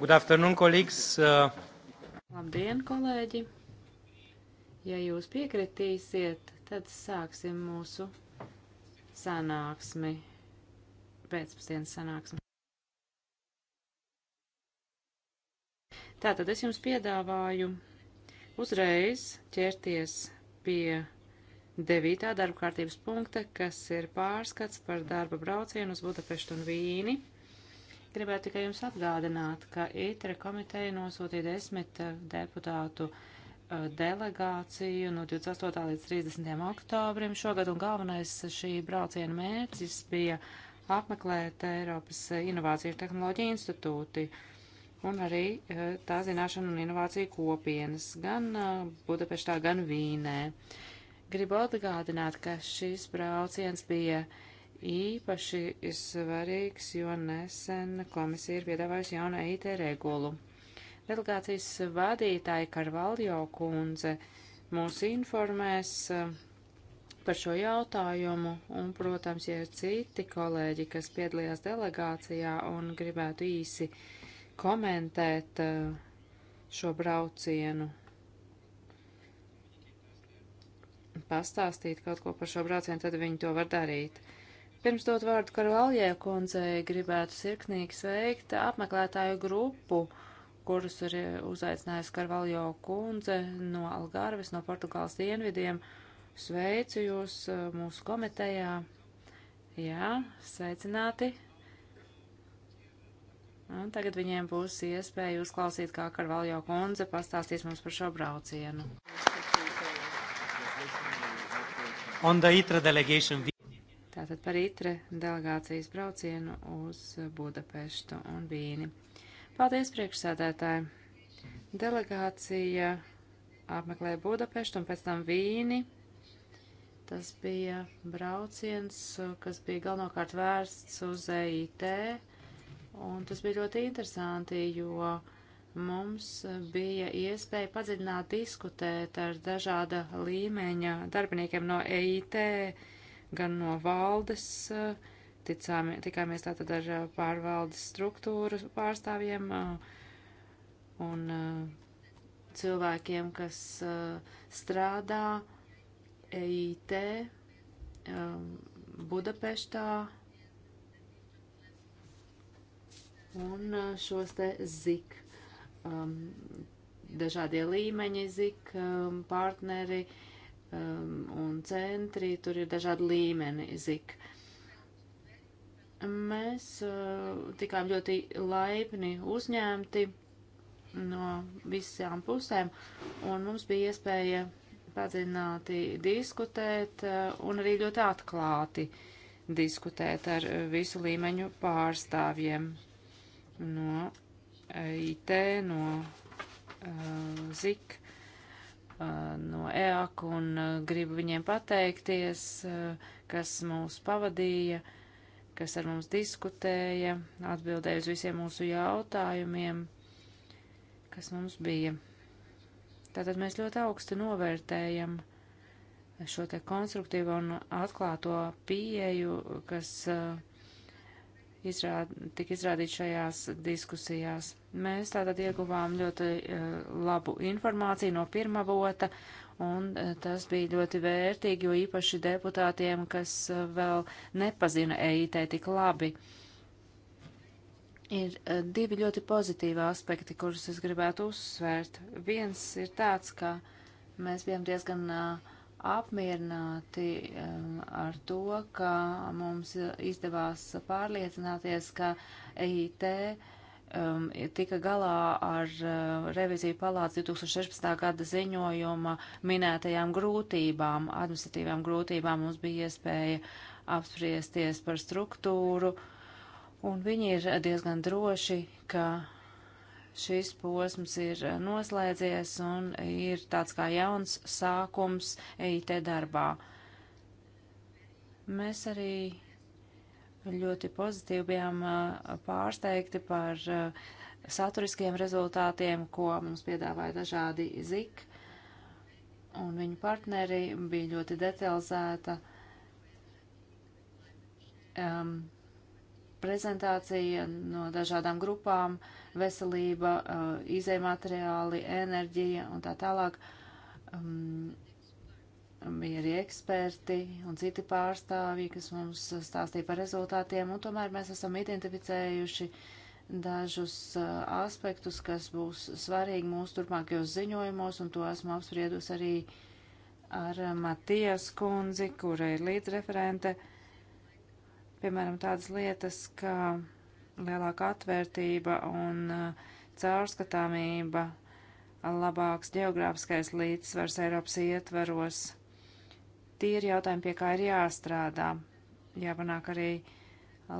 Good afternoon, colleagues. Uh, Labdien, kolēģi! Ja jūs piekritīsiet, tad sāksim mūsu sanāksmi, pēcpusdienas sanāksmi. Tātad es jums piedāvāju uzreiz ķerties pie devītā darba kārtības punkta, kas ir pārskats par darba braucienu uz Budapestu un Vīni Gribētu tikai jums atgādināt, ka ITRE komiteja nosūtīja desmit eh, deputātu eh, delegāciju no 28. līdz 30. oktobrim šogad, un galvenais šī brauciena mērķis bija apmeklēt Eiropas Inovāciju tehnoloģiju institūti un arī eh, tā zināšanu un inovāciju kopienas gan Budapeštā, gan Vīnē. Gribu atgādināt, ka šis brauciens bija uh, īpaši ir svarīgs, jo nesen komisija ir piedāvājusi jaunu e IT regulu. Delegācijas vadītāja Karvaljo kundze mūs informēs eh, par šo jautājumu, un, protams, ja ir citi kolēģi, kas piedalījās delegācijā un gribētu īsi komentēt eh, šo braucienu, pastāstīt kaut ko par šo braucienu, tad viņi to var darīt. Pirms dot vārdu Karvaljē kundzei, gribētu sirsnīgi sveikt apmeklētāju grupu, kurus ir uzaicinājusi Karvaljo kundze no Algarves, no Portugāles dienvidiem. Sveicu jūs uh, mūsu komitejā. Jā, sveicināti. Un tagad viņiem būs iespēja uzklausīt, kā Karvaljo kundze pastāstīs mums par šo braucienu. On the ITRA delegation. Tātad par itre delegācijas braucienu uz Budapeštu un Vīni. Paldies, priekšsēdētāji! Delegācija apmeklēja Budapeštu un pēc tam Vīni. Tas bija brauciens, kas bija galvenokārt vērsts uz EIT, un tas bija ļoti interesanti, jo mums bija iespēja padziļināt diskutēt ar dažāda līmeņa darbiniekiem no EIT, gan no valdes, eh, ticām, tikāmies tātad ar eh, pārvaldes struktūru pārstāvjiem eh, un cilvēkiem, kas strādā EIT Budapeštā un šos te zik, dažādie līmeņi zik partneri um, un centri, tur ir dažādi līmeni zik. Mēs uh, tikām ļoti laipni uzņemti no visām pusēm, un mums bija iespēja padziļināti diskutēt uh, un arī ļoti atklāti diskutēt ar visu līmeņu pārstāvjiem no IT, no uh, ZIK Uh, no EAK un uh, gribu viņiem pateikties, uh, kas mūs pavadīja, kas ar mums diskutēja, atbildēja uz visiem mūsu jautājumiem, kas mums bija. Tātad mēs ļoti augsti novērtējam šo te konstruktīvo un atklāto pieeju, kas uh, izrād, tika izrādīts šajās diskusijās. Mēs tātad ieguvām ļoti eh, labu informāciju no pirmā vota, un eh, tas bija ļoti vērtīgi, jo īpaši deputātiem, kas eh, vēl nepazina EIT tik labi. Ir divi ļoti pozitīvi aspekti, kurus es gribētu uzsvērt. Viens ir tāds, ka mēs bijām diezgan uh, apmierināti um, ar to, ka mums izdevās pārliecināties, ka EIT um, tika galā ar uh, reviziju palāca 2016. gada ziņojuma minētajām grūtībām, administratīvām grūtībām. Mums bija iespēja apspriesties par struktūru, un viņi ir diezgan droši, ka šis posms ir eh, noslēdzies un ir tāds kā jauns sākums EIT darbā. Mēs arī ļoti pozitīvi bijām eh, pārsteigti par eh, saturiskiem rezultātiem, ko mums piedāvāja dažādi ZIK, un viņu partneri bija ļoti detalizēta um, prezentācija no dažādām grupām. Uh, veselība, uh, izējumateriāli, enerģija un tā tālāk. Um, bija arī eksperti un citi pārstāvji, kas mums stāstīja par rezultātiem, un tomēr mēs esam identificējuši dažus uh, aspektus, kas būs svarīgi mūsu turpmākajos ziņojumos, un to esmu apspriedus arī ar uh, Matijas kundzi, kura ir līdzreferente. Piemēram, tādas lietas, kā. Ka lielāka atvērtība un eh, caurskatāmība, labāks geogrāfiskais līdzsvars Eiropas ietveros. Tie ir jautājumi, pie kā ir jāstrādā. Jāpanāk arī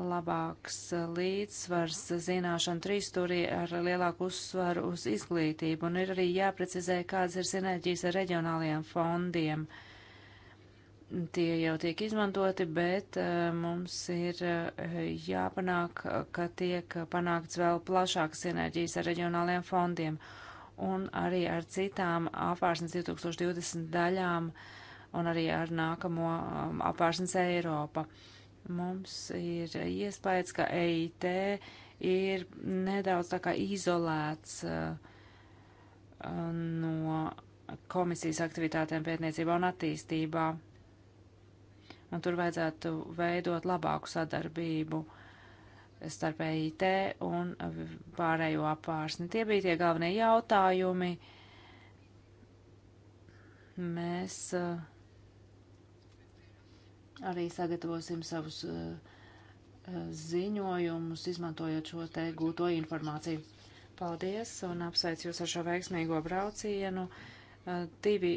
labāks eh, līdzsvars zināšanu trīsstūrī ar lielāku uzsvaru uz izglītību, un ir arī jāprecizē, kādas ir sinerģijas ar reģionālajiem fondiem. Uh, tie jau tiek izmantoti, bet eh, mums ir eh, jāpanāk, ka tiek panākts vēl plašāks sinerģijas ar reģionāliem fondiem un arī ar citām apvārsnes 2020 daļām un arī ar nākamo um, apvārsnes Eiropa. Mums ir iespējas, ka EIT ir nedaudz tā kā izolēts uh, no komisijas aktivitātēm pētniecībā un attīstībā un tur vajadzētu veidot labāku sadarbību starp EIT un pārējo apvārsni. Tie bija tie galvenie jautājumi. Mēs eh, arī sagatavosim savus eh, ziņojumus, izmantojot šo te gūto informāciju. Paldies un apsveicu jūs ar šo veiksmīgo braucienu. Eh, divi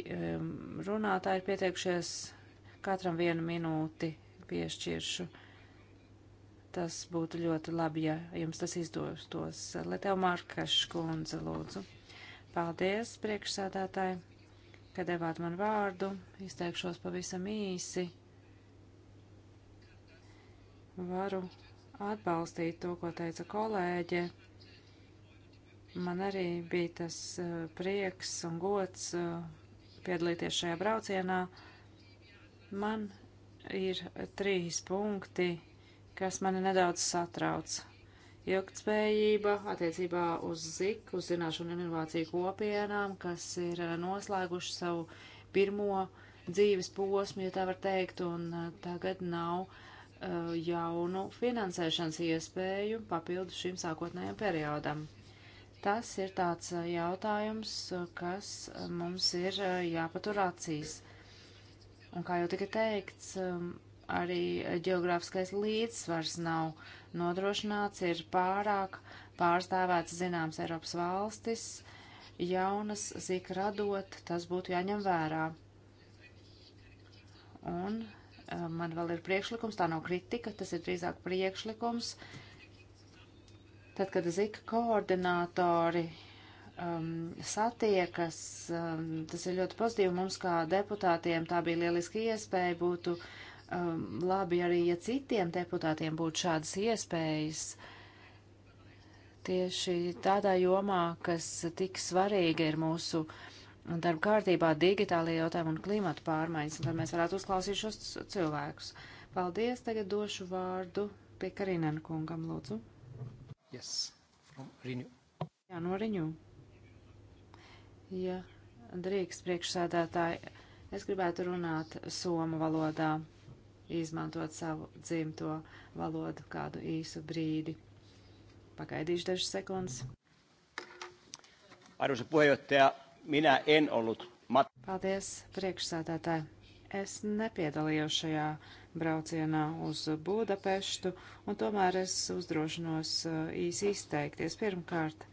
runātāji ir pieteikušies Katram vienu minūti piešķiršu. Tas būtu ļoti labi, ja jums tas izdotos. Lai tev Markaša kundze lūdzu. Paldies, priekšsādātāji, ka devāt man vārdu. Izteikšos pavisam īsi. Varu atbalstīt to, ko teica kolēģe. Man arī bija tas eh, prieks un gods eh, piedalīties šajā braucienā. Uh, Man ir trīs punkti, kas mani nedaudz satrauc. Ilgtspējība attiecībā uz ZIK, uz zināšanu un inovāciju kopienām, kas ir eh, noslēguši savu pirmo dzīves posmu, ja tā var teikt, un eh, tagad nav uh, jaunu finansēšanas iespēju papildu šim sākotnējam periodam. Tas ir tāds jautājums, kas mums ir jāpatur acīs Un kā jau tika teikts, um, arī geogrāfiskais līdzsvars nav nodrošināts, ir pārāk pārstāvēts zināms Eiropas valstis, jaunas zik radot, tas būtu jāņem vērā. Un uh, man vēl ir priekšlikums, tā nav kritika, tas ir drīzāk priekšlikums. Tad, kad zika koordinātori uh, um, satiekas, um, tas ir ļoti pozitīvi mums kā deputātiem, tā bija lieliska iespēja, būtu um, labi arī, ja citiem deputātiem būtu šādas iespējas tieši tādā jomā, kas tik svarīga ir mūsu darba kārtībā digitālajie jautājumi un klimata pārmaiņas, un tad mēs varētu uzklausīt šos cilvēkus. Paldies, tagad došu vārdu pie Karinēna kungam, lūdzu. Yes, from Riņu. Jā, no Riņu. Ja drīkst priekšsēdētāji, es gribētu runāt somu valodā, izmantot savu dzimto valodu kādu īsu brīdi. Pagaidīšu dažas sekundes. Arvoisa puheenjohtaja, minä en ollut mat... Paldies, priekšsēdētāji. Es nepiedalījos šajā braucienā uz Budapeštu, un tomēr es uzdrošinos uh, īsi izteikties. Pirmkārt,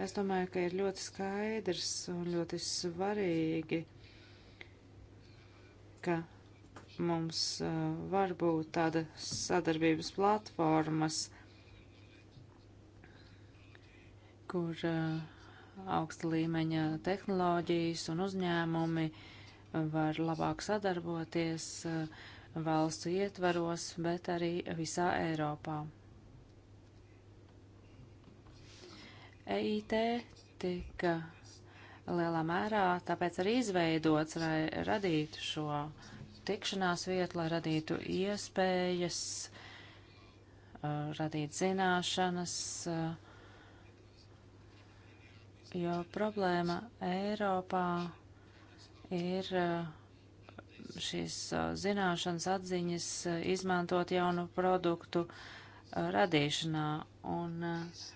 Es domāju, ka ir ļoti skaidrs un ļoti svarīgi, ka mums uh, var būt tāda sadarbības platformas, kur uh, augsta līmeņa tehnoloģijas un uzņēmumi var labāk sadarboties uh, valstu ietvaros, bet arī visā Eiropā. EIT tika lielā mērā tāpēc arī izveidots, lai radītu šo tikšanās vietu, lai radītu iespējas, radītu zināšanas, jo problēma Eiropā ir šīs zināšanas atziņas izmantot jaunu produktu radīšanā. Un, uh,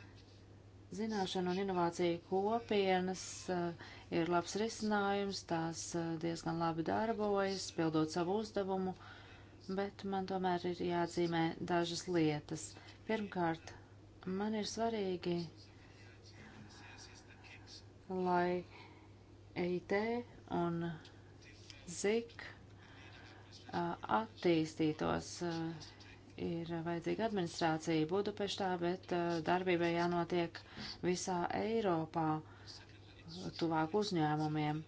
Zināšana un inovācija kopienas eh, ir labs risinājums, tās eh, diezgan labi darbojas, pildot savu uzdevumu, bet man tomēr ir jāatzīmē dažas lietas. Pirmkārt, man ir svarīgi, lai EIT un ZIK eh, attīstītos ir vajadzīga administrācija Budapeštā, bet uh, darbībai jānotiek visā Eiropā tuvāk uzņēmumiem.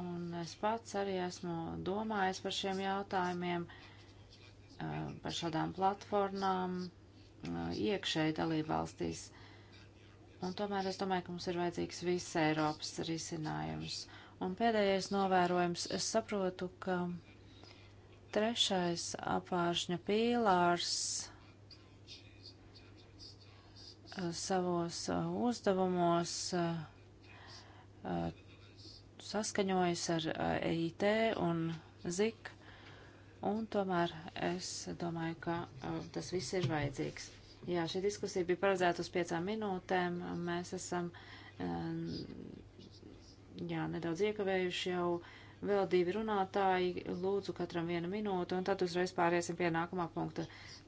Un es pats arī esmu domājis par šiem jautājumiem, uh, par šādām platformām uh, iekšēji dalībvalstīs. Un tomēr es domāju, ka mums ir vajadzīgs viss Eiropas risinājums. Un pēdējais novērojums, es saprotu, ka Trešais apvāršņa pīlārs uh, savos uh, uzdevumos uh, saskaņojas ar EIT un ZIK, un tomēr es domāju, ka tas viss ir vajadzīgs. Jā, šī diskusija bija paredzēta uz piecām minūtēm. Mēs esam jā, nedaudz iekavējuši jau. Vēl divi runātāji, lūdzu katram vienu minūtu, un tad uzreiz pāriesim pie nākamā punkta.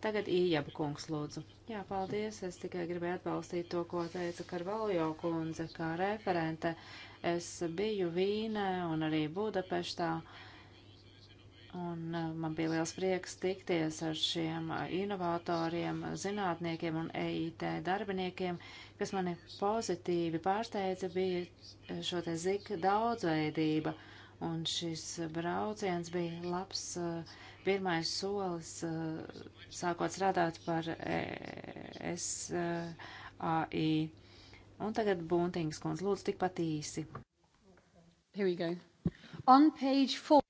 Tagad Ījaba kungs, lūdzu. Jā, paldies. Es tikai gribēju atbalstīt to, ko teica Karvaljo kundze, kā referente. Es biju Vīnē un arī Budapeštā. Un uh, man bija liels prieks tikties ar šiem uh, inovatoriem, zinātniekiem un EIT darbiniekiem, kas mani pozitīvi pārsteidza, bija uh, šo te zik daudzveidība. Uh, Un šis brauciens bija labs eh, pirmais solis, eh, sākot strādāt par e SAI. Eh, Un tagad Buntīngas kundze, lūdzu, tikpat īsi. Here we go. On page four.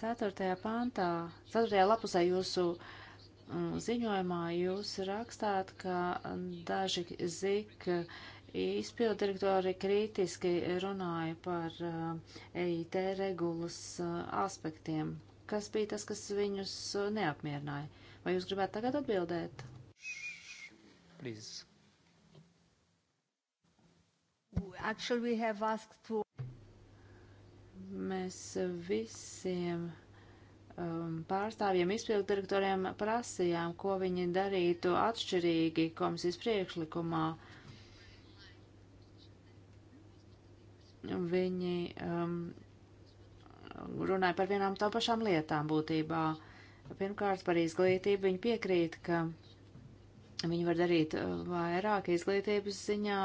Ceturtajā pāntā, ceturtajā lapusē jūsu mm, ziņojumā jūs rakstāt, ka daži zik Izpildu direktori kritiski runāja par EIT eh, e regulas eh, aspektiem. Kas bija tas, kas viņus eh, neapmierināja? Vai jūs gribētu tagad atbildēt? Please. Actually, we have asked to... Mēs visiem um, pārstāvjiem, izpildu direktoriem prasījām, ko viņi darītu atšķirīgi komisijas priekšlikumā. Uh, Viņi um, runāja par vienām tā pašām lietām būtībā. Pirmkārt, par izglītību viņi piekrīt, ka viņi var darīt uh, vairāk izglītības ziņā,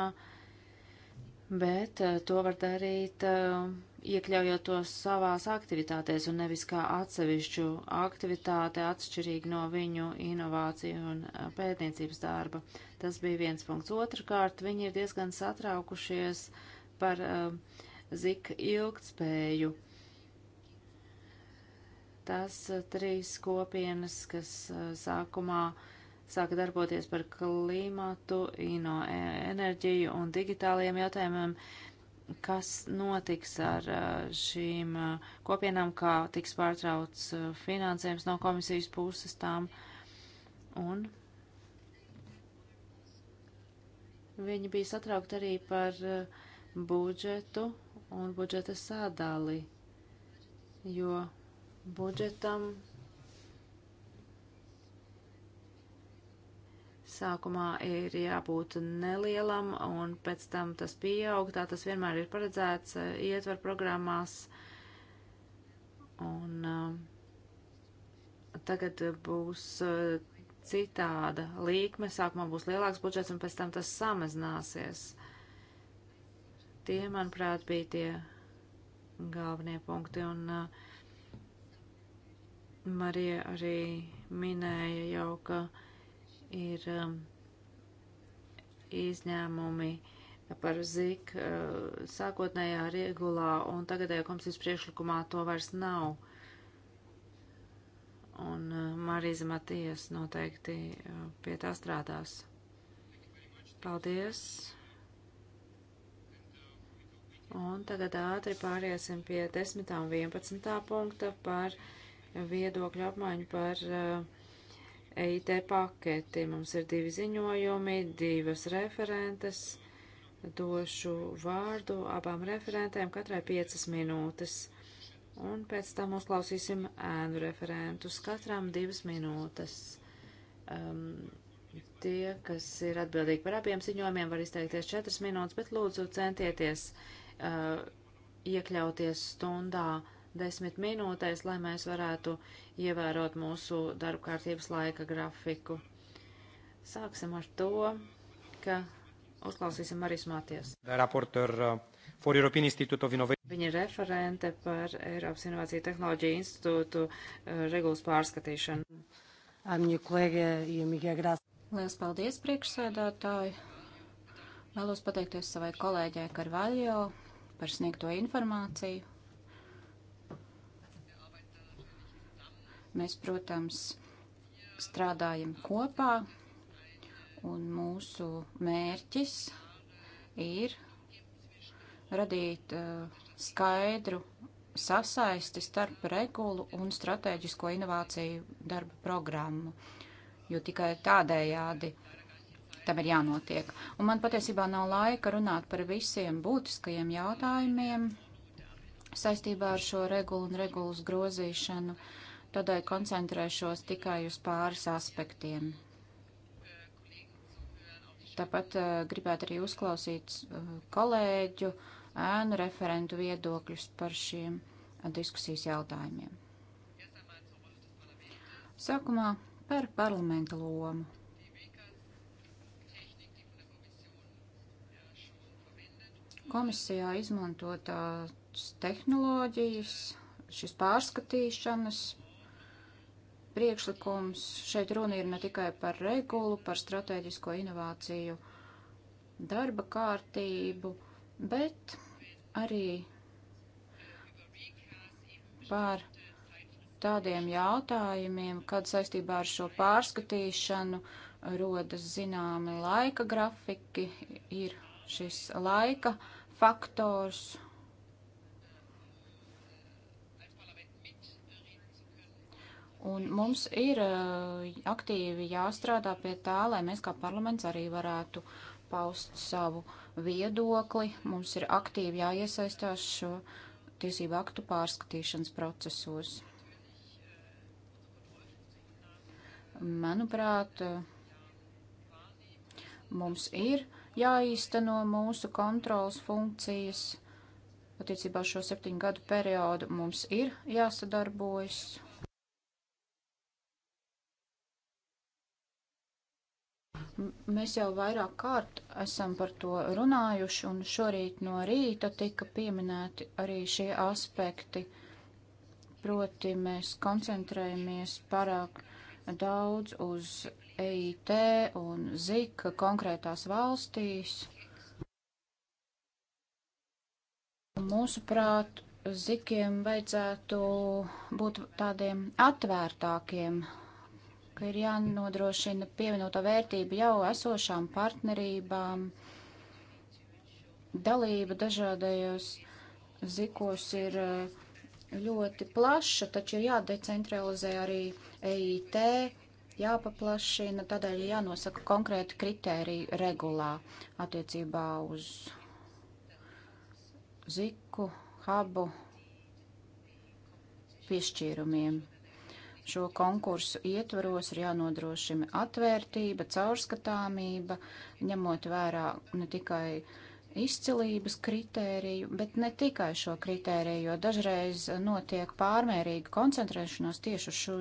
bet uh, to var darīt uh, iekļaujot to savās aktivitātēs un nevis kā atsevišķu aktivitāte atšķirīgi no viņu inovāciju un pētniecības darba. Tas bija viens punkts. Otrakārt, viņi ir diezgan satraukušies uh, par uh, zika ilgtspēju. Tās uh, trīs kopienas, kas uh, sākumā sāka darboties par klimatu, ino e, enerģiju un digitāliem jautājumiem, kas notiks ar uh, šīm uh, kopienām, kā tiks pārtrauts uh, finansējums no komisijas puses tām. Un viņi bija satraukti arī par uh, budžetu un budžeta sādāli, jo budžetam sākumā ir jābūt nelielam un pēc tam tas pieaug, tā tas vienmēr ir paredzēts eh, ietver programmās. Un um, tagad būs eh, citāda līkme, sākumā būs lielāks budžets un pēc tam tas samazināsies. Tie, manuprāt, bija tie galvenie punkti, un uh, Marija arī minēja jau, ka ir um, izņēmumi par zik uh, sākotnējā regulā, un tagadējā komisijas priekšlikumā to vairs nav. Un uh, Marīza Matijas noteikti uh, pie tā strādās. Paldies! Un tagad ātri pāriesim pie 10. un 11. punkta par viedokļu apmaiņu par uh, eh, EIT paketi. Mums ir divi ziņojumi, divas referentes. Došu vārdu abām referentēm katrai piecas minūtes. Un pēc tam uzklausīsim ēnu referentus. Katram divas minūtes. Um, tie, kas ir atbildīgi par abiem ziņojumiem, var izteikties četras minūtes, bet lūdzu centieties uh, uh, iekļauties stundā desmit minūtēs, lai mēs varētu ievērot mūsu darbkārtības laika grafiku. Sāksim ar to, ka uzklausīsim Marijas Māties. Uh, Viņa ir referente par Eiropas Inovāciju tehnoloģiju institūtu uh, regulas pārskatīšanu. Lielas paldies, priekšsēdētāji! Vēlos pateikties savai kolēģei Karvaļo par sniegto informāciju. Mēs, protams, strādājam kopā, un mūsu mērķis ir radīt uh, skaidru sasaisti starp regulu un strateģisko inovāciju darba programmu, jo tikai tādējādi uh, tam ir jānotiek. Un man patiesībā nav laika runāt par visiem būtiskajiem jautājumiem saistībā ar šo regulu un regulas grozīšanu, tādēļ koncentrēšos tikai uz pāris aspektiem. Tāpat uh, gribētu arī uzklausīt uh, kolēģu, ēnu referentu viedokļus par šiem uh, diskusijas jautājumiem. Sākumā par parlamenta lomu. komisijā izmantotās tehnoloģijas, šis pārskatīšanas priekšlikums. Šeit runa ir ne tikai par regulu, par strateģisko inovāciju darba kārtību, bet arī par tādiem jautājumiem, kad saistībā ar šo pārskatīšanu rodas zināmi laika grafiki, ir šis laika grafiki faktors. Un mums ir eh, aktīvi jāstrādā pie tā, lai mēs kā parlaments arī varētu paust savu viedokli. Mums ir aktīvi jāiesaistās šo tiesību aktu pārskatīšanas procesos. Manuprāt, eh, mums ir jāīsteno mūsu kontrols funkcijas. Attiecībā šo septiņu gadu periodu mums ir jāsadarbojas. Mēs jau vairāk kārt esam par to runājuši, un šorīt no rīta tika pieminēti arī šie aspekti. Proti mēs koncentrējamies pārāk daudz uz EIT un ZIK konkrētās valstīs. Mūsuprāt, zikiem vajadzētu būt tādiem atvērtākiem, ka ir jānodrošina pievienotā vērtība jau esošām partnerībām, dalība dažādajos zikos ir eh, ļoti plaša, taču ir jādecentralizē arī EIT jāpaplašina, tādēļ jānosaka konkrēti kritēriji regulā attiecībā uz ziku, hubu piešķīrumiem. Šo konkursu ietvaros ir jānodrošina atvērtība, caurskatāmība, ņemot vērā ne tikai izcilības kritēriju, bet ne tikai šo kritēriju, jo dažreiz notiek pārmērīga koncentrēšanās tieši uz šo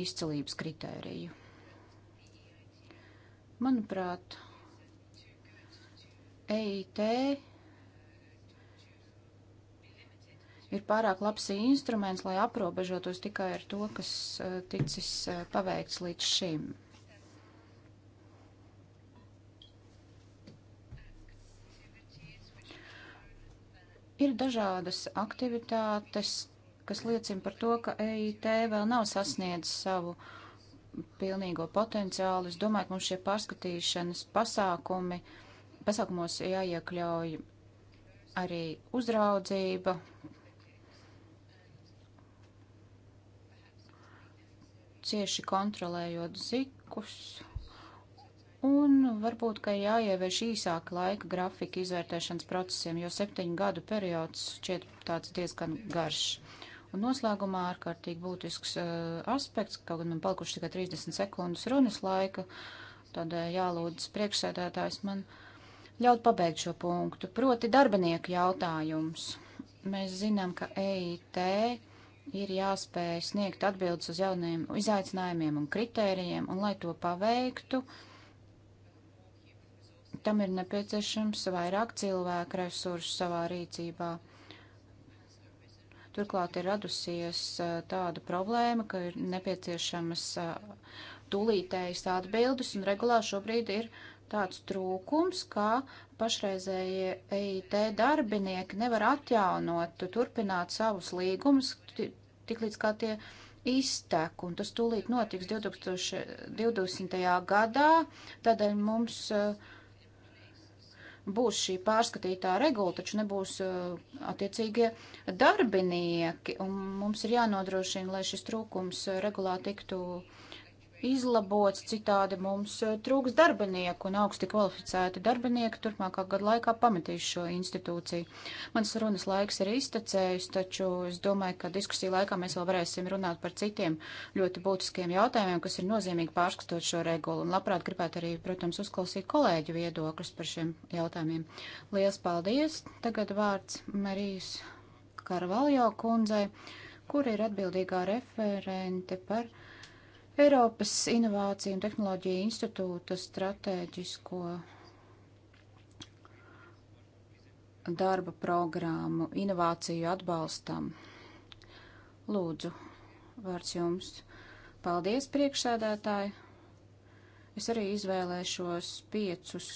izcelības kritēriju. Manuprāt, EIT ir pārāk labs instruments, lai aprobežotos tikai ar to, kas e, ticis e, paveikts līdz šim. Ir dažādas aktivitātes, kas liecina par to, ka EIT vēl nav sasniedzis savu pilnīgo potenciālu. Es domāju, ka mums šie pārskatīšanas pasākumi, pasākumos jāiekļauj arī uzraudzība, cieši kontrolējot zikus, un varbūt, ka jāievieš īsāka laika grafika izvērtēšanas procesiem, jo septiņu gadu periods šķiet tāds diezgan garš. Un noslēgumā ārkārtīgi būtisks uh, aspekts, kaut gan man palikuši tikai 30 sekundes runas laika, tādēļ uh, eh, jālūdz priekšsēdētājs man ļaut pabeigt šo punktu. Proti darbinieku jautājums. Mēs zinām, ka EIT ir jāspēj sniegt atbildes uz jauniem izaicinājumiem un kritērijiem, un lai to paveiktu, tam ir nepieciešams vairāk cilvēku resursu savā rīcībā. Turklāt ir radusies tāda problēma, ka ir nepieciešamas tūlītējas atbildes, un regulā šobrīd ir tāds trūkums, ka pašreizējie EIT darbinieki nevar atjaunot, turpināt savus līgumus, tiklīdz kā tie iztek, un tas tūlīt notiks 2020. gadā, tādēļ mums uh, būs šī pārskatītā regula, taču nebūs uh, attiecīgie darbinieki, un mums ir jānodrošina, lai šis trūkums uh, regulā tiktu uh, izlabots, citādi mums eh, trūks darbinieku un augsti kvalificēti darbinieki turpmākā gada laikā pametīs šo institūciju. Mans runas laiks ir iztecējis, taču es domāju, ka diskusiju laikā mēs vēl varēsim runāt par citiem ļoti būtiskiem jautājumiem, kas ir nozīmīgi pārskatot šo regulu. Un labprāt gribētu arī, protams, uzklausīt kolēģu viedokļus par šiem jautājumiem. Lielas paldies! Tagad vārds Marijas Karvaljo kundzei, kur ir atbildīgā referente par Eiropas Inovāciju un Tehnoloģiju institūta stratēģisko darba programmu inovāciju atbalstam. Lūdzu, vārds jums. Paldies, priekšsēdētāji. Es arī izvēlēšos piecus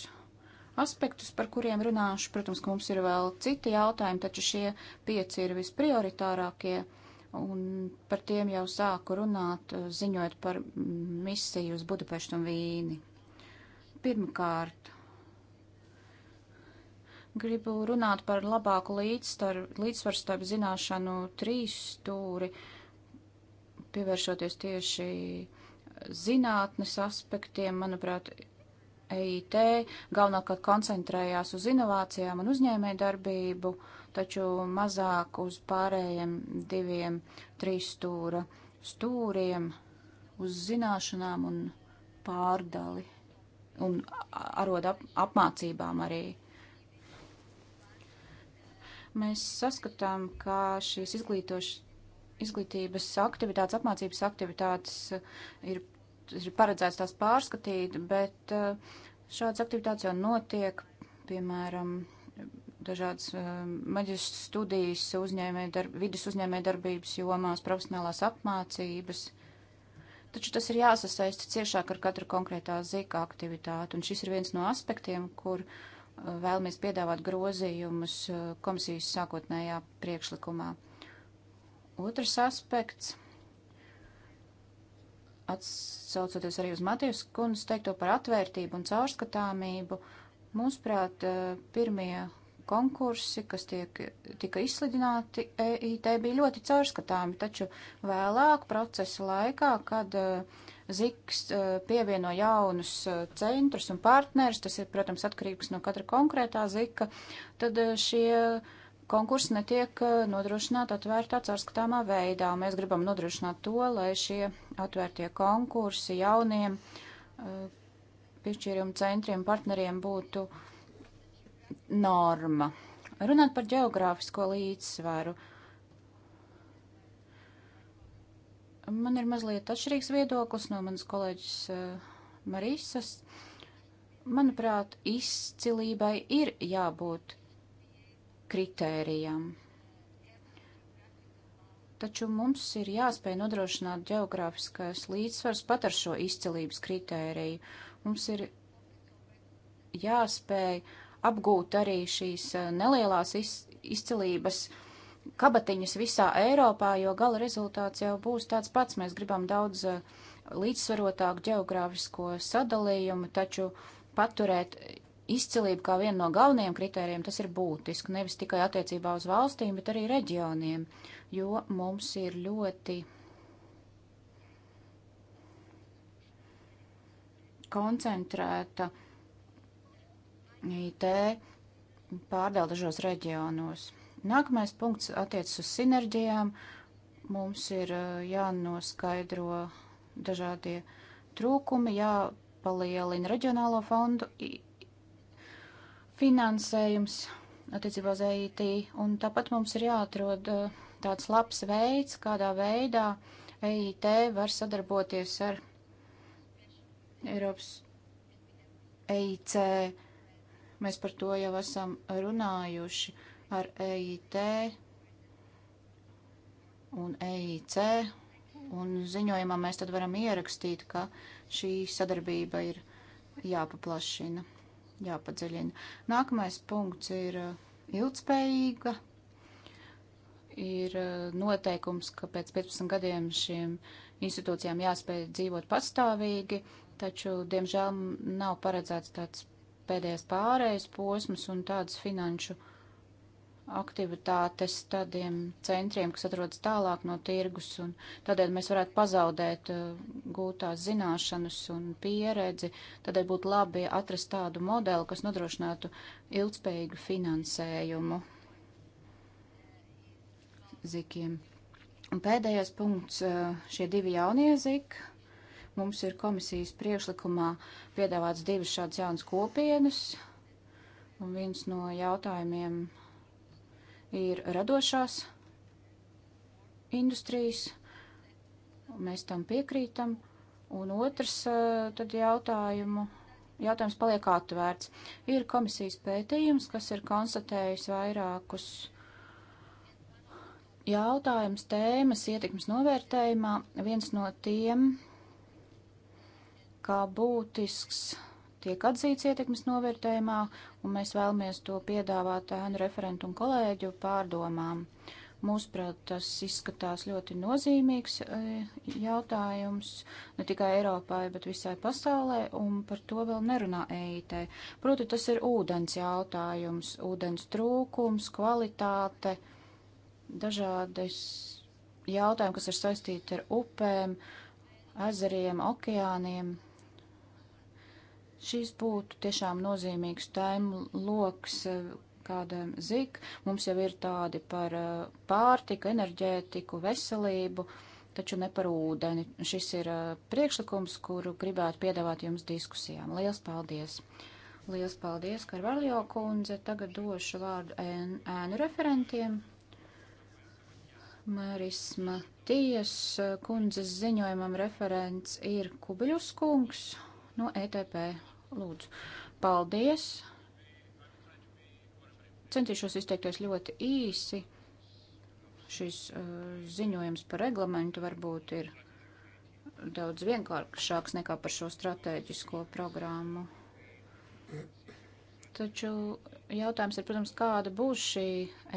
aspektus, par kuriem runāšu. Protams, ka mums ir vēl citi jautājumi, taču šie pieci ir visprioritārākie un par tiem jau sāku runāt, ziņojot par misiju uz Budapeštu un Vīni. Pirmkārt, gribu runāt par labāku līdzsvaru starp zināšanu trīs stūri, pievēršoties tieši zinātnes aspektiem. Manuprāt, EIT galvenokārt koncentrējās uz inovācijām un uzņēmē darbību, taču mazāk uz pārējiem diviem, trīs stūra stūriem, uz zināšanām un pārdali un arod ap, apmācībām arī. Mēs saskatām, ka šīs izglītošas izglītības aktivitātes, apmācības aktivitātes ir ir paredzēts tās pārskatīt, bet eh, šādas aktivitātes jau notiek, piemēram, dažādas eh, maģistra studijas uzņēmē darb, vidus uzņēmē darbības jomās, profesionālās apmācības. Taču tas ir jāsasaista ciešāk ar katru konkrētā zīka aktivitāti, un šis ir viens no aspektiem, kur eh, vēlamies piedāvāt grozījumus komisijas sākotnējā priekšlikumā. Otrs aspekts atsaucoties arī uz Matijas kundas teikto par atvērtību un caurskatāmību, mūsuprāt, eh, pirmie konkursi, kas tiek, tika izsludināti EIT, bija ļoti caurskatāmi, taču vēlāk procesa laikā, kad eh, ZIKS eh, pievieno jaunus centrus un partnerus, tas ir, protams, atkarīgs no katra konkrētā ZIKA, tad šie konkursi netiek eh, nodrošināti atvērtā caurskatāmā veidā. Mēs gribam nodrošināt to, lai šie atvērtie konkursi jauniem uh, piešķīrumu centriem partneriem būtu norma. Runāt par geogrāfisko līdzsvaru. Man ir mazliet atšķirīgs viedoklis no manas kolēģis uh, Marisas. Manuprāt, izcilībai ir jābūt kritērijam. Taču mums ir jāspēj nodrošināt geogrāfiskais līdzsvars pat ar šo izcelības kritēriju. Mums ir jāspēj apgūt arī šīs eh, nelielās iz, izcelības kabatiņas visā Eiropā, jo gala rezultāts jau būs tāds pats. Mēs gribam daudz eh, līdzsvarotāku geogrāfisko sadalījumu, taču paturēt izcilību kā vienu no galvenajiem kritērijiem, tas ir būtiski nevis tikai attiecībā uz valstīm, bet arī reģioniem, jo mums ir ļoti koncentrēta IT pārdala dažos reģionos. Nākamais punkts attiecas uz sinerģijām. Mums ir uh, jānoskaidro dažādie trūkumi, jāpalielina reģionālo fondu finansējums attiecībā uz EIT, un tāpat mums ir jāatrod uh, tāds labs veids, kādā veidā EIT var sadarboties ar Eiropas EIC. Mēs par to jau esam runājuši ar EIT un EIC, un ziņojumā mēs tad varam ierakstīt, ka šī sadarbība ir jāpaplašina jāpadziļina. Nākamais punkts ir uh, ilgspējīga. Ir uh, noteikums, ka pēc 15 gadiem šiem institūcijām jāspēj dzīvot pastāvīgi, taču, diemžēl, nav paredzēts tāds pēdējais pārējais posms un tādas finanšu uh, aktivitātes tādiem centriem, kas atrodas tālāk no tirgus, un tādēļ mēs varētu pazaudēt uh, gūtās zināšanas un pieredzi. Tādēļ būtu labi atrast tādu modeli, kas nodrošinātu ilgspējīgu finansējumu zikiem. Un pēdējais punkts eh, - šie divi jaunie ziki. Mums ir komisijas priekšlikumā piedāvāts divas šādas jaunas kopienas, un viens no jautājumiem ir radošās industrijas, mēs tam piekrītam, un otrs eh, tad jautājumu, jautājums paliek atvērts. Ir komisijas pētījums, kas ir konstatējis vairākus jautājums tēmas ietekmes novērtējumā. Viens no tiem, kā būtisks tiek atzīts ietekmes novērtējumā, un mēs vēlamies to piedāvāt ēnu referentu un kolēģu pārdomām. Mūsuprāt, tas izskatās ļoti nozīmīgs e, jautājums ne tikai Eiropai, bet visai pasaulē, un par to vēl nerunā EIT. Proti, tas ir ūdens jautājums, ūdens trūkums, kvalitāte, dažādas jautājumi, kas ir saistīti ar upēm, ezeriem, okeāniem, Šis būtu tiešām nozīmīgs tēmu loks, kādam zik. Mums jau ir tādi par eh, pārtiku, enerģētiku, veselību, taču ne par ūdeni. Šis ir eh, priekšlikums, kuru gribētu piedāvāt jums diskusijām. Lielas paldies! Lielas paldies, Karvaljo kundze. Tagad došu vārdu ēnu referentiem. Māris Matijas eh, kundzes ziņojumam referents ir Kubiļus kungs no ETP. Lūdzu. Paldies! Centīšos izteikties ļoti īsi. Šis uh, ziņojums par reglamentu varbūt ir daudz vienkāršāks nekā par šo strateģisko programmu. Taču jautājums ir, protams, kāda būs šī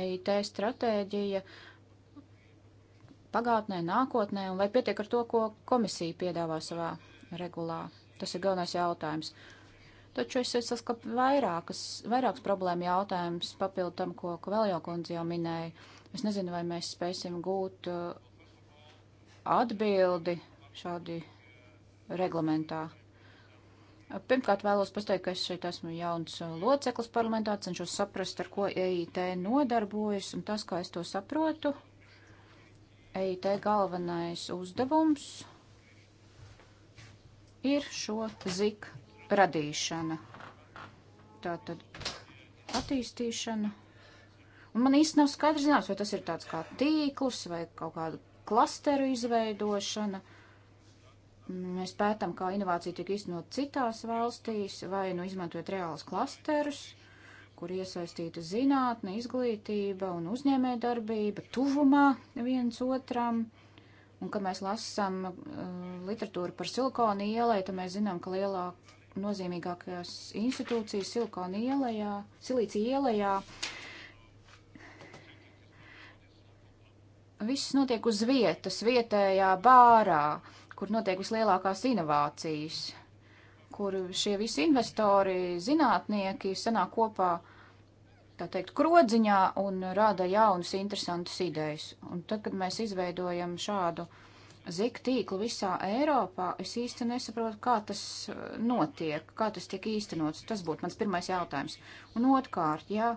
EIT stratēģija pagātnē, nākotnē, un vai pietiek ar to, ko komisija piedāvā savā regulā. Tas ir galvenais jautājums. Taču es saskapu vairākas, vairākas problēma jautājumus papildu tam, ko, ko vēl jau kundze jau minēja. Es nezinu, vai mēs spēsim gūt uh, atbildi šādi reglamentā. Pirmkārt, vēlos pateikt, ka es šeit esmu jauns uh, loceklis parlamentā, cenšos saprast, ar ko EIT nodarbojas, un tas, kā es to saprotu, EIT galvenais uzdevums ir šo zik radīšana. Tātad attīstīšana. Un man īsti nav skaidrs zināms, vai tas ir tāds kā tīklus vai kaut kādu klasteru izveidošana. Mēs pētām, kā inovācija tiek iznot citās valstīs, vai nu izmantojot reālus klasterus, kur iesaistīta zinātne, izglītība un uzņēmējdarbība tuvumā viens otram. Un, kad mēs lasām uh, literatūru par silikonu ielai, tad mēs zinām, ka lielāk nozīmīgākajās institūcijas silikonu ielajā, silīcija ielajā, viss notiek uz vietas, vietējā bārā, kur notiek vislielākās inovācijas, kur šie visi investori, zinātnieki sanāk kopā uh, tā teikt, krodziņā un rada jaunas, interesantas idejas. Un tad, kad mēs izveidojam šādu zika tīklu visā Eiropā, es īsti nesaprotu, kā tas uh, notiek, kā tas tiek īstenots. Tas būtu mans pirmais jautājums. Un otrkārt, ja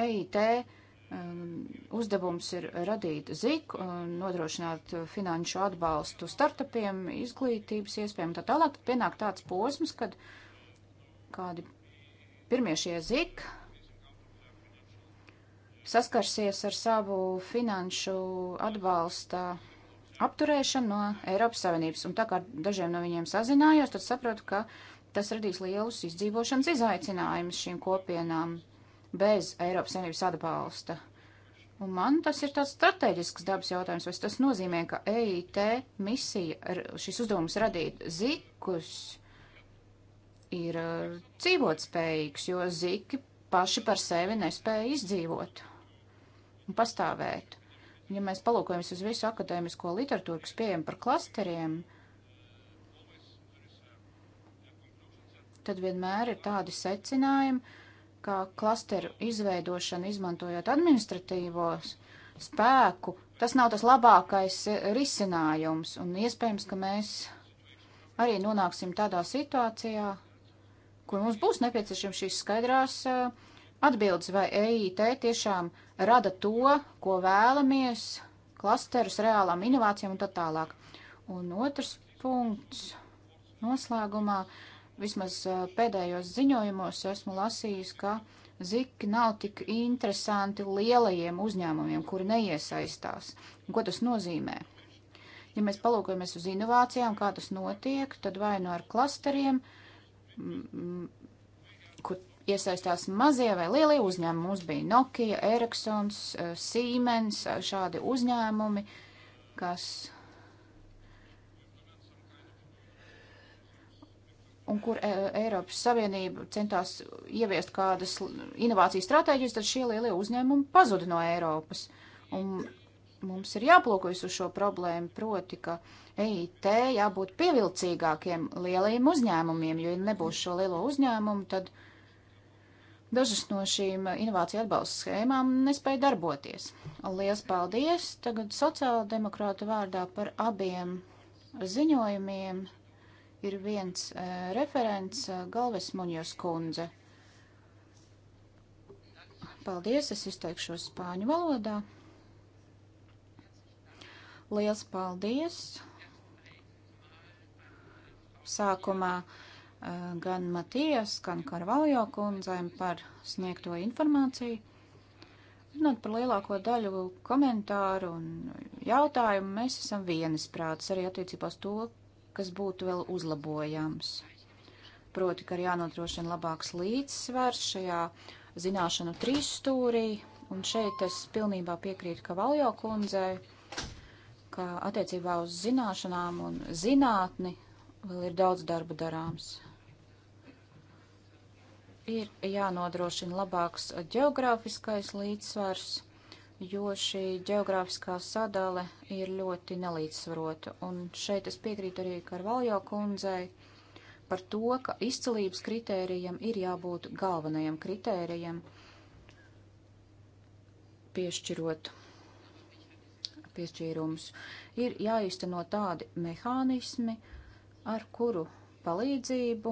EIT um, uzdevums ir radīt ziku, nodrošināt finanšu atbalstu startupiem, izglītības iespējām un tā tālāk, tad pienāk tāds posms, kad kādi pirmie šie zik saskarsies ar savu finanšu atbalsta apturēšanu no Eiropas Savienības. Un tā kā dažiem no viņiem sazinājos, tad saprotu, ka tas radīs lielus izdzīvošanas izaicinājumus šīm kopienām bez Eiropas Savienības atbalsta. Un man tas ir tāds strateģisks dabas jautājums, vai tas nozīmē, ka EIT misija, šis uzdevums radīt zikus, ir eh, dzīvot spējīgs, jo ziki paši par sevi nespēja izdzīvot un pastāvēt. Ja mēs palūkojamies uz visu akadēmisko literatūru, kas pieejama par klasteriem, tad vienmēr ir tādi secinājumi, kā klasteru izveidošana, izmantojot administratīvos spēku, tas nav tas labākais eh, risinājums, un iespējams, ka mēs arī nonāksim tādā situācijā, kur mums būs nepieciešams šīs skaidrās eh, atbildes, vai EIT tiešām rada to, ko vēlamies, klasterus reālām inovācijām un tā tālāk. Un otrs punkts noslēgumā, vismaz eh, pēdējos ziņojumos esmu lasījis, ka ziki nav tik interesanti lielajiem uzņēmumiem, kuri neiesaistās. Un ko tas nozīmē? Ja mēs palūkojamies uz inovācijām, kā tas notiek, tad vai nu no ar klasteriem, uh, Mm, kur iesaistās mazie vai lielie uzņēmumi. Mums bija Nokia, Ericsons, eh, Siemens, eh, šādi uzņēmumi, kas. Un kur eh, Eiropas Savienība centās ieviest kādas inovācijas stratēģijas, tad šie lielie uzņēmumi pazuda no Eiropas. Un mums ir jāplūkojas uz šo problēmu, proti, ka uh, EIT jābūt pievilcīgākiem lielajiem uzņēmumiem, jo, ja nebūs šo lielo uzņēmumu, tad dažas no šīm inovāciju atbalsta schēmām nespēja darboties. Lielas paldies tagad sociāldemokrāta vārdā par abiem ziņojumiem. Ir viens uh, referents uh, Galves Muņos kundze. Paldies, es izteikšos spāņu valodā. Lielas paldies! sākumā eh, gan Matijas, gan Karvaljo kundzēm par sniegto informāciju. Runāt par lielāko daļu komentāru un jautājumu mēs esam vienisprāts arī attiecībās to, kas būtu vēl uzlabojams. Proti, ka ir jānodrošina labāks līdzsvars šajā zināšanu trīsstūrī, un šeit es pilnībā piekrītu Kavaljo kundzei, ka attiecībā uz zināšanām un zinātni Vēl ir daudz darba darāms. Ir jānodrošina labāks geogrāfiskais līdzsvars, jo šī geogrāfiskā sadale ir ļoti nelīdzsvarota. Un šeit es piekrītu arī Karvaljo kundzei par to, ka izcelības kritērijam ir jābūt galvenajam kritērijam, piešķirot piešķīrumus. Ir jāizteno tādi mehānismi, ar kuru palīdzību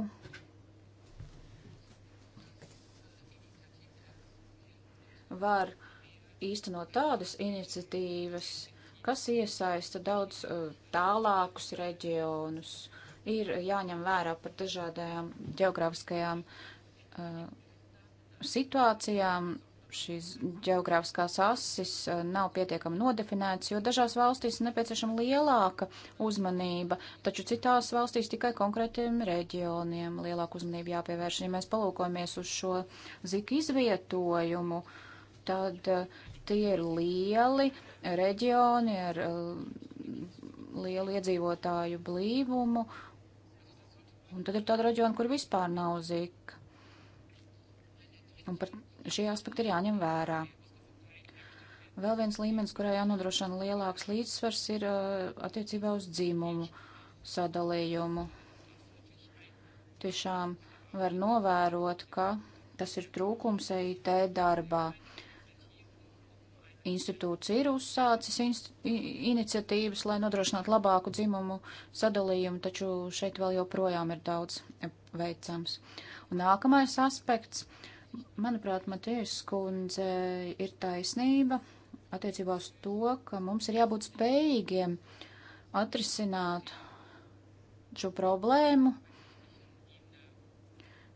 var īstenot tādas iniciatīvas, kas iesaista daudz uh, tālākus reģionus, ir jāņem vērā par dažādajām geogrāfiskajām uh, situācijām, šīs geogrāfiskās asis eh, nav pietiekami nodefinētas, jo dažās valstīs ir nepieciešama lielāka uzmanība, taču citās valstīs tikai konkrētiem reģioniem lielāku uzmanību jāpievērš. Ja mēs palūkojamies uz šo zika izvietojumu, tad eh, tie ir lieli reģioni ar eh, lielu iedzīvotāju blīvumu, un tad ir tāda reģiona, kur vispār nav zika. Un par šie aspekti ir jāņem vērā. Vēl viens līmenis, kurā jānodrošina lielāks līdzsvars, ir uh, attiecībā uz dzīmumu sadalījumu. Tiešām var novērot, ka tas ir trūkums EIT darbā. Institūts ir uzsācis inst iniciatīvas, lai nodrošinātu labāku dzimumu sadalījumu, taču šeit vēl joprojām ir daudz veicams. Un nākamais aspekts. Uh, Manuprāt, Matieša skundze eh, ir taisnība attiecībā uz to, ka mums ir jābūt spējīgiem atrisināt šo problēmu,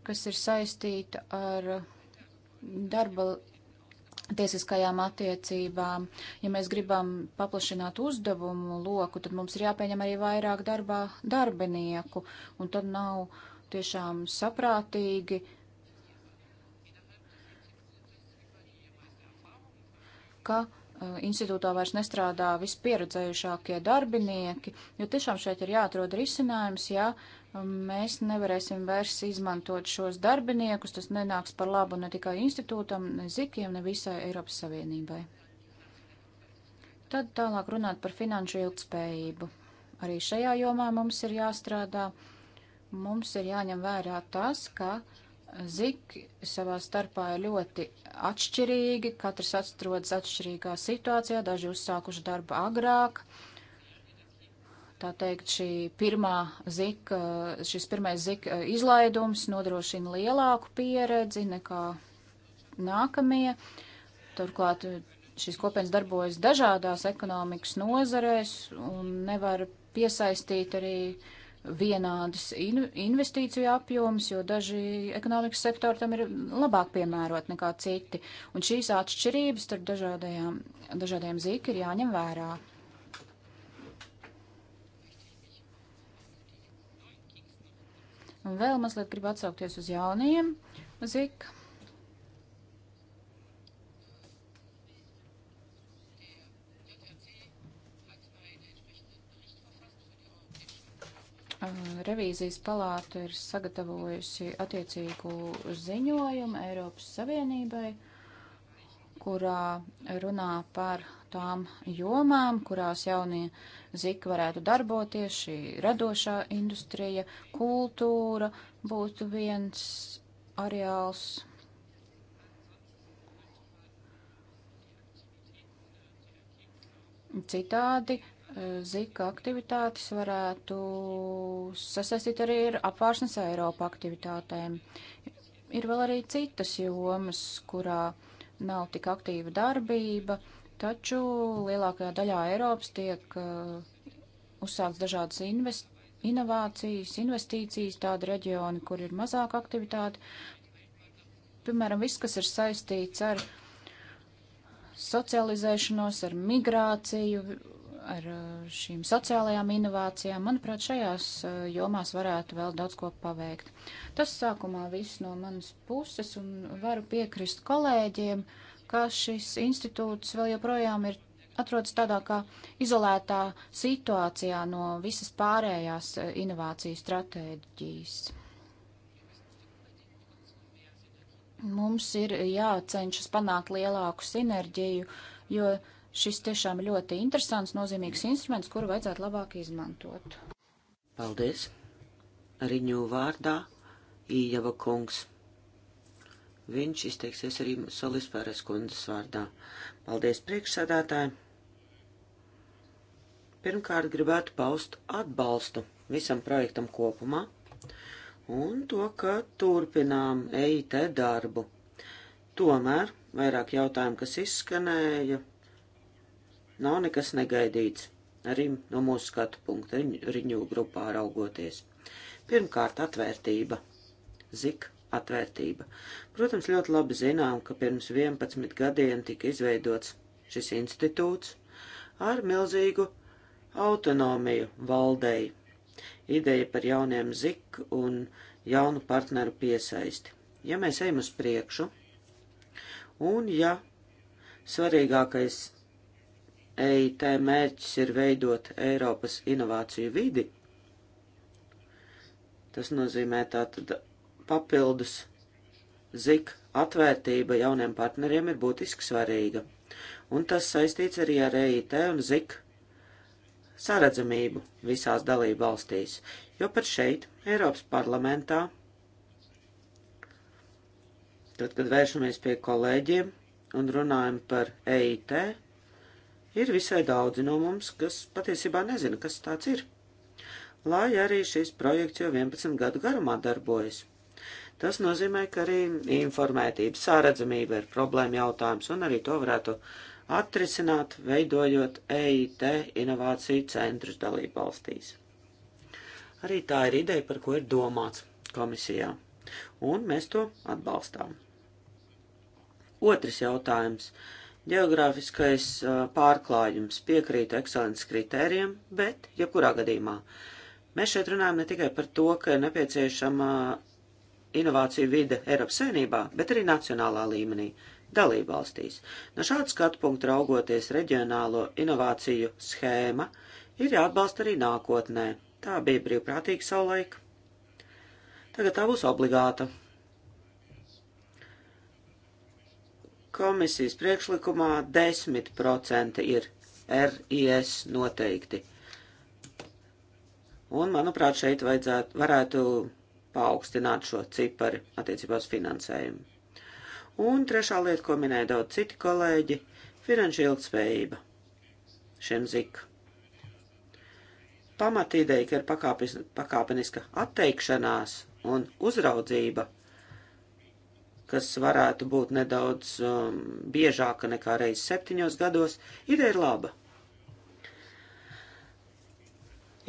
kas ir saistīta ar darba tiesiskajām attiecībām. Ja mēs gribam paplašināt uzdevumu loku, tad mums ir jāpieņem arī vairāk darbā darbinieku, un tad nav tiešām saprātīgi ka e, institūtā vairs nestrādā vispieredzējušākie darbinieki, jo tiešām šeit ir jāatrod risinājums, ja um, mēs nevarēsim vairs izmantot šos darbiniekus, tas nenāks par labu ne tikai institūtam, ne zikiem, ne visai Eiropas Savienībai. Tad tālāk runāt par finanšu ilgspējību. Arī šajā jomā mums ir jāstrādā, mums ir jāņem vērā tas, ka uh, Ziki savā starpā ir ļoti atšķirīgi, katrs atrodas atšķirīgā situācijā, daži uzsākuši darbu agrāk. Tā teikt, šī pirmā zika, eh, šis pirmais zika eh, izlaidums nodrošina lielāku pieredzi nekā nākamie. Turklāt eh, šīs kopienas darbojas dažādās ekonomikas nozarēs un nevar piesaistīt arī uh, vienādas in investīciju apjoms, jo daži ekonomikas sektori tam ir labāk piemērot nekā citi. Un šīs atšķirības starp dažādajām, dažādajiem zīki ir jāņem vērā. Un vēl mazliet gribu atsaukties uz jaunajiem zīkiem. Um, revīzijas palāta ir sagatavojusi attiecīgu ziņojumu Eiropas Savienībai, kurā runā par tām jomām, kurās jaunie zika varētu darboties, šī radošā industrija, kultūra būtu viens areāls. Citādi Zika aktivitātes varētu sasaistīt arī ar apvārsnes Eiropa aktivitātēm. Ir vēl arī citas jomas, kurā nav tik aktīva darbība, taču lielākajā daļā Eiropas tiek uh, uzsākts dažādas invest inovācijas, investīcijas, tādi reģioni, kur ir mazāk aktivitāte. Piemēram, viss, kas ir saistīts ar socializēšanos, ar migrāciju, ar uh, šīm sociālajām inovācijām, manuprāt, šajās uh, jomās varētu vēl daudz ko paveikt. Tas sākumā viss no manas puses, un varu piekrist kolēģiem, ka šis institūts vēl joprojām ir atrodas tādā kā izolētā situācijā no visas pārējās uh, inovāciju stratēģijas. Mums ir jācenšas panākt lielāku sinerģiju, jo uh, Šis tiešām ļoti interesants, nozīmīgs instruments, kuru vajadzētu labāk izmantot. Paldies! Riņu vārdā Ījava kungs. Viņš izteiksies arī Solispēres kundzes vārdā. Paldies priekšsādātāji! Pirmkārt, gribētu paust atbalstu visam projektam kopumā un to, ka turpinām EIT darbu. Tomēr vairāk jautājumu, kas izskanēja, Nav nekas negaidīts, arī no mūsu skatu punkta riņu grupā raugoties. Pirmkārt, atvērtība. Zik atvērtība. Protams, ļoti labi zinām, ka pirms 11 gadiem tika izveidots šis institūts ar milzīgu autonomiju valdei. Ideja par jauniem zik un jaunu partneru piesaisti. Ja mēs ejam uz priekšu, un ja svarīgākais EIT mērķis ir veidot Eiropas inovāciju vidi, tas nozīmē tātad papildus zik atvērtība jauniem partneriem ir būtiski svarīga, un tas saistīts arī ar EIT un zik saredzamību visās dalību valstīs, jo pat šeit, Eiropas parlamentā, tad, kad vēršamies pie kolēģiem un runājam par EIT, Ir visai daudzi no mums, kas patiesībā nezina, kas tāds ir. Lai arī šis projekts jau 11 gadu garumā darbojas. Tas nozīmē, ka arī informētība, sāredzamība ir problēma jautājums, un arī to varētu atrisināt, veidojot EIT inovāciju centrus dalību valstīs. Arī tā ir ideja, par ko ir domāts komisijā, un mēs to atbalstām. Otrs jautājums Geogrāfiskais pārklājums piekrīt ekscelences kritērijiem, bet jebkurā gadījumā mēs šeit runājam ne tikai par to, ka ir nepieciešama inovāciju vide Eiropas Savienībā, bet arī nacionālā līmenī dalībvalstīs. No šāda skatu punkta raugoties reģionālo inovāciju schēma ir jāatbalsta arī nākotnē. Tā bija brīvprātīga savulaik. Tagad tā būs obligāta. Komisijas priekšlikumā 10% ir RIS noteikti. Un, manuprāt, šeit vajadzētu, varētu paaugstināt šo cipari attiecībā uz finansējumu. Un trešā lieta, ko minēja daudz citi kolēģi - finanšu ilgspējība šiem zika. Pamatīdeja, ka ir pakāpeniska atteikšanās un uzraudzība kas varētu būt nedaudz um, biežāka nekā reiz septiņos gados, ideja ir laba.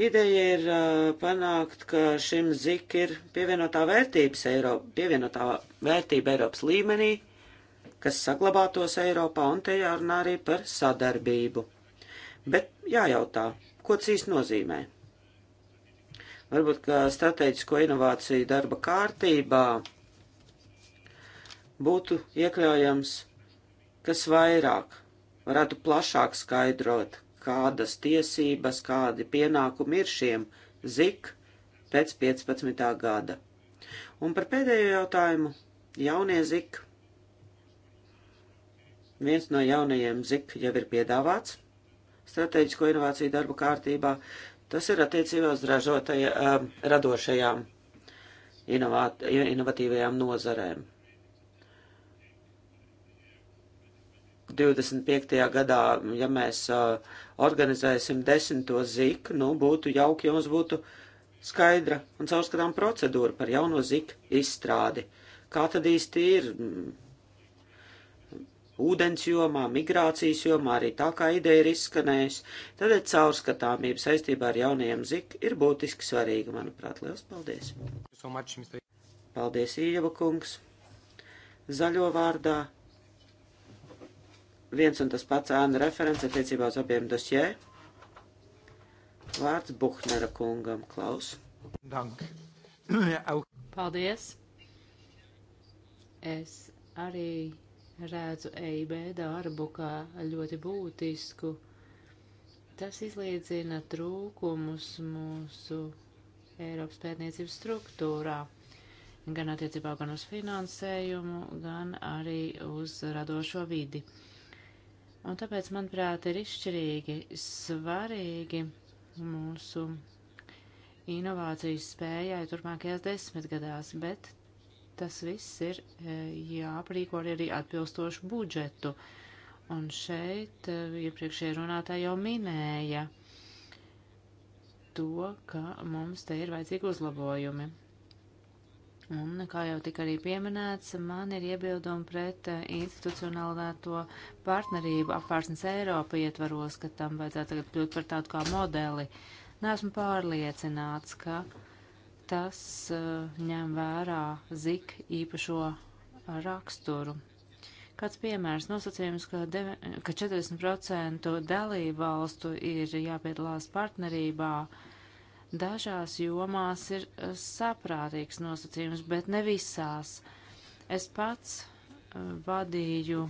Ideja ir uh, panākt, ka šim zik ir pievienotā, Eiropa, pievienotā vērtība Eiropas līmenī, kas saglabātos Eiropā, un te jārunā arī par sadarbību. Bet jājautā, ko tas īsti nozīmē? Varbūt, ka strateģisko inovāciju darba kārtībā būtu iekļaujams kas vairāk, varētu plašāk skaidrot, kādas tiesības, kādi pienākumi ir šiem zik pēc 15. gada. Un par pēdējo jautājumu - jaunie zik. Viens no jaunajiem zik jau ir piedāvāts strateģisko inovāciju darbu kārtībā. Tas ir attiecībā uz ražotajā, eh, radošajām inovāt, inovatīvajām nozarēm. 25. gadā, ja mēs uh, organizēsim desmito ziku, nu, būtu jauki, ja mums būtu skaidra un caurskatām procedūra par jauno ziku izstrādi. Kā tad īsti ir ūdens jomā, migrācijas jomā, arī tā kā ideja ir izskanējusi, tad caurskatāmība saistībā ar jaunajiem ziku ir būtiski svarīga, manuprāt. Liels paldies! Paldies, Ieva kungs! Zaļo vārdā viens un tas pats ēnu referents attiecībā uz abiem dosjē. Vārds Buhnera kungam, Klaus. Dank. Paldies. Es arī redzu EIB darbu kā ļoti būtisku. Tas izlīdzina trūkumus mūsu Eiropas pētniecības struktūrā, gan attiecībā gan uz finansējumu, gan arī uz radošo vidi. Un tāpēc, manuprāt, ir izšķirīgi svarīgi mūsu inovācijas spējai turpmākajās desmitgadās, bet tas viss ir e, jāaprīko arī atbilstošu budžetu. Un šeit e, iepriekšējā runātā jau minēja to, ka mums te ir vajadzīgi uzlabojumi. Un, kā jau tika arī pieminēts, man ir iebildumi pret eh, institucionalizēto partnerību apvārsnes Eiropa ietvaros, ka tam vajadzētu tagad kļūt par tādu kā modeli. Neesmu pārliecināts, ka tas uh, ņem vērā zik īpašo raksturu. Kāds piemērs nosacījums, ka, deve, ka 40% dalību valstu ir jāpiedalās partnerībā, uh, Dažās jomās ir eh, saprātīgs nosacījums, bet ne visās. Es pats eh, vadīju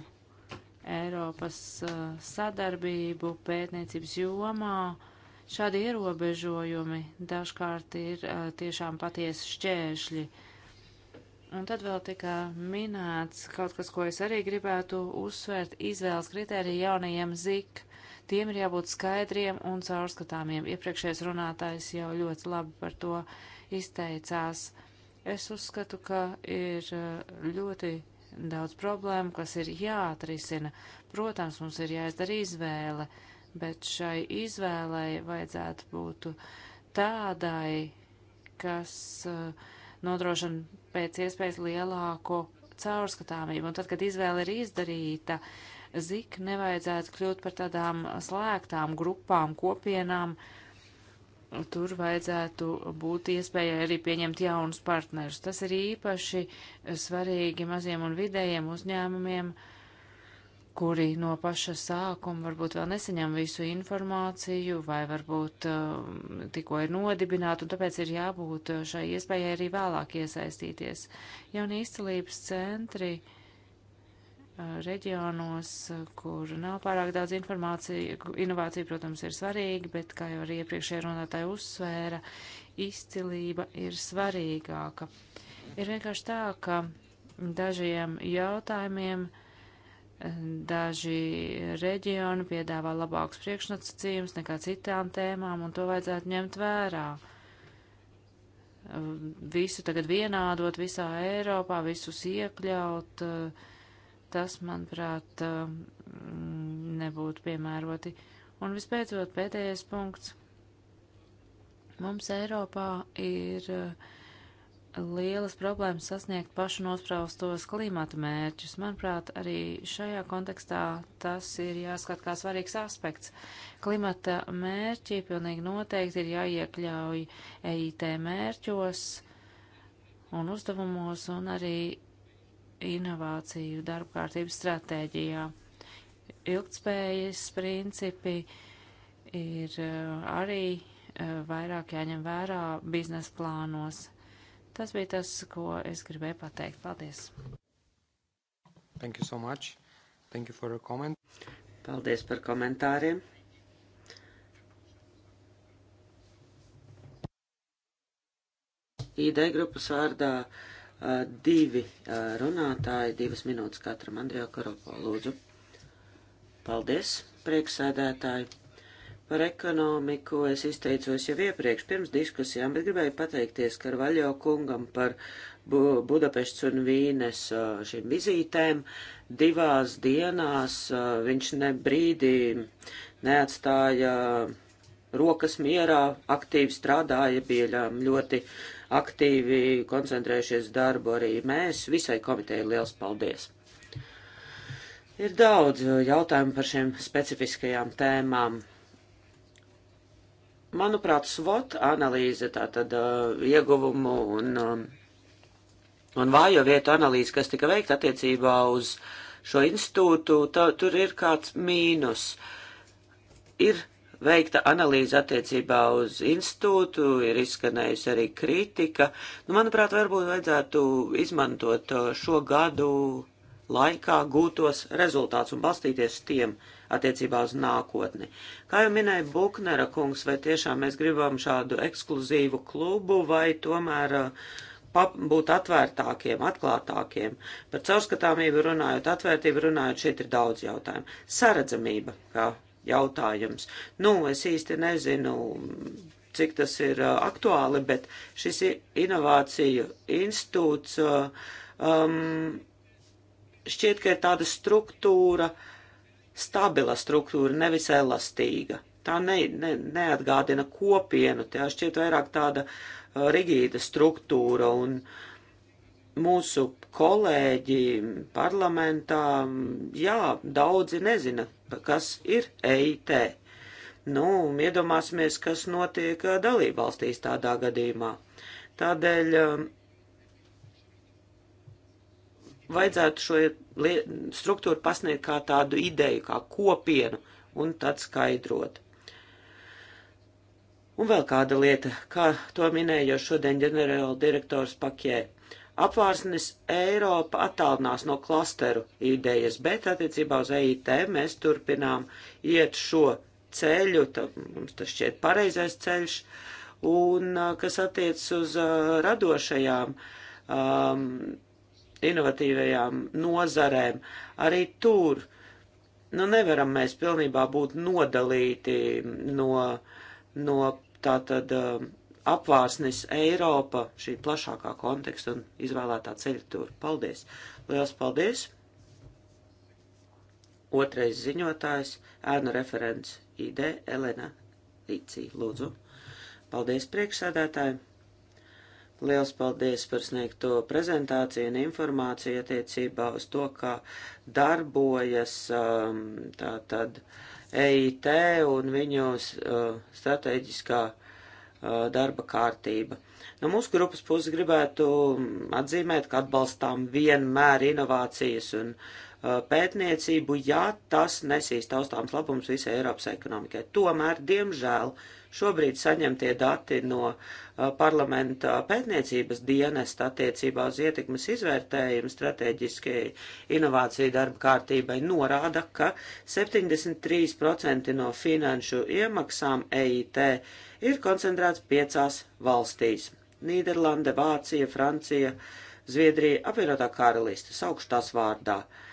Eiropas eh, sadarbību pētniecības jomā. Šādi ierobežojumi dažkārt ir tiešām patiesi šķēršļi. Un tad vēl tika minēts kaut kas, ko es arī gribētu uzsvērt - izvēles kritērija jaunajiem zik tiem ir jābūt skaidriem un caurskatāmiem. Iepriekšējais runātājs jau ļoti labi par to izteicās. Es uzskatu, ka ir uh, ļoti daudz problēmu, kas ir jāatrisina. Protams, mums ir jāizdara izvēle, bet šai izvēlei vajadzētu būt tādai, kas uh, nodrošina pēc iespējas lielāko caurskatāmību. Un tad, kad izvēle ir izdarīta, uh, zik nevajadzētu kļūt par tādām slēgtām grupām, kopienām. Tur vajadzētu būt iespējai arī pieņemt jaunus partnerus. Tas ir īpaši svarīgi maziem un vidējiem uzņēmumiem, kuri no paša sākuma varbūt vēl nesaņem visu informāciju vai varbūt uh, tikko ir nodibināti, un tāpēc ir jābūt uh, šai iespējai arī vēlāk iesaistīties. Jauni izcilības centri uh, reģionos, kur nav pārāk daudz informācija, inovācija, protams, ir svarīga, bet, kā jau arī iepriekšējā runātāja uzsvēra, izcilība ir svarīgāka. Ir vienkārši tā, ka dažiem jautājumiem daži reģioni piedāvā labākus priekšnosacījumus nekā citām tēmām, un to vajadzētu ņemt vērā. Visu tagad vienādot visā Eiropā, visus iekļaut, uh, tas, manuprāt, um, nebūtu piemēroti. Un visbeidzot, pēdējais punkts. Mums Eiropā ir uh, lielas problēmas sasniegt pašu nospraustos klimata mērķus. Manuprāt, arī šajā kontekstā tas ir jāskat kā svarīgs aspekts. Klimata mērķi pilnīgi noteikti ir jāiekļauj EIT mērķos un uzdevumos un arī inovāciju darba kārtības stratēģijā. Ilgtspējas principi ir uh, arī uh, vairāk jāņem vērā biznesa plānos. Tas bija tas, ko es gribēju pateikt. Paldies! Thank you so much. Thank you for your comment. Paldies par komentāriem. ID grupas vārdā Eh, divi eh, runātāji, divas minūtes katram. Andrija Karopo, lūdzu. Paldies, priekšsēdētāji. Par ekonomiku es izteicos jau iepriekš, pirms diskusijām, bet gribēju pateikties Karvaļo kungam par Bu Budapešts un Vīnes eh, šīm vizītēm. Divās dienās viņš ne brīdī neatstāja rokas mierā, aktīvi strādāja, bija ļoti uh, aktīvi koncentrējušies darbu arī mēs. Visai komitejai liels paldies! Ir daudz jautājumu par šiem specifiskajām tēmām. Manuprāt, SWOT analīze, tātad uh, ieguvumu un, um, un vājo vietu analīze, kas tika veikta attiecībā uz šo institūtu, tā, tur ir kāds mīnus. Ir veikta analīze attiecībā uz institūtu, ir izskanējusi arī kritika. Nu, manuprāt, varbūt vajadzētu izmantot uh, šo gadu laikā gūtos rezultātus un balstīties tiem attiecībā uz nākotni. Kā jau minēja Buknera kungs, vai tiešām mēs gribam šādu ekskluzīvu klubu vai tomēr uh, būt atvērtākiem, atklātākiem. Par caurskatāmību runājot, atvērtību runājot, šeit ir daudz jautājumu. Saredzamība, kā jautājums. Nu, es īsti nezinu, cik tas ir uh, aktuāli, bet šis inovāciju institūts uh, um, šķiet, ka ir tāda struktūra, stabila struktūra, nevis elastīga. Tā ne, ne, neatgādina kopienu, tā šķiet vairāk tāda uh, rigīda struktūra un uh, mūsu kolēģi parlamentā, jā, daudzi nezina, kas ir EIT. Nu, iedomāsimies, kas notiek uh, dalībvalstīs tādā gadījumā. Tādēļ um, vajadzētu šo struktūru pasniegt kā tādu ideju, kā kopienu, un tad skaidrot. Un vēl kāda lieta, kā to minēja šodien ģenerāla direktors Pakē. Apvārsnes Eiropa attālinās no klasteru idejas, bet attiecībā uz EIT mēs turpinām iet šo ceļu, tā, mums tas šķiet pareizais ceļš, un kas attiec uz uh, radošajām, um, inovatīvajām nozarēm, arī tur, nu nevaram mēs pilnībā būt nodalīti no, no tātad. Uh, apvārsnis Eiropa, šī plašākā konteksta un izvēlētā ceļa tur. Paldies! Liels paldies! Otrais ziņotājs, ēnu referents ID Elena Līcī, lūdzu. Paldies priekšsēdētājiem! Liels paldies par sniegto prezentāciju un informāciju attiecībā uz to, kā darbojas um, tā tad EIT un viņu uh, strateģiskā uh, Uh, darba kārtība. No mūsu grupas puses gribētu atzīmēt, ka atbalstām vienmēr inovācijas un uh, pētniecību, ja tas nesīs taustāms labums visai Eiropas ekonomikai. Tomēr, diemžēl, uh, Šobrīd saņemtie dati no uh, parlamenta pētniecības dienesta attiecībā uz ietekmes izvērtējumu strateģiskajai inovāciju darba kārtībai norāda, ka 73% no finanšu iemaksām EIT ir koncentrēts piecās valstīs - Nīderlande, Vācija, Francija, Zviedrija, apvienotā karaliste, saukšu tās vārdā. Uh,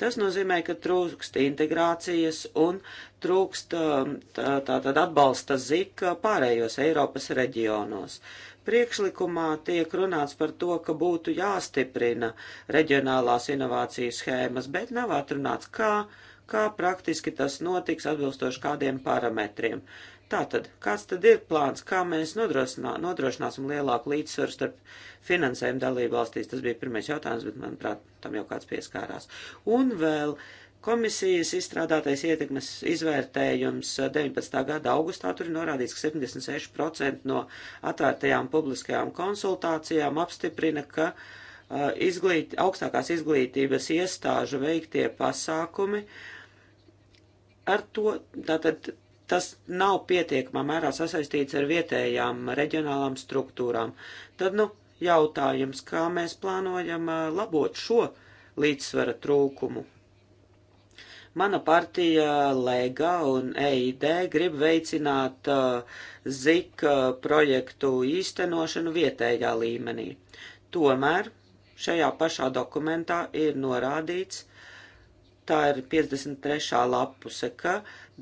Tas nozīmē, ka trūkst integrācijas un trūkst tātad um, tā, tā, atbalsta zika pārējos Eiropas reģionos. Priekšlikumā tiek runāts par to, ka būtu jāstiprina reģionālās inovācijas schēmas, bet nav atrunāts, kā, kā praktiski tas notiks atbilstoši kādiem parametriem. Tātad, kāds tad ir plāns, kā mēs nodrošinā, nodrošināsim lielāku līdzsvaru starp finansējumu dalību valstīs? Tas bija pirmais jautājums, bet, manuprāt, tam jau kāds pieskārās. Un vēl komisijas izstrādātais ietekmes izvērtējums 19. Eh, gada augustā tur ir norādīts, ka 76% no atvērtajām publiskajām konsultācijām apstiprina, ka uh, izglīt, augstākās izglītības iestāžu veiktie pasākumi ar to, tātad tas nav pietiekamā mērā sasaistīts ar vietējām reģionālām struktūrām. Tad, nu, jautājums, kā mēs plānojam labot šo līdzsvara trūkumu. Mana partija Lega un EID grib veicināt ZIK projektu īstenošanu vietējā līmenī. Tomēr šajā pašā dokumentā ir norādīts, tā ir 53. lapuse, ka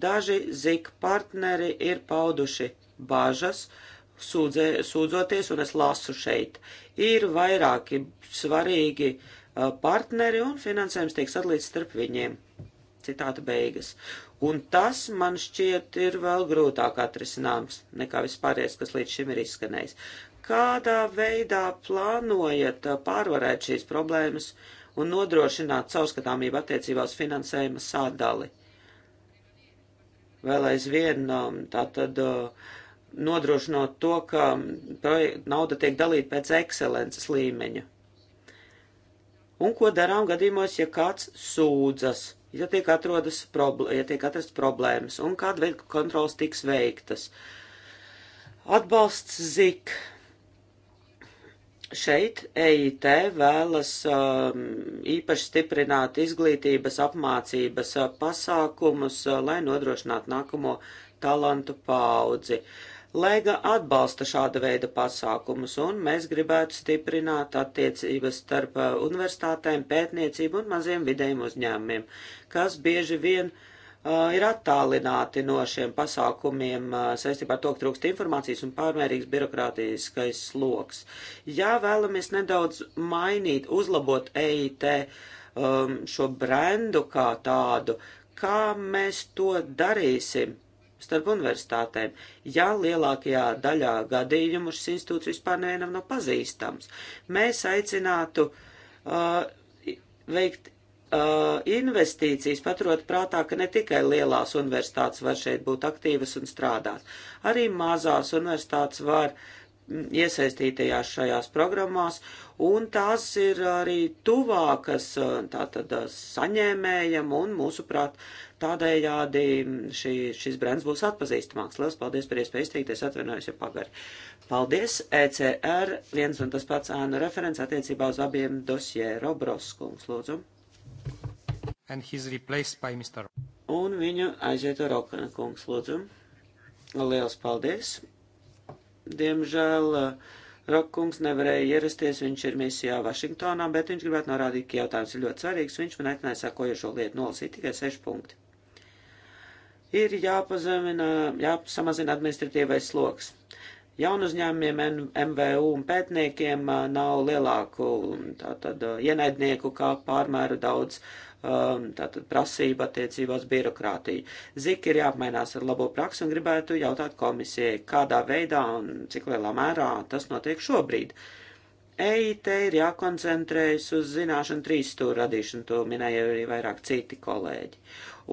daži zik partneri ir pauduši bažas, sūdzē, sūdzoties, un es lasu šeit, ir vairāki svarīgi partneri, un finansējums tiek sadalīts starp viņiem. Citāta beigas. Un tas man šķiet ir vēl grūtāk atrisināms nekā vispārējais, kas līdz šim ir izskanējis. Kādā veidā plānojat pārvarēt šīs problēmas un nodrošināt caurskatāmību attiecībā uz finansējuma sādali. Vēl aizvien um, tātad uh, nodrošinot to, ka um, nauda tiek dalīta pēc ekscelences līmeņa. Un ko darām gadījumos, ja kāds sūdzas, ja tiek, problē, ja tiek atrasts problēmas un kāda veida kontrols tiks veiktas? Atbalsts zik Šeit EIT vēlas um, īpaši stiprināt izglītības apmācības uh, pasākumus, uh, lai nodrošinātu nākamo talantu paudzi. Lega atbalsta šāda veida pasākumus, un mēs gribētu stiprināt attiecības starp uh, universitātēm, pētniecību un maziem vidējiem uzņēmumiem, kas bieži vien uh, Uh, ir attālināti no šiem pasākumiem uh, saistībā ar to, ka trūkst informācijas un pārmērīgs birokrātiskais sloks. Ja vēlamies nedaudz mainīt, uzlabot EIT um, šo brendu kā tādu, kā mēs to darīsim? Starp universitātēm, ja lielākajā daļā gadījumu šis institūts vispār nevienam nav pazīstams, mēs aicinātu uh, veikt Uh, investīcijas, paturot prātā, ka ne tikai lielās universitātes var šeit būt aktīvas un strādāt, arī mazās universitātes var mm, iesaistītajās šajās programmās, un tās ir arī tuvākas uh, tātad uh, saņēmējam, un mūsuprāt, tādējādi mm, šī, šis brands būs atpazīstamāks. Lielas paldies par iespēju izteikties, atvainojos, ja pagari. Paldies, ECR, viens un tas pats ēnu referents attiecībā uz abiem dosjē Robroskungs, lūdzu and he is replaced by Mr. Un viņu aizvieto Rokana kungs, lūdzu. Liels paldies! Diemžēl eh, Rokungs nevarēja ierasties, viņš ir misijā Vašingtonā, bet viņš gribētu norādīt, ka jautājums ir ļoti svarīgs. Viņš man aicināja sakojušo lietu nolasīt tikai seši punkti. Ir jāpazemina, jāsamazina administratīvais sloks jaunu uzņēmumiem, MVU un pētniekiem eh, nav lielāku tātad, eh, ienaidnieku kā pārmēru daudz Um, tātad prasība attiecībās birokrātiju. Zik ir jāapmainās ar labo praksi un gribētu jautāt komisijai, kādā veidā un cik lielā mērā tas notiek šobrīd. EIT ir jākoncentrējas uz zināšanu trīsstūra radīšanu, to minēja arī vairāk citi kolēģi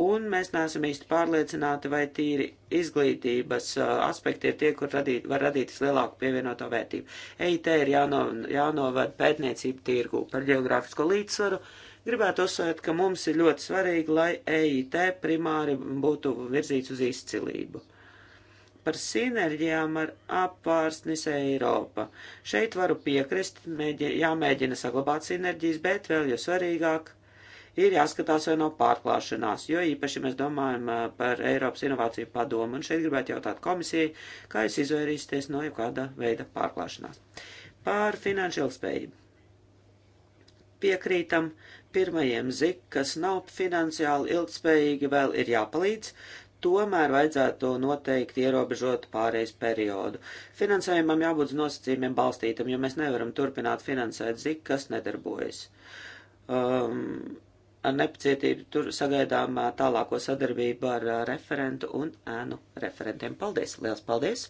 un mēs neesam īsti pārliecināti, vai tīri izglītības uh, aspekti ir tie, kur radīt, var radīt vislielāku pievienoto vērtību. EIT ir jāno, jānovērt pētniecību tirgu par geogrāfisko līdzsvaru, Gribētu uzsvērt, ka mums ir ļoti svarīgi, lai EIT primāri būtu virzīts uz izcilību. Par sinerģijām ar apvārsnis Eiropa. Šeit varu piekrist, mēģi, jāmēģina saglabāt sinerģijas, bet vēl jau svarīgāk ir jāskatās vai nav pārklāšanās, jo īpaši mēs domājam par Eiropas inovāciju padomu, un šeit gribētu jautāt komisijai, kā jūs izvairīsieties no jebkāda veida pārklāšanās. Pār finanšu ilgspējību. Piekrītam pirmajiem zik, kas nav finansiāli ilgspējīgi, vēl ir jāpalīdz, tomēr vajadzētu noteikti ierobežot pārejas periodu. Finansējumam jābūt nosacījumiem balstītam, jo mēs nevaram turpināt finansēt zik, kas nedarbojas. Um, ar nepacietību tur sagaidām uh, tālāko sadarbību ar uh, referentu un ēnu referentiem. Paldies! Liels paldies!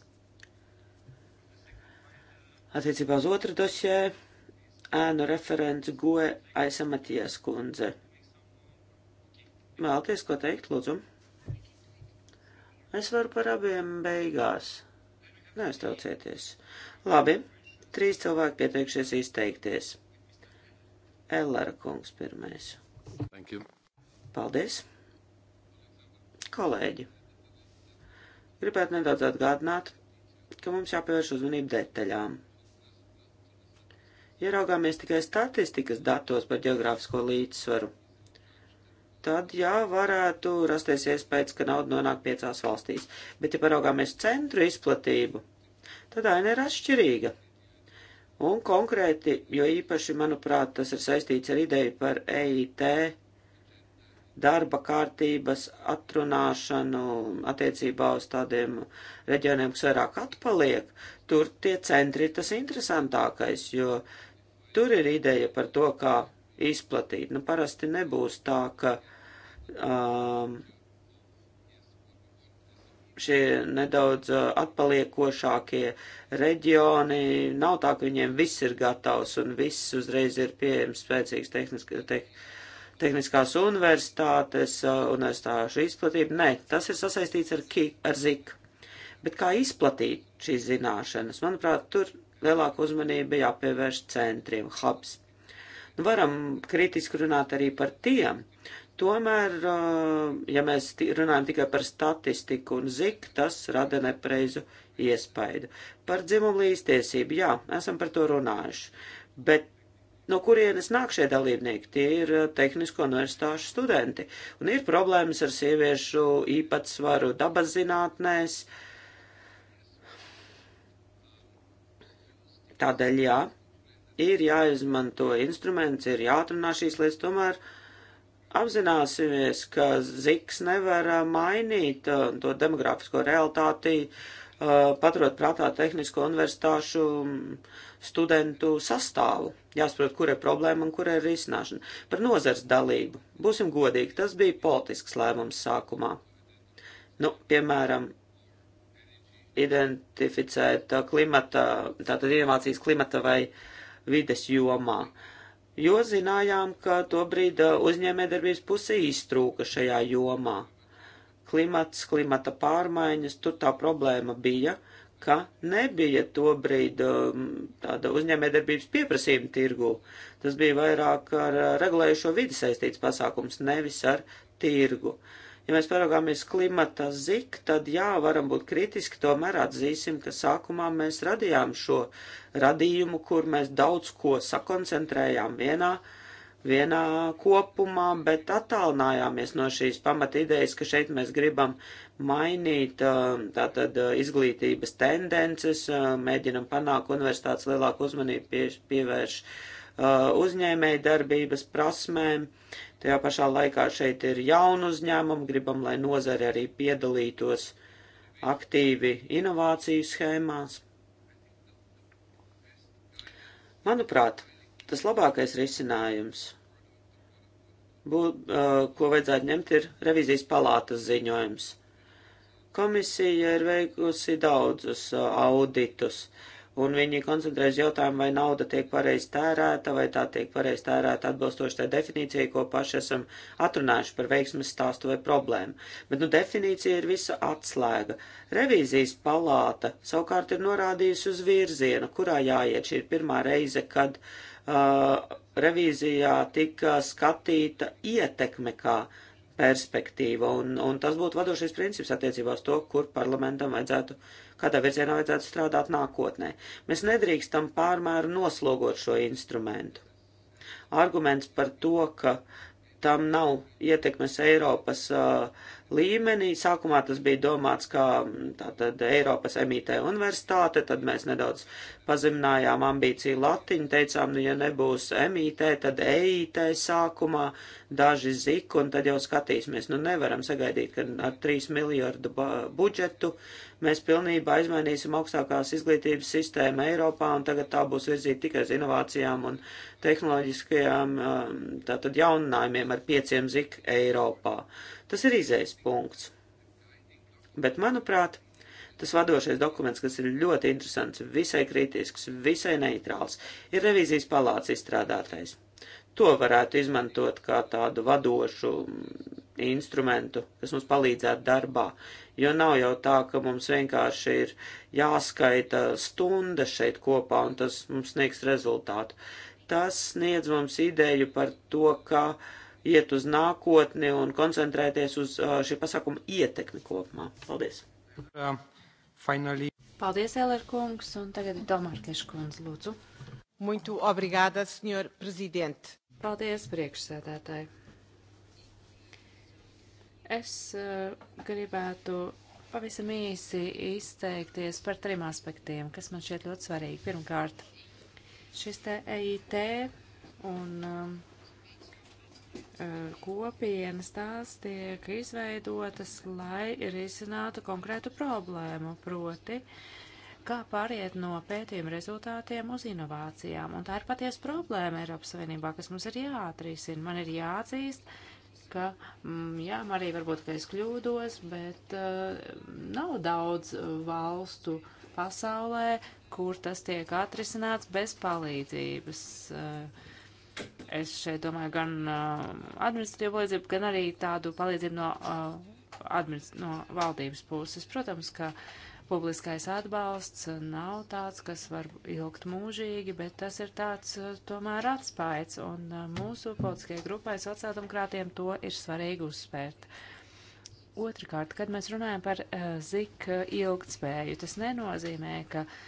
Attiecībā uz otru dosē ēnu referents goe aizsamaties kundze. Vēlties, ko teikt, lūdzu? Es varu par abiem beigās. Neuztraucieties. Labi, trīs cilvēki pieteikšies izteikties. Ellera kungs pirmais. Thank you. Paldies. Kolēģi. Gribētu nedaudz atgādināt, ka mums jāpievērš uzmanību detaļām ieraugāmies tikai statistikas datos par geogrāfisko līdzsvaru, tad jā, varētu rasties iespējas, ka nauda nonāk piecās valstīs. Bet, ja paraugāmies centru izplatību, tad aina ir atšķirīga. Un konkrēti, jo īpaši, manuprāt, tas ir saistīts ar ideju par EIT darba kārtības atrunāšanu attiecībā uz tādiem reģioniem, kas vairāk atpaliek, tur tie centri ir tas interesantākais, jo uh, Tur ir ideja par to, kā izplatīt. Nu, parasti nebūs tā, ka um, šie nedaudz uh, atpaliekošākie reģioni nav tā, ka viņiem viss ir gatavs un viss uzreiz ir pieejams spēcīgs tehniski. Te, Tehniskās universitātes, uh, universitāšu izplatība, nē, tas ir sasaistīts ar, ki, ar ziku. Bet kā izplatīt šīs zināšanas? Manuprāt, tur lielāka uzmanība jāpievērš centriem, hubs. Nu, varam kritiski runāt arī par tiem. Tomēr, ja mēs runājam tikai par statistiku un zik, tas rada nepreizu iespaidu. Par dzimumu līdztiesību, jā, esam par to runājuši. Bet no kurienes nāk šie dalībnieki? Tie ir tehnisko universitāšu studenti. Un ir problēmas ar sieviešu īpatsvaru dabas zinātnēs, uh, Tādēļ jā, ir jāizmanto instruments, ir jāatrunā šīs lietas, tomēr apzināsimies, ka ziks nevar mainīt to demografisko realitāti, paturot prātā tehnisko universitāšu studentu sastāvu. Jāsaprot, kur ir problēma un kur ir risināšana. Par nozars dalību. Būsim godīgi, tas bija politisks lēmums sākumā. Nu, piemēram, identificēta klimata, tātad inovācijas klimata vai vides jomā. Jo zinājām, ka tobrīd uzņēmējdarbības puse iztrūka šajā jomā. Klimats, klimata pārmaiņas, tur tā problēma bija, ka nebija tobrīd um, tāda uzņēmējdarbības pieprasījuma tirgū. Tas bija vairāk ar uh, regulējušo vidi saistīts pasākums, nevis ar tirgu. Uh, Ja mēs paraugāmies klimata zik, tad jā, varam būt kritiski, tomēr atzīsim, ka sākumā mēs radījām šo radījumu, kur mēs daudz ko sakoncentrējām vienā, vienā kopumā, bet attālinājāmies no šīs pamatidejas, ka šeit mēs gribam mainīt tātad izglītības tendences, mēģinam panākt universitātes lielāku uzmanību pie, pievērš uzņēmējdarbības prasmēm. Uh, Tajā pašā laikā šeit ir jauna uzņēmuma, gribam, lai nozare arī piedalītos aktīvi inovāciju schēmās. Manuprāt, tas labākais risinājums, būt, ko vajadzētu ņemt, ir revizijas palātas ziņojums. Komisija ir veikusi daudzus auditus. Uh, un viņi koncentrēs jautājumu, vai nauda tiek pareizi tērēta, vai tā tiek pareizi tērēta atbilstoši tai definīcijai, ko paši esam atrunājuši par veiksmes stāstu vai problēmu. Bet, nu, definīcija ir visa atslēga. Revīzijas palāta savukārt ir norādījusi uz virzienu, kurā jāiet. Šī ir pirmā reize, kad uh, revīzijā tika skatīta ietekme kā perspektīva, un, un tas būtu vadošais princips attiecībā uz to, kur parlamentam vajadzētu uh, kādā virzienā vajadzētu strādāt nākotnē. Mēs nedrīkstam pārmēru noslogot šo instrumentu. Arguments par to, ka tam nav ietekmes Eiropas uh, līmenī. Sākumā tas bija domāts kā mm, tātad Eiropas MIT universitāte, tad mēs nedaudz pazeminājām ambīciju latiņu, teicām, nu, ja nebūs MIT, tad EIT sākumā, daži zika, un tad jau skatīsimies. Nu, nevaram sagaidīt, ka ar 3 miljardu budžetu mēs pilnībā aizmainīsim augstākās izglītības sistēmu Eiropā, un tagad tā būs virzīta tikai uz inovācijām un tehnoloģiskajām um, tātad jauninājumiem ar 5 zika Eiropā. Tas ir izējas punkts. Bet, manuprāt, Tas vadošais dokuments, kas ir ļoti interesants, visai kritisks, visai neitrāls, ir revīzijas palāca izstrādātais. To varētu izmantot kā tādu vadošu instrumentu, kas mums palīdzētu darbā. Jo nav jau tā, ka mums vienkārši ir jāskaita stunda šeit kopā un tas mums sniegs rezultātu. Tas sniedz mums ideju par to, kā iet uz nākotni un koncentrēties uz uh, šī pasākuma ietekmi kopumā. Paldies! Uh, finally. Paldies, Eller kungs, un tagad Domārkeša kundze, lūdzu. Muito obrigada, senhor presidente. Paldies, priekšsēdētāji. Es uh, gribētu pavisam īsi izteikties par trim aspektiem, kas man šķiet ļoti svarīgi. Pirmkārt, šis te EIT un um, eh, kopienas tās tiek izveidotas, lai risinātu konkrētu problēmu, proti uh, kā pāriet no pētījuma rezultātiem uz inovācijām. Un tā ir patiesa problēma Eiropas Savienībā, kas mums ir jāatrisina. Man ir jāatzīst, ka, mm, jā, arī varbūt, ka es kļūdos, bet uh, nav daudz valstu pasaulē, kur tas tiek atrisināts bez palīdzības. Uh, es šeit domāju gan uh, eh, administratīvu palīdzību, gan arī tādu palīdzību no, uh, no valdības puses. Protams, ka uh, Publiskais atbalsts nav tāds, kas var ilgt mūžīgi, bet tas ir tāds eh, tomēr atspējas, un eh, mūsu politiskajai grupai sociāldemokrātiem to ir svarīgi uzspērt. Otrakārt, kad mēs runājam par uh, zik ilgtspēju, tas nenozīmē, ka uh,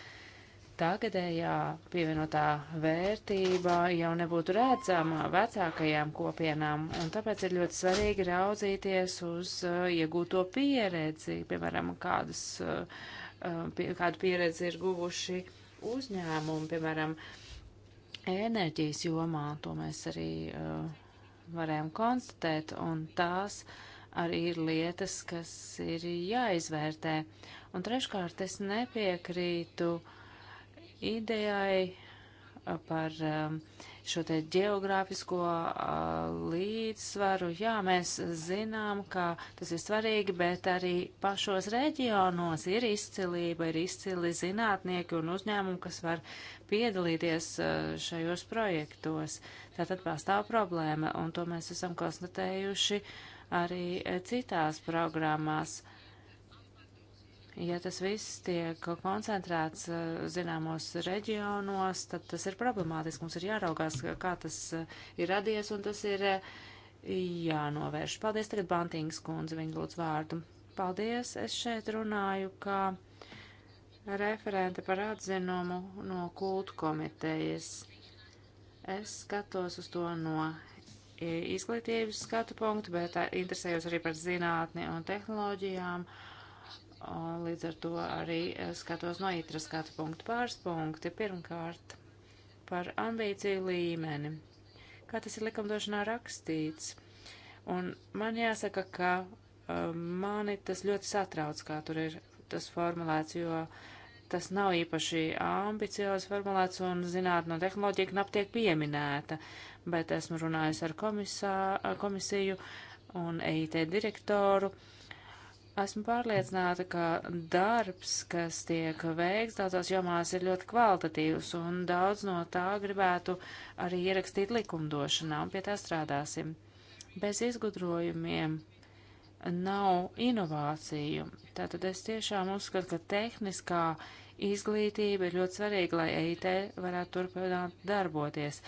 tagadējā pievienotā vērtība jau nebūtu redzama vecākajām kopienām, un tāpēc ir ļoti svarīgi raudzīties uz uh, iegūto pieredzi, piemēram, kādas, uh, uh, pie, kādu pieredzi ir guvuši uzņēmumi, piemēram, enerģijas jomā, to mēs arī uh, varējām konstatēt, un tās arī ir lietas, kas ir jāizvērtē. Un treškārt, es nepiekrītu uh, idejai par um, šo te geogrāfisko līdzsvaru. Jā, mēs zinām, ka tas ir svarīgi, bet arī pašos reģionos ir izcilība, ir izcili zinātnieki un uzņēmumi, kas var piedalīties šajos projektos. Tātad pastāv problēma, un to mēs esam konstatējuši arī e, citās programmās. Uh, Ja tas viss tiek koncentrēts eh, zināmos reģionos, tad tas ir problemātiski. Mums ir jāraugās, kā tas eh, ir radies, un tas ir eh, jānovērš. Paldies tagad Bantīngas kundze, viņa lūdz vārdu. Paldies, es šeit runāju, kā referente par atzinumu no kultu komitejas. Es skatos uz to no izglītības skatu punktu, bet interesējos arī par zinātni un tehnoloģijām. Uh, Līdz ar to arī e, skatos no itra skatu punktu pāris punkti. Pirmkārt, par ambīciju līmeni. Kā tas ir likumdošanā rakstīts? Un man jāsaka, ka e, mani tas ļoti satrauc, kā tur ir tas formulēts, jo tas nav īpaši ambiciozi formulēts un zinātnē no un tehnoloģija knap tiek pieminēta, bet esmu runājusi ar komisā, komisiju un EIT direktoru. Uh, Esmu pārliecināta, ka darbs, kas tiek veikts daudzās jomās, ir ļoti kvalitatīvs, un daudz no tā gribētu arī ierakstīt likumdošanā, un pie tā strādāsim. Bez izgudrojumiem nav inovāciju. Tātad es tiešām uzskatu, ka tehniskā izglītība ir ļoti svarīga, lai EIT varētu turpināt darboties.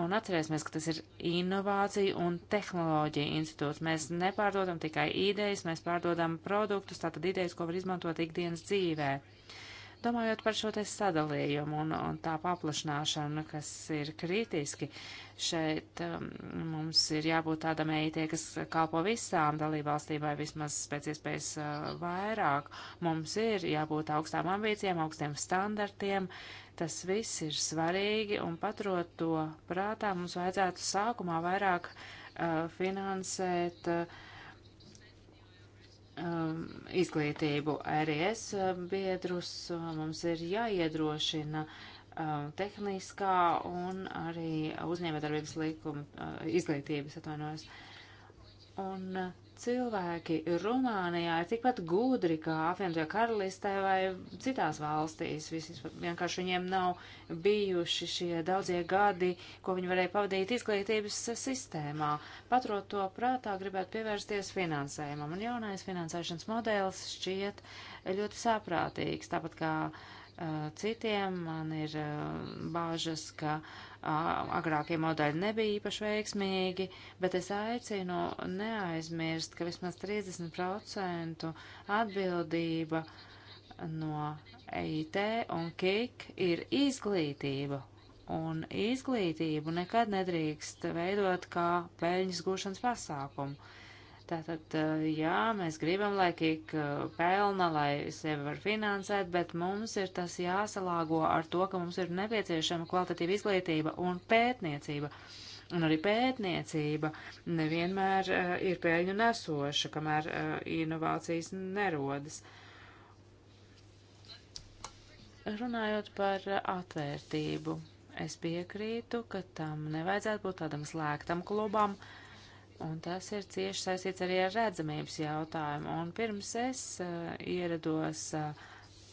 Un atcerēsimies, ka tas ir inovācija un tehnoloģija institūts. Mēs nepārdodam tikai idejas, mēs pārdodam produktus, tātad idejas, ko var izmantot ikdienas dzīvē. Domājot par šo te sadalījumu un, un tā paplašināšanu, kas ir kritiski, šeit um, mums ir jābūt tādam EIT, kas kalpo visām dalībvalstīm vai vismaz pēc iespējas uh, vairāk. Mums ir jābūt augstām ambīcijām, augstiem standartiem. Tas viss ir svarīgi un paturot to prātā, mums vajadzētu sākumā vairāk uh, finansēt. Uh, um, izglītību. RIS um, biedrus mums ir jāiedrošina um, tehniskā un arī uzņēmētarbības likuma uh, izglītības atvainojas. Un uh, cilvēki Rumānijā ir tikpat gudri kā apvienotajā karalistē vai citās valstīs. Visis, vienkārši viņiem nav bijuši šie daudzie gadi, ko viņi varēja pavadīt izglītības sistēmā. Paturot to prātā, gribētu pievērsties finansējumam, un jaunais finansēšanas modelis šķiet ļoti sāprātīgs, tāpat kā uh, Eh, citiem. Man ir eh, bāžas, ka eh, agrākie modeļi nebija īpaši veiksmīgi, bet es aicinu neaizmirst, ka vismaz 30% atbildība no EIT un KIK ir izglītība. Un izglītību nekad nedrīkst veidot kā peļņas gūšanas pasākumu. Tātad, eh, jā, mēs gribam, lai kik eh, pelna, lai sevi var finansēt, bet mums ir tas jāsalāgo ar to, ka mums ir nepieciešama kvalitatīva izglītība un pētniecība. Un arī pētniecība nevienmēr uh, ir pēļņu nesoša, kamēr uh, inovācijas nerodas. Runājot par atvērtību, es piekrītu, ka tam nevajadzētu būt tādam slēgtam klubam. Uh, Un tas ir cieši saistīts arī ar redzamības jautājumu. Un pirms es uh, ierados uh,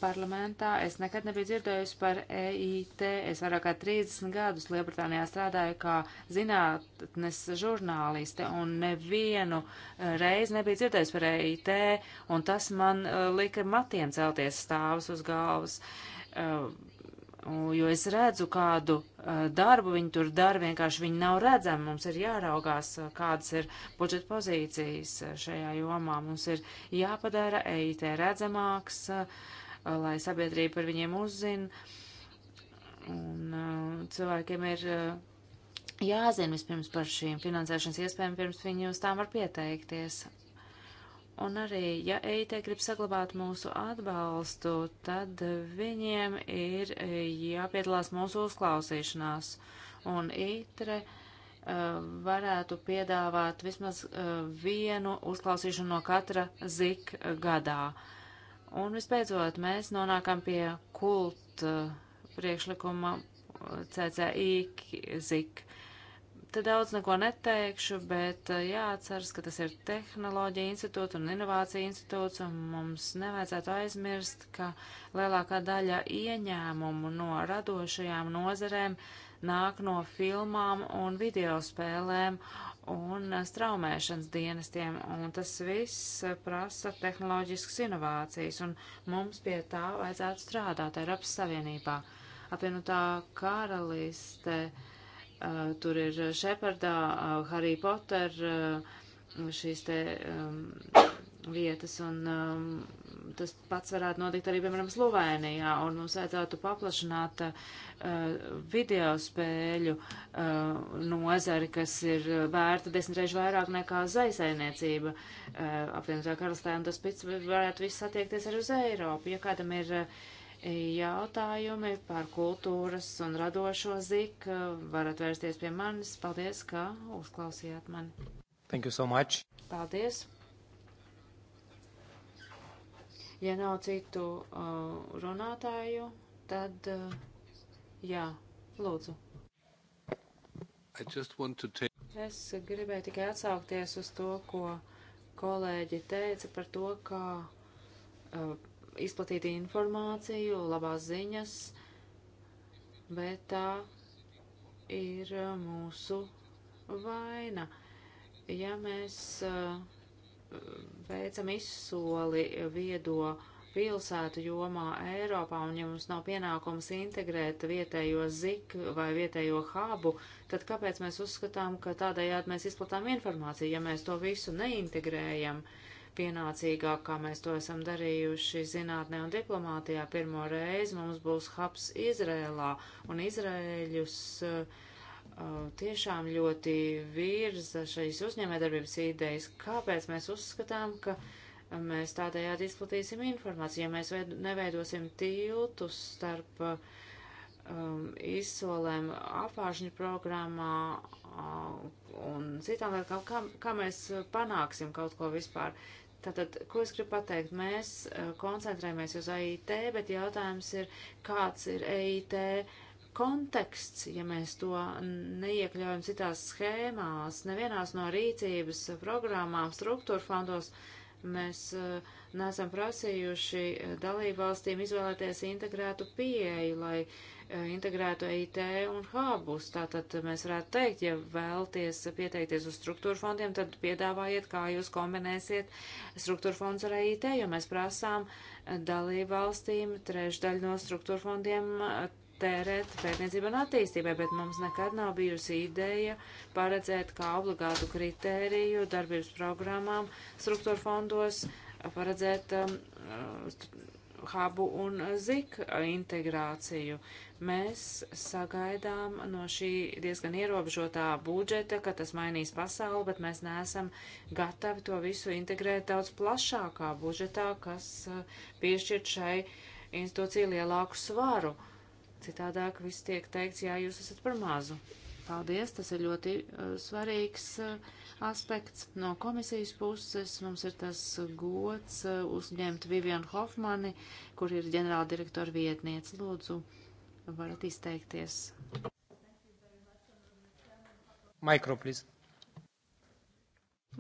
parlamentā, es nekad nebiju dzirdējusi par EIT. Es vairāk kā 30 gadus Lielbritānijā strādāju kā zinātnes žurnāliste un nevienu uh, reizi nebiju dzirdējusi par EIT. Un tas man uh, lika matiem celties stāvus uz galvas. Uh, jo es redzu, kādu uh, darbu viņi tur dara, vienkārši viņi nav redzami. Mums ir jāraugās, eh, kādas ir budžeta pozīcijas eh, šajā jomā. Mums ir jāpadara EIT redzamāks, uh, lai sabiedrība par viņiem uzzina. Un uh, cilvēkiem ir jāzina vispirms par šīm finansēšanas iespējām, pirms viņi uz tām var pieteikties. Un arī, ja EIT grib saglabāt mūsu atbalstu, tad viņiem ir e, jāpiedalās mūsu uzklausīšanās. Un ITRE uh, e, varētu piedāvāt vismaz uh, vienu uzklausīšanu no katra zik gadā. Un visbeidzot, mēs nonākam pie kult priekšlikuma CCI zik. Te daudz neko neteikšu, bet eh, jāatceras, ka tas ir tehnoloģija institūts un inovācija institūts, un mums nevajadzētu aizmirst, ka lielākā daļa ieņēmumu no radošajām nozerēm nāk no filmām un videospēlēm un eh, straumēšanas dienestiem, un tas viss eh, prasa tehnoloģiskas inovācijas, un mums pie tā vajadzētu strādāt Eiropas Savienībā. Apvienotā karaliste. Uh, Eh, tur ir Šepardā, eh, Harry Potter, eh, šīs te um, vietas, un um, tas pats varētu notikt arī, piemēram, Slovēnijā, un mums vajadzētu paplašināt uh, video spēļu uh, nozari, kas ir vērta desmitreiz vairāk nekā zaisainiecība uh, apvienotā karalistē, un tas pats varētu viss attiekties arī uz Eiropu. Ja kādam ir uh, jautājumi par kultūras un radošo zik varat vērsties pie manis. Paldies, ka uzklausījāt mani. Thank you so much. Paldies. Ja nav citu uh, runātāju, tad uh, jā, lūdzu. Take... Es gribēju tikai atsaukties uz to, ko kolēģi teica par to, kā uh, izplatīt informāciju, labās ziņas, bet tā ir uh, mūsu vaina. Ja mēs uh, veicam izsoli viedo pilsētu jomā Eiropā, un ja mums nav pienākums integrēt vietējo zik vai vietējo hābu, tad kāpēc mēs uzskatām, ka tādējādi mēs izplatām informāciju, ja mēs to visu neintegrējam? Uh, pienācīgāk, kā mēs to esam darījuši zinātnē un diplomātijā. Pirmo reizi mums būs hubs Izrēlā, un Izrēļus uh, uh, tiešām ļoti virza šīs uzņēmējdarbības idejas. Kāpēc mēs uzskatām, ka mēs tādējādi izplatīsim informāciju, ja mēs veid, neveidosim tiltus starp uh, um, izsolēm apvāršņu programmā uh, un citām lietām, kā, kā mēs panāksim kaut ko vispār. Tātad, ko es gribu pateikt? Mēs eh, koncentrējamies uz AIT, bet jautājums ir, kāds ir AIT konteksts, ja mēs to neiekļaujam citās schēmās, nevienās no rīcības programmām, struktūra fondos. Uh, Mēs uh, neesam prasījuši eh, dalību valstīm izvēlēties integrētu pieeju, lai uh, integrētu IT un hubus. Tātad mēs varētu teikt, ja vēlties pieteikties uz struktūra fondiem, tad piedāvājiet, kā jūs kombinēsiet struktūra fondus ar IT, jo mēs prasām dalību valstīm trešdaļu no struktūra fondiem tērēt pētniecībai un attīstībai, bet mums nekad nav bijusi ideja paredzēt kā obligātu kritēriju darbības programmām, struktūra fondos, paredzēt um, hubu uh, un zik integrāciju. Mēs sagaidām no šī diezgan ierobežotā budžeta, ka tas mainīs pasauli, bet mēs neesam gatavi to visu integrēt daudz plašākā budžetā, kas uh, piešķirt šai institūcijai lielāku svaru. Uh, Citādāk viss tiek teikts, jā, jūs esat par mazu. Paldies, tas ir ļoti uh, svarīgs uh, aspekts. No komisijas puses mums ir tas gods uh, uzņemt Vivianu Hofmani, kur ir ģenerāla direktora vietniece. Lūdzu, varat izteikties. Mikro, please.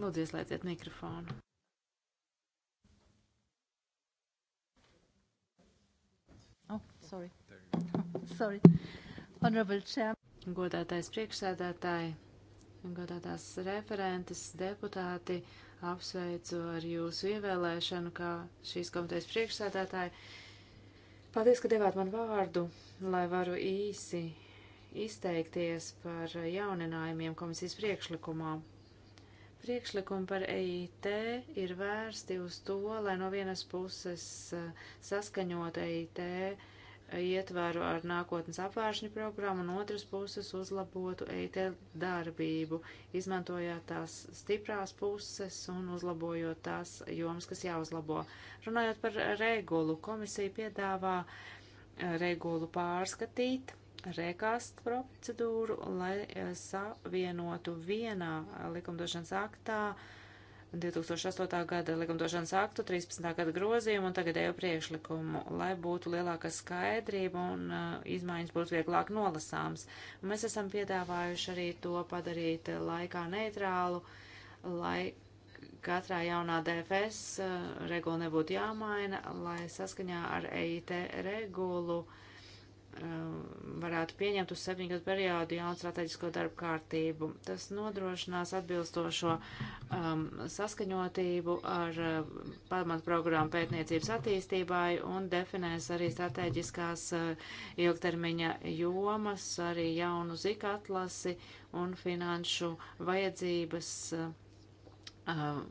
Lūdzu, ieslēdziet mikrofonu. Oh, sorry. Sorry. Honorable Chair. Godātais priekšsēdētāji, godātās referentes, deputāti, apsveicu ar jūsu ievēlēšanu kā šīs komitejas priekšsēdētāji. Paldies, ka devāt man vārdu, lai varu īsi izteikties par jauninājumiem komisijas priekšlikumā. Priekšlikumi par EIT ir vērsti uz to, lai no vienas puses eh, saskaņot EIT ietvaru ar nākotnes apvāršņu programmu un otras puses uzlabotu EIT darbību, izmantojot tās stiprās puses un uzlabojot tās jomas, kas jāuzlabo. Runājot par regulu, komisija piedāvā eh, regulu pārskatīt, rekast procedūru, lai eh, savienotu vienā eh, likumdošanas aktā uh, 2008. gada likumdošanas aktu, 13. gada grozījumu un tagadējo priekšlikumu, lai būtu lielāka skaidrība un uh, izmaiņas būtu vieglāk nolasāms. Un mēs esam piedāvājuši arī to padarīt uh, laikā neitrālu, lai katrā jaunā DFS uh, regula nebūtu jāmaina, lai saskaņā ar EIT regulu uh, Um, varētu pieņemt uz septiņu gadu periodu jaunu strateģisko darbu kārtību. Tas nodrošinās atbilstošo um, saskaņotību ar uh, um, pamatu programmu pētniecības attīstībai un definēs arī strateģiskās uh, ilgtermiņa jomas, arī jaunu zika atlasi un finanšu vajadzības uh, um,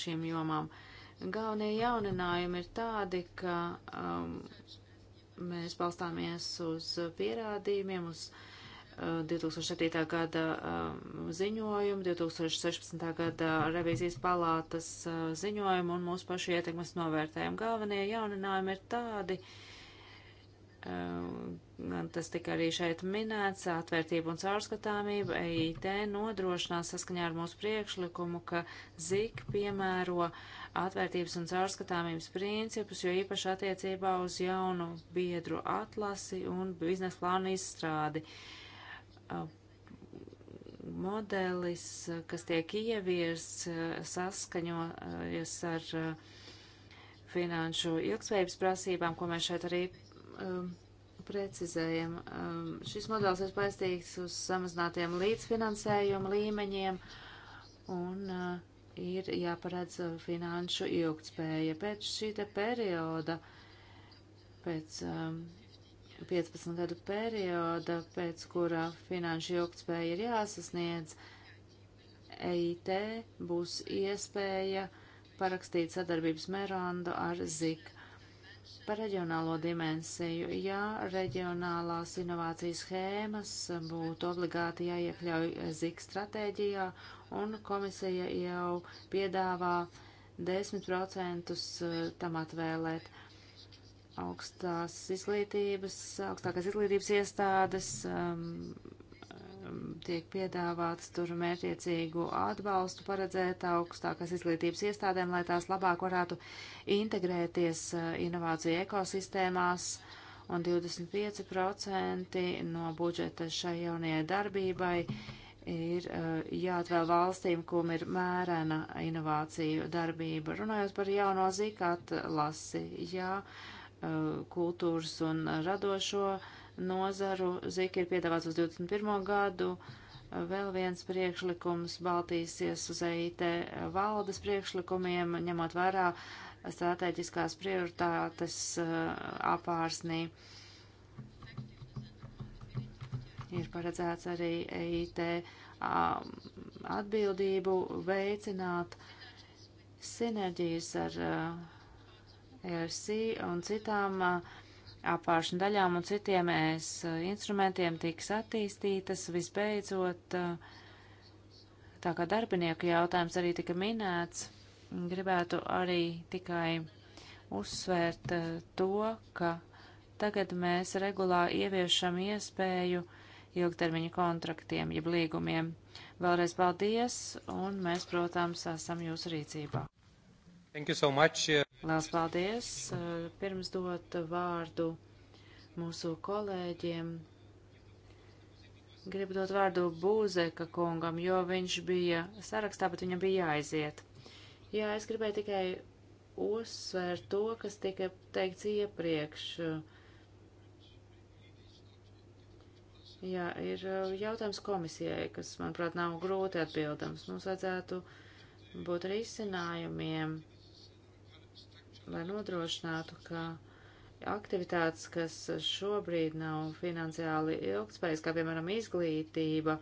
šīm jomām. Galvenie jauninājumi ir tādi, ka um, mēs balstāmies uz pierādījumiem, uz 2007. Uh, gada um, ziņojumu, 2016. gada revīzijas palātas uh, ziņojumu un mūsu pašu ietekmes novērtējumu. Galvenie jauninājumi ir tādi, uh, tas tika arī šeit minēts, atvērtība un caurskatāmība, EIT nodrošinās saskaņā ar mūsu priekšlikumu, ka ZIK piemēro uh, atvērtības un caurskatāmības principus, jo īpaši attiecībā uz jaunu biedru atlasi un biznesa plānu izstrādi. Modelis, kas tiek ieviests, saskaņojas ar finanšu ilgspējības prasībām, ko mēs šeit arī um, precizējam. Um, šis modelis ir paistīgs uz samazinātiem līdzfinansējuma līmeņiem un uh, ir jāparedz uh, finanšu ilgtspēja. Pēc šī te perioda, pēc um, 15 gadu perioda, pēc kura finanšu ilgtspēja ir jāsasniedz, EIT būs iespēja parakstīt sadarbības merandu ar ZIK. Par reģionālo dimensiju. Ja reģionālās inovācijas schēmas būtu obligāti jāiekļauj ZIK stratēģijā, un komisija jau piedāvā 10% eh, tam atvēlēt augstās izglītības, augstākās izglītības iestādes, um, Um, tiek piedāvāts tur mērķiecīgu atbalstu paredzēt augstākās izglītības iestādēm, lai tās labāk varētu integrēties uh, inovāciju ekosistēmās, un 25% no budžeta šai jaunajai darbībai ir uh, jāatvēl valstīm, kum ir mērena inovāciju darbība. Runājot par jauno zīkātu lasi, jā, uh, kultūras un radošo nozaru. Zika ir piedāvāts uz 21. gadu. Vēl viens priekšlikums baltīsies uz EIT valdes priekšlikumiem, ņemot vērā strateģiskās prioritātes uh, apārsnī. Ir paredzēts arī EIT um, atbildību veicināt sinerģijas ar uh, ERC un citām uh, apāršņu daļām un citiem ES eh, instrumentiem tiks attīstītas. Visbeidzot, eh, tā kā darbinieku jautājums arī tika minēts, gribētu arī tikai uzsvērt eh, to, ka tagad mēs regulā ieviešam iespēju ilgtermiņa kontraktiem, jeb līgumiem. Vēlreiz paldies, un mēs, protams, esam jūsu rīcībā. Thank you so much. Lielas paldies! Pirms dot vārdu mūsu kolēģiem, gribu dot vārdu Būzeka kungam, jo viņš bija sarakstā, bet viņam bija jāaiziet. Jā, es gribēju tikai uzsvērt to, kas tika teikts iepriekš. Jā, ir jautājums komisijai, kas, manuprāt, nav grūti atbildams. Mums vajadzētu būt risinājumiem lai nodrošinātu, ka aktivitātes, kas šobrīd nav finansiāli ilgspējas, kā piemēram izglītība,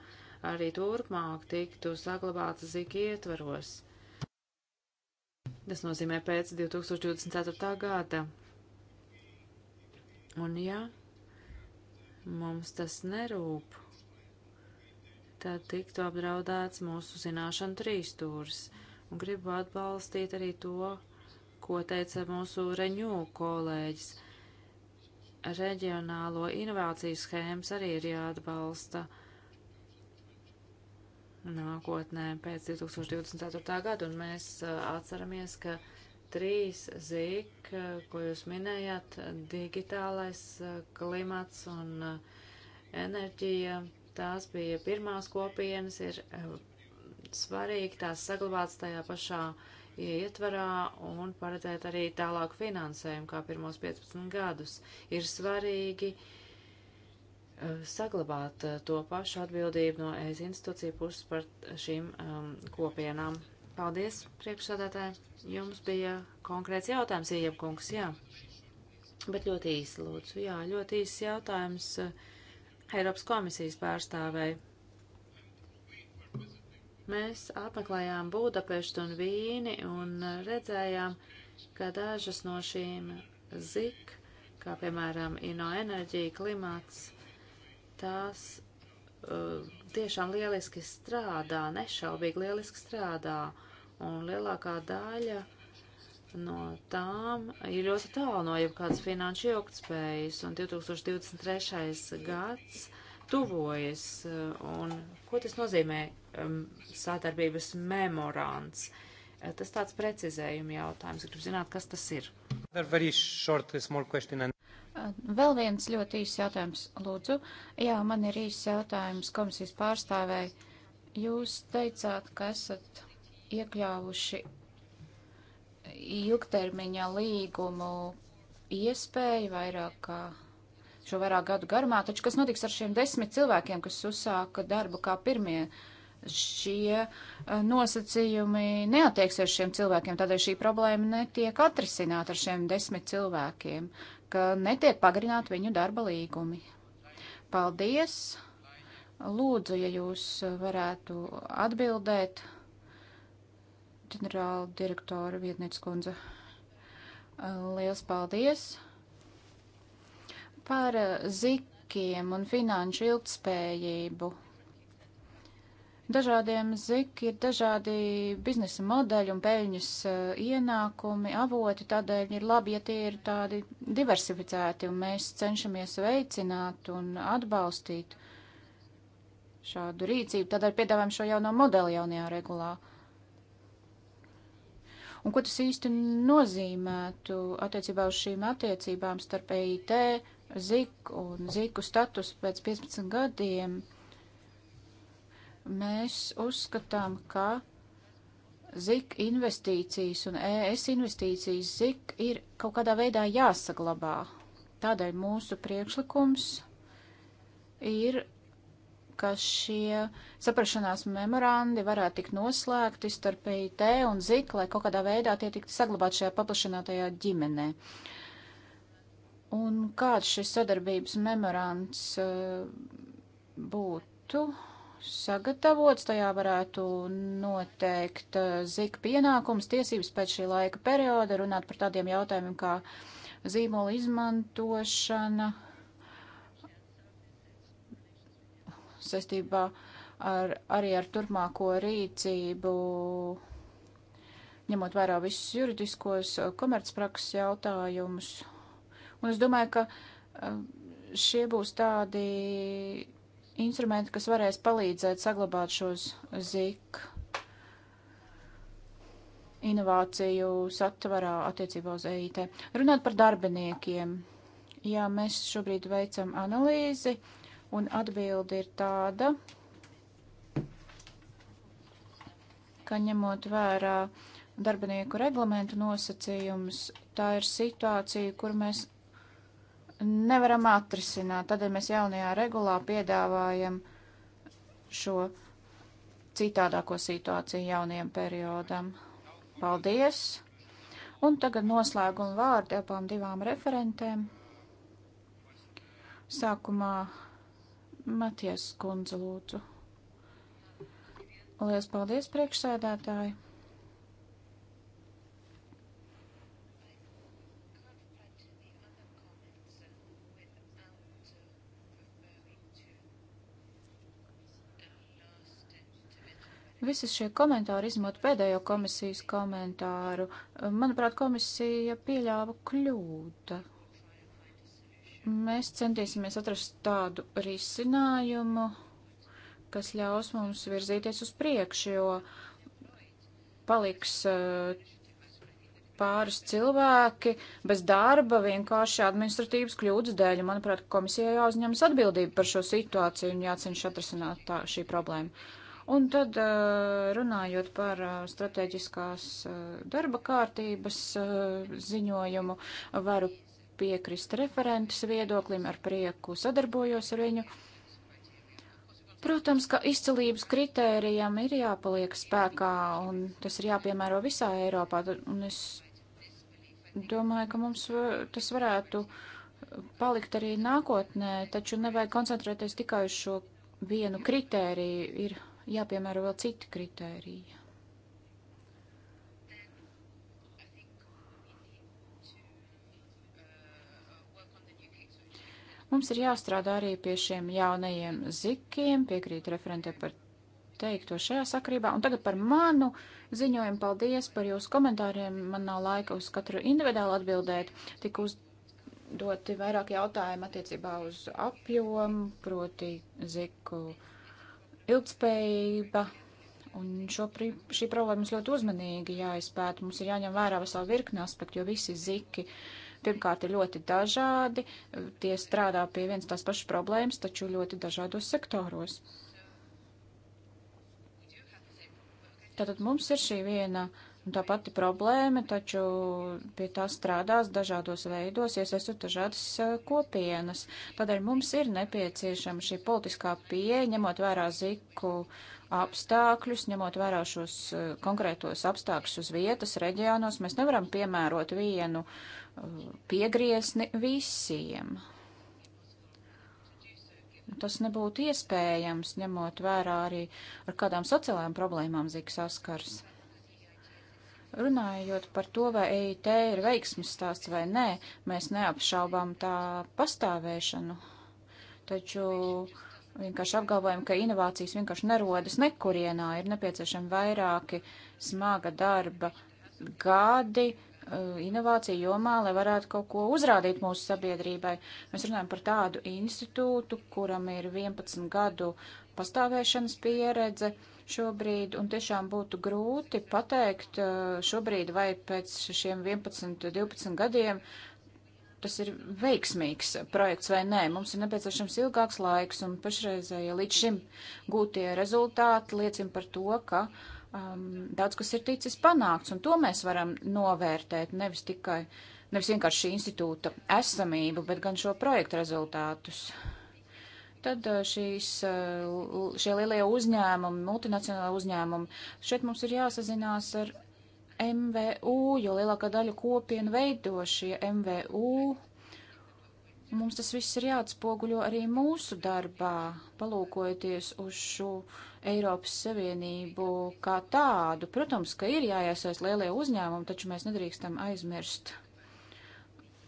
arī turpmāk tiktu saglabātas zika ietvaros. Tas nozīmē pēc 2024. gada. Un ja mums tas nerūp, tad tiktu apdraudēts mūsu zināšanu trīstūrs. Un gribu atbalstīt arī to, ko teica mūsu Reņū kolēģis. Reģionālo inovāciju schēmas arī ir jāatbalsta nākotnē pēc 2024. gada, un mēs uh, atceramies, ka trīs zīk, uh, ko jūs minējāt, digitālais uh, klimats un enerģija, tās bija pirmās kopienas, ir svarīgi tās saglabāts tajā pašā uh, ietvarā un paredzēt arī tālāku finansējumu, kā pirmos 15 gadus, ir svarīgi uh, saglabāt uh, to pašu atbildību no EZ institūciju puses par šīm um, kopienām. Paldies, priekšsādātāji. Jums bija konkrēts jautājums, Iepkungs, jā. Bet ļoti īsi, lūdzu. Jā, ļoti īsi jautājums uh, Eiropas komisijas pārstāvēja. Mēs apmeklējām Būdapestu un Vīni un redzējām, ka dažas no šīm zik, kā piemēram ino enerģija, klimats, tās uh, tiešām lieliski strādā, nešaubīgi lieliski strādā, un lielākā daļa no tām ir ļoti tālu no jebkādas finanšu ilgtspējas, un 2023. gads tuvojas, uh, un ko tas nozīmē um, sadarbības memorāns. Uh, tas tāds precizējuma jautājums. Gribu zināt, kas tas ir. Uh, vēl viens ļoti īsts jautājums, lūdzu. Jā, man ir īsts jautājums komisijas pārstāvēji. Jūs teicāt, ka esat iekļāvuši ilgtermiņa līgumu iespēju vairāk kā šo vairāk gadu garumā, taču kas notiks ar šiem desmit cilvēkiem, kas uzsāka darbu kā pirmie? Uh, šie eh, nosacījumi neatieksies šiem cilvēkiem, tādēļ šī problēma netiek atrisināta ar šiem desmit cilvēkiem, ka netiek pagarināt viņu darba līgumi. Paldies! Lūdzu, ja jūs varētu atbildēt, ģenerāla direktora vietniece kundze. Liels paldies! Par zikiem un finanšu ilgtspējību Dažādiem zik ir dažādi biznesa modeļi un peļņas eh, ienākumi, avoti, tādēļ ir labi, ja tie ir tādi diversificēti, un mēs cenšamies veicināt un atbalstīt šādu rīcību, tādēļ piedāvājam šo jauno modeli jaunajā regulā. Un ko tas īsti nozīmētu attiecībā uz šīm attiecībām starp EIT, ZIK un ZIKu status pēc 15 gadiem? Mēs uzskatām, ka ZIK investīcijas un ES investīcijas ZIK ir kaut kādā veidā jāsaglabā. Tādēļ mūsu priekšlikums ir, ka šie saprašanās memorandi varētu tikt noslēgti starp EIT un ZIK, lai kaut kādā veidā tie tiktu saglabāti šajā paplašinātajā ģimenē. Un kāds šis sadarbības memorands uh, būtu? sagatavots, tajā varētu noteikt eh, zika pienākums, tiesības pēc šī laika perioda, runāt par tādiem jautājumiem kā zīmola izmantošana saistībā ar, arī ar turpmāko rīcību, ņemot vērā visus juridiskos eh, komercprakses jautājumus. Un es domāju, ka eh, šie būs tādi instrumenti, kas varēs palīdzēt saglabāt šos zik inovāciju satvarā attiecībā uz EIT. Runāt par darbiniekiem. Jā, mēs šobrīd veicam analīzi, un atbildi ir tāda, ka ņemot vērā darbinieku reglamentu nosacījumus, tā ir situācija, kur mēs nevaram atrisināt. Tādēļ ja mēs jaunajā regulā piedāvājam šo citādāko situāciju jaunajam periodam. Paldies! Un tagad noslēguma vārdi abām divām referentēm. Sākumā Matijas kundze lūdzu. Lielas paldies priekšsēdētāji! Visas šie komentāri, izņemot pēdējo komisijas komentāru, manuprāt, komisija pieļāva kļūdu. Mēs centīsimies atrast tādu risinājumu, kas ļaus mums virzīties uz priekšu, jo paliks eh, pāris cilvēki bez darba vienkārši administratīvas kļūdas dēļ. Manuprāt, komisijai jāuzņemas atbildība par šo situāciju un jāceņš atrasināt tā, šī problēma. Un tad eh, runājot par eh, strateģiskās eh, darba kārtības ziņojumu, varu piekrist referentes viedoklim, ar prieku sadarbojos ar viņu. Protams, ka izcilības kritērijam ir jāpaliek spēkā, un tas ir jāpiemēro visā Eiropā. Un es domāju, ka mums tas varētu palikt arī nākotnē, taču nevajag koncentrēties tikai uz šo vienu kritēriju. Ir jāpiemēro vēl citi kritēriji. Mums ir jāstrādā arī pie šiem jaunajiem zikiem, piekrīt referentē par teikto šajā sakrībā. Un tagad par manu ziņojumu paldies par jūsu komentāriem. Man nav laika uz katru individuāli atbildēt. Tik uzdoti vairāk jautājumu attiecībā uz apjomu, proti ziku Ilgtspējība Un šo, šī problēma mums ļoti uzmanīgi jāizpēta. Mums ir jāņem vērā vesela virkne aspektu, jo visi ziki pirmkārt ir ļoti dažādi, tie strādā pie vienas tās pašas problēmas, taču ļoti dažādos sektoros. Tātad mums ir šī viena uh, Un tā pati problēma, taču pie tā strādās dažādos veidos, iesaistot dažādas eh, kopienas. Tādēļ mums ir nepieciešama šī politiskā pieeja, ņemot vērā ziku apstākļus, ņemot vērā šos eh, konkrētos apstākļus uz vietas, reģionos. Mēs nevaram piemērot vienu eh, piegriesni visiem. Tas nebūtu iespējams, ņemot vērā arī ar kādām sociālajām problēmām zika saskars. Runājot par to, vai EIT ir veiksmes stāsts vai nē, mēs neapšaubām tā pastāvēšanu, taču vienkārši apgalvojam, ka inovācijas vienkārši nerodas nekurienā, ir nepieciešami vairāki smaga darba gadi uh, inovāciju jomā, lai varētu kaut ko uzrādīt mūsu sabiedrībai. Mēs runājam par tādu institūtu, kuram ir 11 gadu pastāvēšanas pieredze. Uh, šobrīd, un tiešām būtu grūti pateikt eh, šobrīd vai pēc šiem 11, 12 gadiem tas ir veiksmīgs projekts vai nē. Mums ir nepieciešams ilgāks laiks, un pašreizēja līdz šim gūtie rezultāti liecina par to, ka um, daudz kas ir ticis panākts, un to mēs varam novērtēt nevis tikai, nevis vienkārši šī institūta esamību, bet gan šo projektu rezultātus. Tad uh, šīs, uh, šie lielie uzņēmumi, multinacionālai uzņēmumi, šeit mums ir jāsazinās ar MVU, jo lielākā daļa kopienu veido šie MVU. Mums tas viss ir jāatspoguļo arī mūsu darbā, palūkojoties uz šo Eiropas Savienību kā tādu. Protams, ka ir jāiesaist lielie uzņēmumi, taču mēs nedrīkstam aizmirst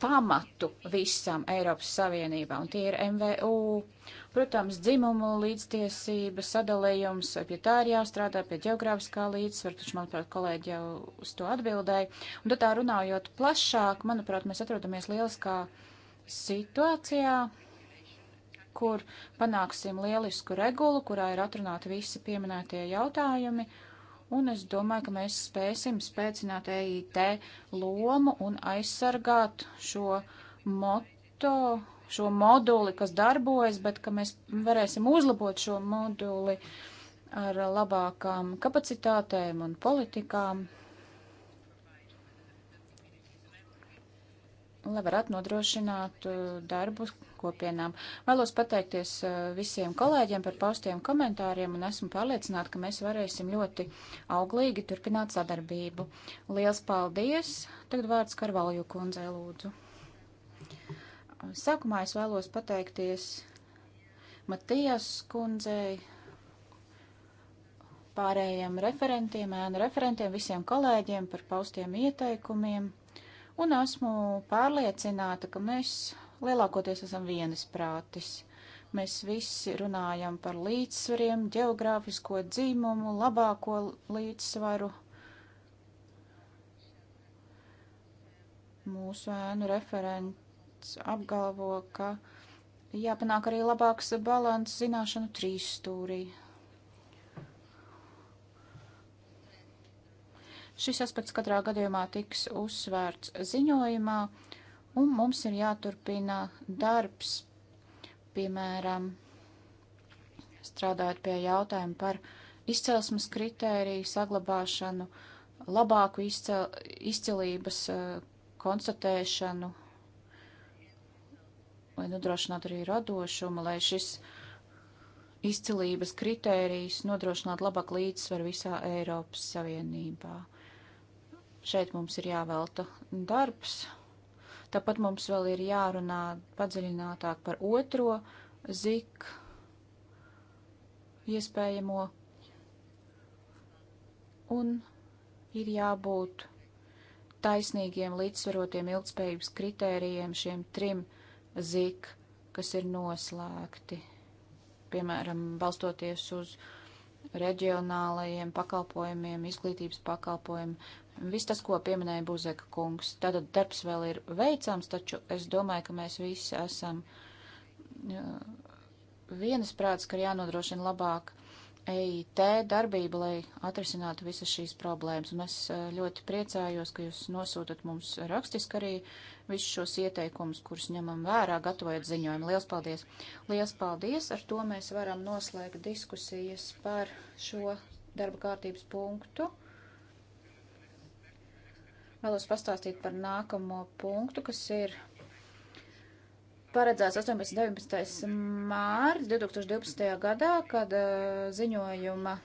pamatu visam Eiropas Savienībā, un tie ir MVU. Protams, dzimumu līdztiesība, sadalījums, pie tā ir jāstrādā, pie geogrāfiskā līdzsvara, taču, manuprāt, kolēģi jau uz to atbildēja. Un tad tā runājot plašāk, manuprāt, mēs atrodamies lieliskā situācijā, kur panāksim lielisku regulu, kurā ir atrunāti visi pieminētie jautājumi. Uh, un es domāju, ka mēs spēsim spēcināt EIT lomu un aizsargāt šo moto, šo moduli, kas darbojas, bet ka mēs varēsim uzlabot šo moduli ar labākām kapacitātēm un politikām. lai varētu nodrošināt uh, darbu kopienām. Vēlos pateikties uh, visiem kolēģiem par paustiem komentāriem un esmu pārliecināta, ka mēs varēsim ļoti auglīgi turpināt sadarbību. Liels paldies! Tagad vārds Karvalju kundzei lūdzu. Sākumā es vēlos pateikties Matijas kundzei, pārējiem referentiem, ēnu referentiem, visiem kolēģiem par paustiem ieteikumiem un esmu pārliecināta, ka mēs lielākoties esam vienas prātis. Mēs visi runājam par līdzsvariem, geogrāfisko dzīmumu, labāko līdzsvaru. Mūsu ēnu referents apgalvo, ka jāpanāk arī labāks balans zināšanu trīs stūrī Šis aspekts katrā gadījumā tiks uzsvērts ziņojumā, un mums ir jāturpina darbs, piemēram, strādājot pie jautājuma par izcelsmes kritēriju saglabāšanu, labāku izcel, izcilības uh, konstatēšanu, lai nodrošinātu arī radošumu, lai šis izcilības kritērijs nodrošinātu labāk līdzsvaru visā Eiropas Savienībā. Šeit mums ir jāvelta darbs. Tāpat mums vēl ir jārunā padziļinātāk par otro zik iespējamo. Un ir jābūt taisnīgiem, līdzsvarotiem ilgspējības kritērijiem šiem trim zik, kas ir noslēgti. Piemēram, balstoties uz reģionālajiem pakalpojumiem, izglītības pakalpojumiem Viss tas, ko pieminēja Buzeka kungs, tātad darbs vēl ir veicams, taču es domāju, ka mēs visi esam vienas prāts, ka ir jānodrošina labāk EIT darbība, lai atrisinātu visas šīs problēmas. Un es ļoti priecājos, ka jūs nosūtat mums rakstiski arī visus šos ieteikumus, kurus ņemam vērā, gatavojot ziņojumu. Lielas paldies! Lielas paldies! Ar to mēs varam noslēgt diskusijas par šo darba kārtības punktu. Vēlos pastāstīt par nākamo punktu, kas ir paredzēts 18. 19. mārs 2012. gadā, kad eh, ziņojuma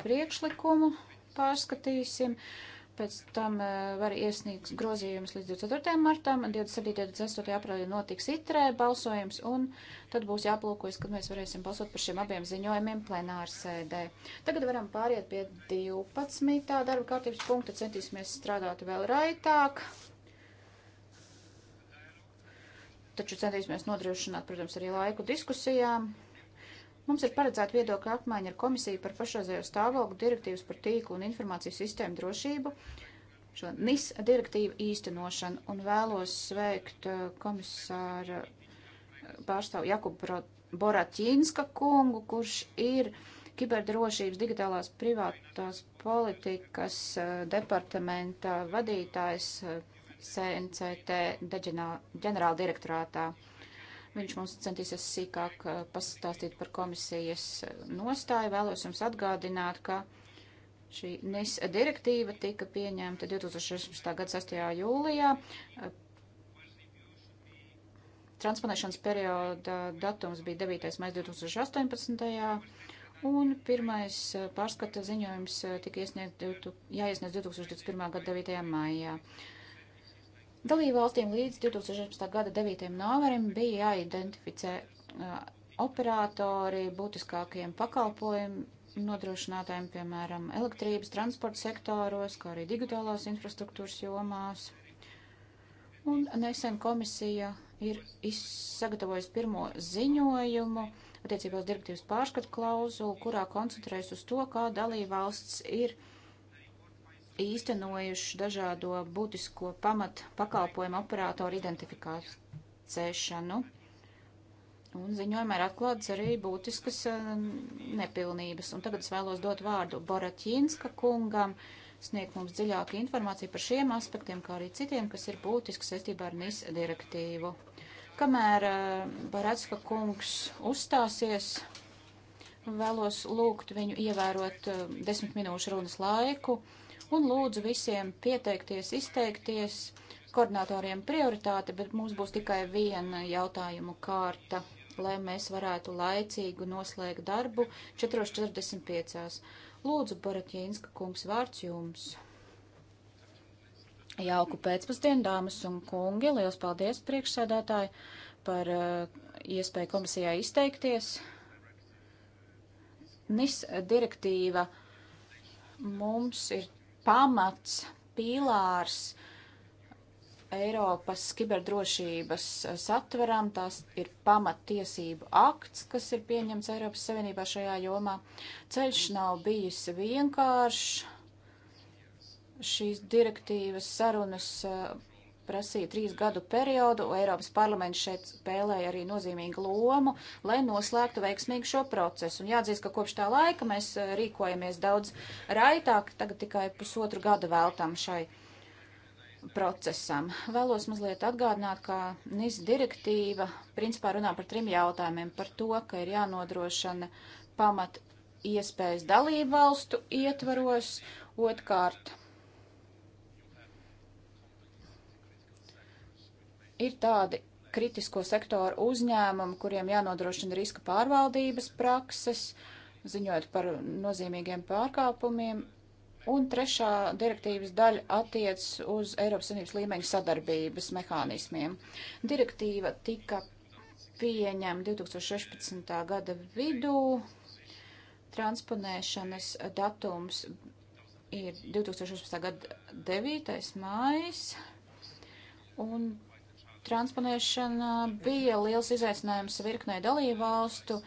priekšlikumu pārskatīsim. Uh, Pēc tam eh, var iesniegt grozījumus līdz 24. martam, 27. un 28. aprīlī notiks itrē balsojums, un tad būs jāplūkojas, kad mēs varēsim balsot par šiem abiem ziņojumiem plenārsēdē. Tagad varam pāriet pie 12. darba kārtības punkta, centīsimies strādāt vēl raitāk. Taču centīsimies nodrošināt, protams, arī laiku diskusijām. Mums ir paredzēta viedokļa apmaiņa ar komisiju par pašreizējo stāvokli direktīvas par tīklu un informācijas sistēmu drošību, šo NIS direktīvu īstenošanu un vēlos sveikt uh, komisāra uh, pārstāvu Jakubu Boratīnska kungu, kurš ir kiberdrošības digitālās privātās politikas uh, departamenta vadītājs CNCT ģenerāldirektorātā. Viņš mums centīsies sīkāk eh, pastāstīt par komisijas eh, nostāju. Vēlos jums atgādināt, ka šī NIS direktīva tika pieņemta 2016. gada 6. jūlijā. Eh, transponēšanas perioda datums bija 9. maija 2018. Un pirmais pārskata ziņojums tika iesniegts jāiesniedz 2021. gada 9. maijā. Dalībvalstīm līdz 2016. gada 9. novembrim bija jāidentificē uh, operatori būtiskākajiem pakalpojumiem nodrošinātājiem, piemēram, elektrības, transporta sektoros, kā arī digitālās infrastruktūras jomās. Un nesen komisija ir sagatavojusi pirmo ziņojumu attiecībā uz direktīvas pārskatu klauzulu, kurā koncentrējas uz to, kā dalībvalsts ir uh, īstenojuši dažādo būtisko pamat pakalpojumu operātoru identifikācēšanu. Un ziņojumā ir atklātas arī būtiskas eh, nepilnības. Un tagad es vēlos dot vārdu Boraķīnska kungam, sniegt mums dziļāku informāciju par šiem aspektiem, kā arī citiem, kas ir būtiski saistībā ar NIS direktīvu. Kamēr eh, Boraķīnska kungs uzstāsies, vēlos lūgt viņu ievērot eh, desmit minūšu runas laiku. Uh, un lūdzu visiem pieteikties, izteikties. Koordinatoriem prioritāte, bet mums būs tikai viena jautājumu kārta, lai mēs varētu laicīgu noslēgt darbu 4.45. Lūdzu, Baratjīnska kungs, vārds jums. Jauku pēcpusdienu, dāmas un kungi, liels paldies priekšsēdētāji par uh, iespēju komisijā izteikties. NIS direktīva mums ir pamats, pīlārs Eiropas kiberdrošības satveram. Tas ir pamattiesību akts, kas ir pieņemts Eiropas Savienībā šajā jomā. Ceļš nav bijis vienkāršs. Šīs direktīvas sarunas prasīja trīs gadu periodu, un Eiropas parlaments šeit spēlēja arī nozīmīgu lomu, lai noslēgtu veiksmīgi šo procesu. Un jāatzīst, ka kopš tā laika mēs eh, rīkojamies daudz raitāk, tagad tikai pusotru gadu veltam šai procesam. Vēlos mazliet atgādināt, ka NIS direktīva principā runā par trim jautājumiem - par to, ka ir jānodrošina pamat iespējas dalību valstu ietvaros, otrkārt Ir tādi kritisko sektoru uzņēmumi, kuriem jānodrošina riska pārvaldības prakses, ziņojot par nozīmīgiem pārkāpumiem. Un trešā direktīvas daļa attiec uz Eiropas Savienības līmeņa sadarbības mehānismiem. Direktīva tika pieņemta 2016. gada vidū. Transponēšanas datums ir 2018. gada 9. mājas. Un Transponēšana bija liels izaicinājums virknei dalībvalstu,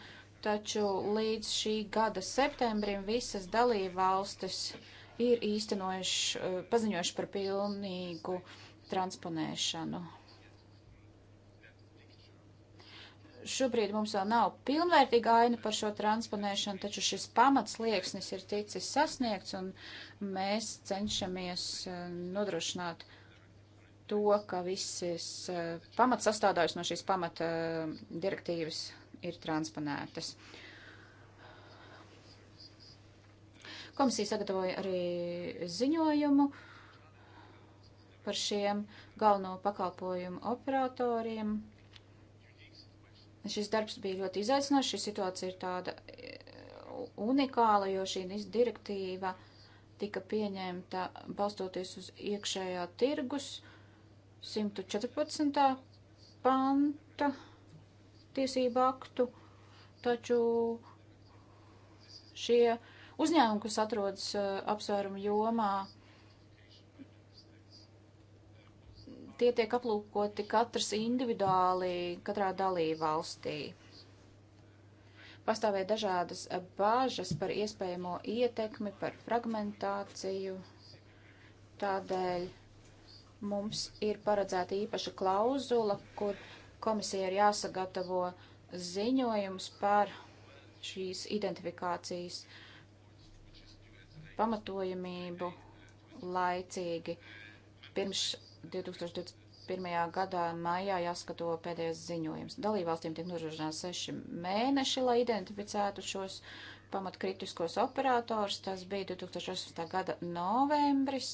taču līdz šī gada septembrim visas dalībvalstis ir īstenojuši, eh, paziņojuši par pilnīgu transponēšanu. Šobrīd mums vēl nav pilnvērtīga aina par šo transponēšanu, taču šis pamatslieksnis ir ticis sasniegts un mēs cenšamies eh, nodrošināt uh, to, ka visas eh, pamats sastādājas no šīs pamata eh, direktīvas ir transponētas. Komisija sagatavoja arī ziņojumu par šiem galveno pakalpojumu operatoriem. Šis darbs bija ļoti izaicinošs, šī situācija ir tāda eh, unikāla, jo šī direktīva tika pieņemta balstoties uz iekšējā tirgus uh, 114. panta tiesību aktu, taču šie uzņēmumi, kas atrodas uh, apsvērumu jomā, tie tiek aplūkoti katrs individuāli katrā dalībvalstī. Pastāvēja dažādas uh, bāžas par iespējamo ietekmi, par fragmentāciju. Tādēļ mums ir paredzēta īpaša klauzula, kur komisija ir jāsagatavo ziņojums par šīs identifikācijas pamatojamību laicīgi. Pirms 2021. gadā maijā jāskato pēdējais ziņojums. Dalībvalstīm tiek nodrošināts seši mēneši, lai identificētu šos pamatkritiskos operators. Tas bija 2018. gada novembris.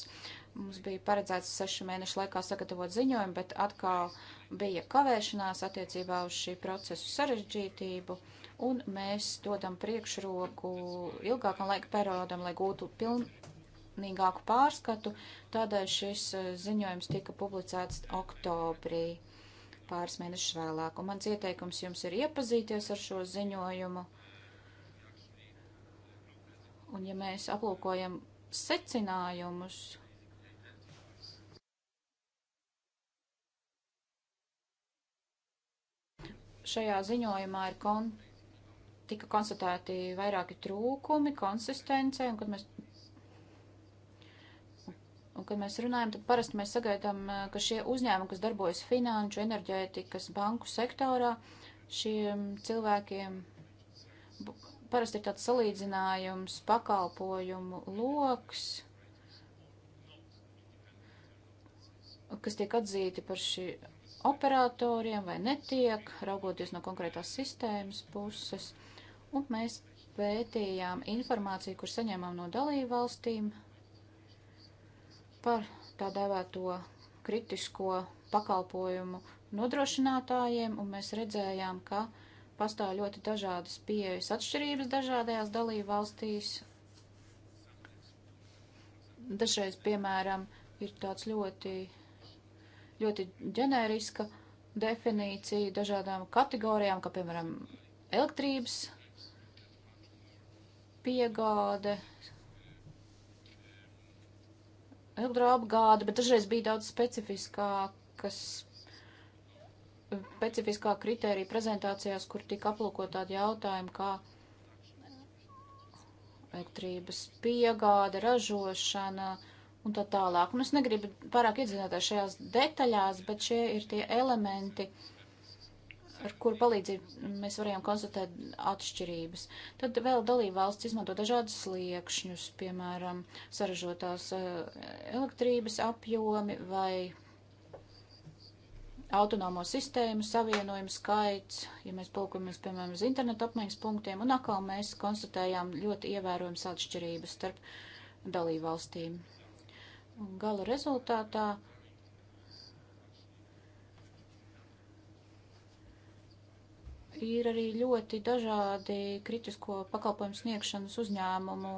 Mums bija paredzēts sešu mēnešu laikā sagatavot ziņojumu, bet atkal bija kavēšanās attiecībā uz šī procesu sarežģītību, un mēs dodam priekšroku ilgākam laika periodam, lai gūtu pilnīgāku pārskatu. Tādēļ šis eh, ziņojums tika publicēts oktobrī pāris mēnešus vēlāk, un mans ieteikums jums ir iepazīties ar šo ziņojumu. Un ja mēs aplūkojam secinājumus, šajā ziņojumā ir kon tika konstatēti vairāki trūkumi konsistencē, un kad mēs Un, kad mēs runājam, tad parasti mēs sagaidām, ka šie uzņēmumi, kas darbojas finanšu, enerģētikas, banku sektorā, šiem cilvēkiem parasti ir tāds salīdzinājums, pakalpojumu loks, kas tiek atzīti par šī operatoriem vai netiek, raugoties no konkrētās sistēmas puses. Un mēs pētījām informāciju, kur saņēmām no dalību valstīm par tā dēvēto kritisko pakalpojumu nodrošinātājiem, un mēs redzējām, ka pastāv ļoti dažādas pieejas atšķirības dažādajās dalību valstīs. Dažreiz, piemēram, ir tāds ļoti ļoti ģenēriska definīcija dažādām kategorijām, kā piemēram elektrības piegāde, elektroapgāde, bet dažreiz bija daudz specifiskākas, specifiskā kritērija prezentācijās, kur tika aplūkot tādi jautājumi, kā elektrības piegāde, ražošana, uh, un tā tālāk. Un es negribu pārāk iedzināties šajās detaļās, bet šie ir tie elementi, ar kuru palīdzību mēs varējām konstatēt atšķirības. Tad vēl dalība valsts izmanto dažādas sliekšņus, piemēram, saražotās eh, elektrības apjomi vai autonomo sistēmu savienojumu skaits, ja mēs palūkojamies, piemēram, uz internetu apmaiņas punktiem, un atkal mēs konstatējām ļoti ievērojams atšķirības starp dalībvalstīm. valstīm. Un gala rezultātā ir arī ļoti dažādi kritisko pakalpojumu sniegšanas uzņēmumu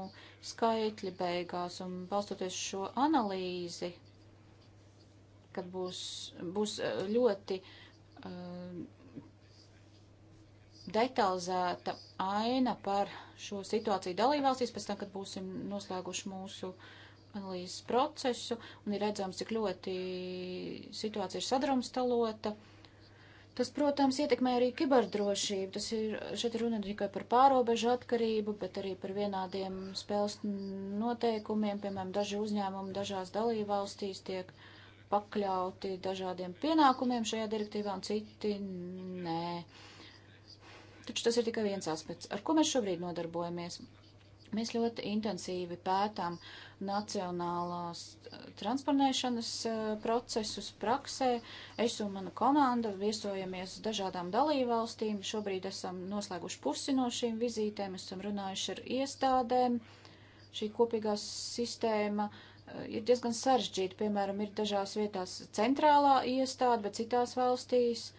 skaitļi beigās, un balstoties šo analīzi, kad būs, būs eh, ļoti uh, detalizēta aina par šo situāciju dalībvalstīs, pēc tam, kad būsim noslēguši mūsu uh, analīzes procesu un ir redzams, cik ļoti situācija ir sadrumstalota. Tas, protams, ietekmē arī kiberdrošību. Tas ir, šeit runa tikai par pārobežu atkarību, bet arī par vienādiem spēles noteikumiem. Piemēram, daži uzņēmumi dažās dalībvalstīs tiek pakļauti dažādiem pienākumiem šajā direktīvā un citi nē. Taču tas ir tikai viens aspekts, ar ko mēs šobrīd nodarbojamies. Mēs ļoti intensīvi pētām nacionālās eh, transponēšanas eh, procesus praksē. Es un mana komanda viesojamies dažādām dalībvalstīm. Šobrīd esam noslēguši pusi no šīm vizītēm, esam runājuši ar iestādēm. Šī kopīgā sistēma eh, ir diezgan sarežģīta. Piemēram, ir dažās vietās centrālā iestāde, bet citās valstīs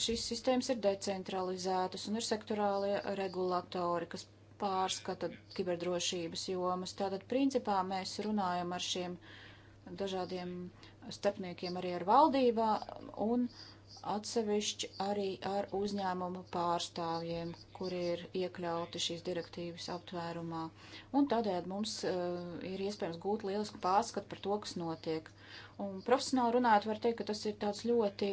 šīs sistēmas ir decentralizētas un ir sektorālie regulatori, kas pārskata kiberdrošības jomas. Tātad, principā, mēs runājam ar šiem dažādiem starpniekiem arī ar valdībā un uh, atsevišķi arī ar uzņēmumu pārstāvjiem, kuri ir iekļauti šīs direktīvas aptvērumā. Un tādēļ mums uh, ir iespējams gūt lielisku pārskatu par to, kas notiek. Un profesionāli runājot, var teikt, ka tas ir tāds ļoti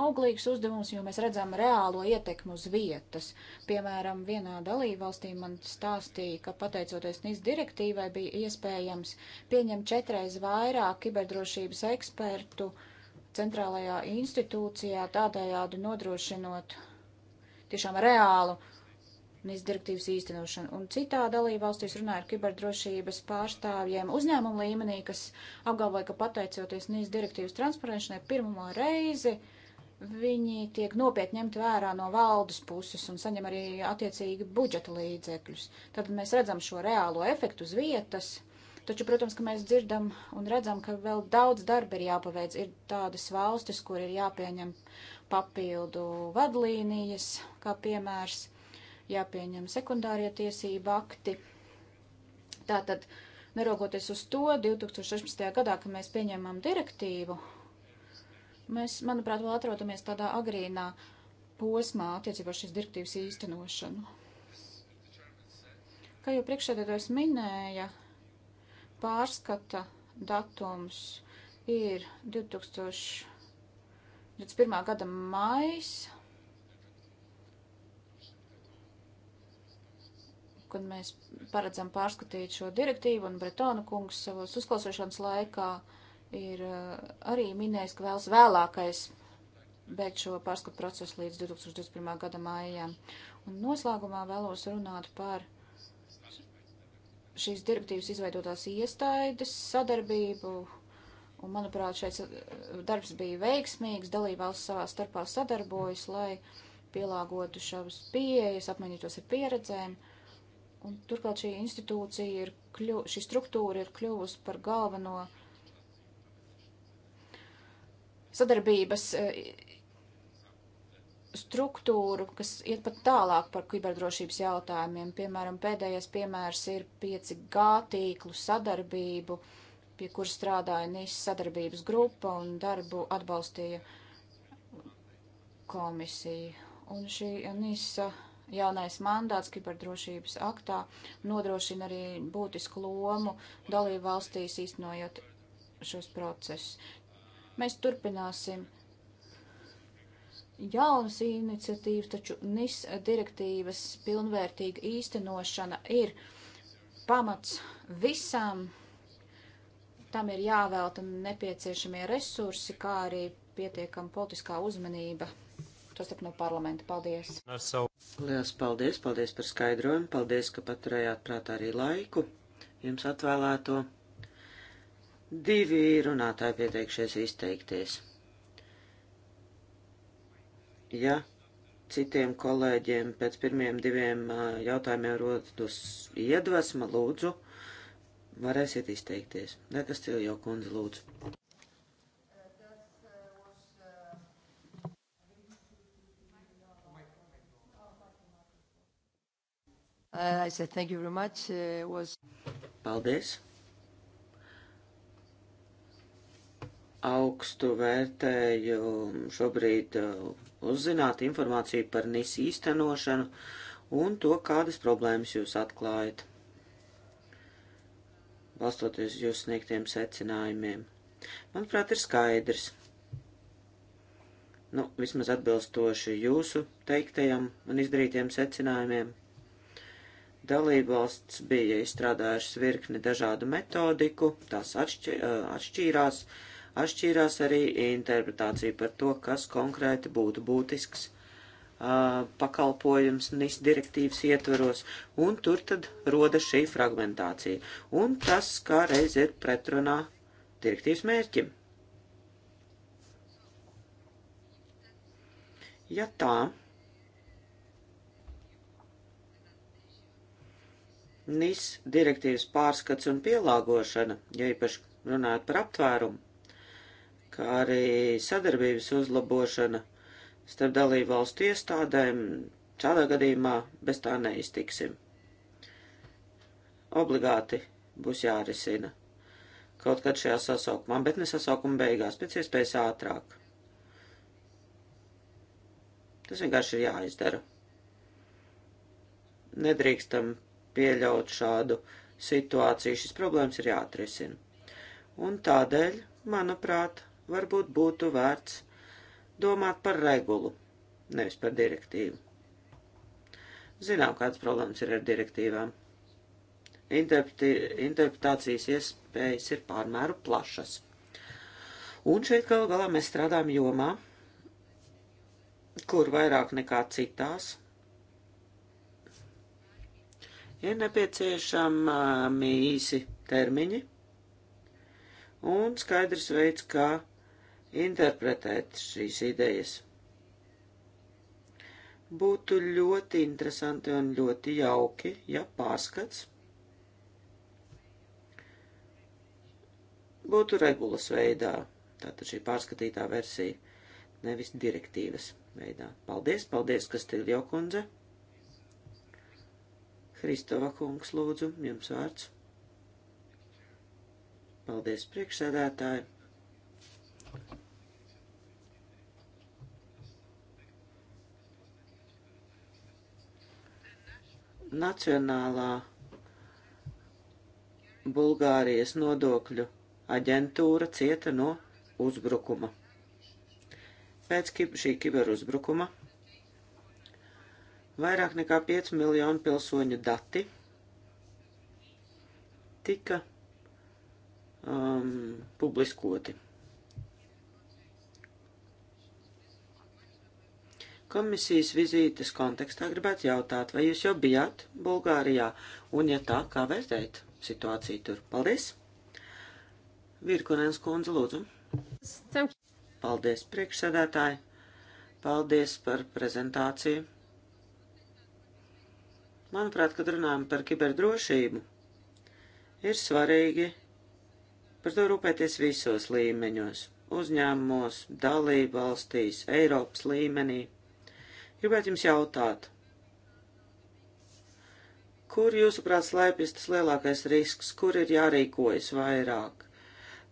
auglīgs uzdevums, jo mēs redzam reālo ietekmu uz vietas. Piemēram, vienā dalībvalstī man stāstīja, ka pateicoties NIS direktīvai bija iespējams pieņemt četreiz vairāk kiberdrošības ekspertu uh, centrālajā institūcijā, tādējādi nodrošinot tiešām reālu NIS direktīvas īstenošanu. Un citā dalībvalstīs runāja ar kiberdrošības pārstāvjiem uzņēmumu līmenī, kas apgalvoja, ka pateicoties NIS direktīvas transparentšanai pirmo reizi, viņi tiek nopietni ņemti vērā no valdes puses un saņem arī attiecīgi budžeta līdzekļus. Tad mēs redzam šo reālo efektu uz vietas. Uh, Taču, protams, ka mēs dzirdam un redzam, ka vēl daudz darba ir jāpaveic. Ir tādas valstis, kur ir jāpieņem papildu vadlīnijas, kā piemērs, jāpieņem sekundārie tiesība akti. Tātad, neraugoties uz to, 2016. gadā, kad mēs pieņēmām direktīvu, mēs, manuprāt, vēl atrodamies tādā agrīnā posmā attiecībā šīs direktīvas īstenošanu. Kā jau priekšsēdētājs minēja, pārskata datums ir 2021. gada mais, kad mēs paredzam pārskatīt šo direktīvu, un Bretona kungs savos uzklausīšanas laikā ir uh, arī minējis, ka vēlas vēlākais beigt šo pārskatu procesu līdz 2021. gada mājām. Un noslēgumā vēlos runāt par šīs direktīvas izveidotās iestaides sadarbību, un, manuprāt, šeit darbs bija veiksmīgs, dalībvalsts savā starpā sadarbojas, lai pielāgotu šavas pieejas, apmainītos ar pieredzēm, un turklāt šī institūcija ir, kļu, šī struktūra ir kļuvusi par galveno sadarbības eh, struktūru, kas iet pat tālāk par kiberdrošības jautājumiem. Piemēram, pēdējais piemērs ir 5G tīklu sadarbību, pie kur strādāja NIS sadarbības grupa un darbu atbalstīja komisija. Un šī NISA jaunais mandāts kiberdrošības aktā nodrošina arī būtisku lomu dalību valstīs īstenojot šos procesus. Mēs turpināsim jaunas iniciatīvas, taču NIS direktīvas pilnvērtīga īstenošana ir pamats visam. Tam ir jāvelta nepieciešamie resursi, kā arī pietiekama politiskā uzmanība. Tostarp no parlamenta. Paldies! Lielas paldies! Paldies par skaidrojumu! Paldies, ka paturējāt prātā arī laiku jums atvēlēto. Divi runātāji pieteikšies izteikties ja citiem kolēģiem pēc pirmiem diviem jautājumiem rodas iedvesma, lūdzu, varēsiet izteikties. Nekas Ciljo kundze, lūdzu. Uh, I said thank you very much. Uh, was... Paldies. augstu vērtēju šobrīd uh, uzzināt informāciju par NIS īstenošanu un to, kādas problēmas jūs atklājat, balstoties uz jūsu sniegtiem secinājumiem. Manuprāt, ir skaidrs. Nu, vismaz atbilstoši jūsu teiktajam un izdarītiem secinājumiem. Dalībvalsts bija izstrādājušas virkni dažādu metodiku, tās atšķi, uh, atšķīrās. Uh, Atšķīrās arī interpretācija par to, kas konkrēti būtu būtisks uh, pakalpojums NIS direktīvas ietveros, un tur tad roda šī fragmentācija. Un tas kā reiz ir pretrunā direktīvas mērķim. Ja tā, NIS direktīvas pārskats un pielāgošana, ja īpaši runājot par aptvērumu, kā arī sadarbības uzlabošana starp dalību valstu iestādēm, šādā gadījumā bez tā neiztiksim. Obligāti būs jārisina kaut kad šajā sasaukumā, bet ne sasaukuma beigās, pēc iespējas ātrāk. Tas vienkārši ir jāizdara. Nedrīkstam pieļaut šādu situāciju, šis problēmas ir jāatrisina. Un tādēļ, manuprāt, varbūt būtu vērts domāt par regulu, nevis par direktīvu. Zinām, kādas problēmas ir ar direktīvām. Interpreti, interpretācijas iespējas ir pārmēru plašas. Un šeit galu galā mēs strādājam jomā, kur vairāk nekā citās ir nepieciešami īsi termiņi un skaidrs veids, kā interpretēt šīs idejas. Būtu ļoti interesanti un ļoti jauki, ja pārskats būtu regulas veidā, tātad šī pārskatītā versija, nevis direktīvas veidā. Paldies, paldies, Kastīļo kundze! Kristova kungs, lūdzu, jums vārds. Paldies, priekšsēdētāji! Nacionālā Bulgārijas nodokļu aģentūra cieta no uzbrukuma. Pēc šī kiberuzbrukuma vairāk nekā 5 miljonu pilsoņu dati tika um, publiskoti. Komisijas vizītes kontekstā gribētu jautāt, vai jūs jau bijāt Bulgārijā, un ja tā, kā vērtējat situāciju tur? Paldies! Virkunēns kundze, lūdzu. Paldies, priekšsēdētāji! Paldies par prezentāciju! Manuprāt, kad runājam par kiberdrošību, ir svarīgi par to rūpēties visos līmeņos - uzņēmumos, dalību valstīs, Eiropas līmenī Gribētu jums jautāt, kur jūsuprāt slēpjas tas lielākais risks, kur ir jārīkojas vairāk?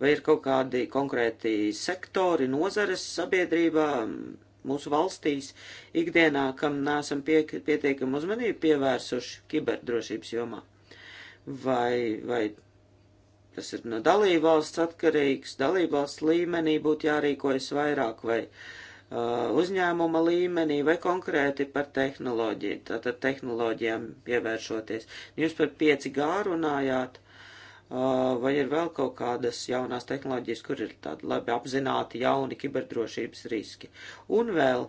Vai ir kaut kādi konkrēti sektori, nozares sabiedrībā, mūsu valstīs, ikdienā, kam nesam pie, pietiekam uzmanību pievērsuši kiberdrošības jomā? Vai, vai tas ir no dalībvalsts atkarīgs, dalībvalsts līmenī būtu jārīkojas vairāk vai vairāk? uzņēmuma līmenī vai konkrēti par tehnoloģiju, tātad tehnoloģijām pievēršoties. Jūs par 5G runājāt, vai ir vēl kaut kādas jaunās tehnoloģijas, kur ir tādi labi apzināti jauni kiberdrošības riski? Un vēl,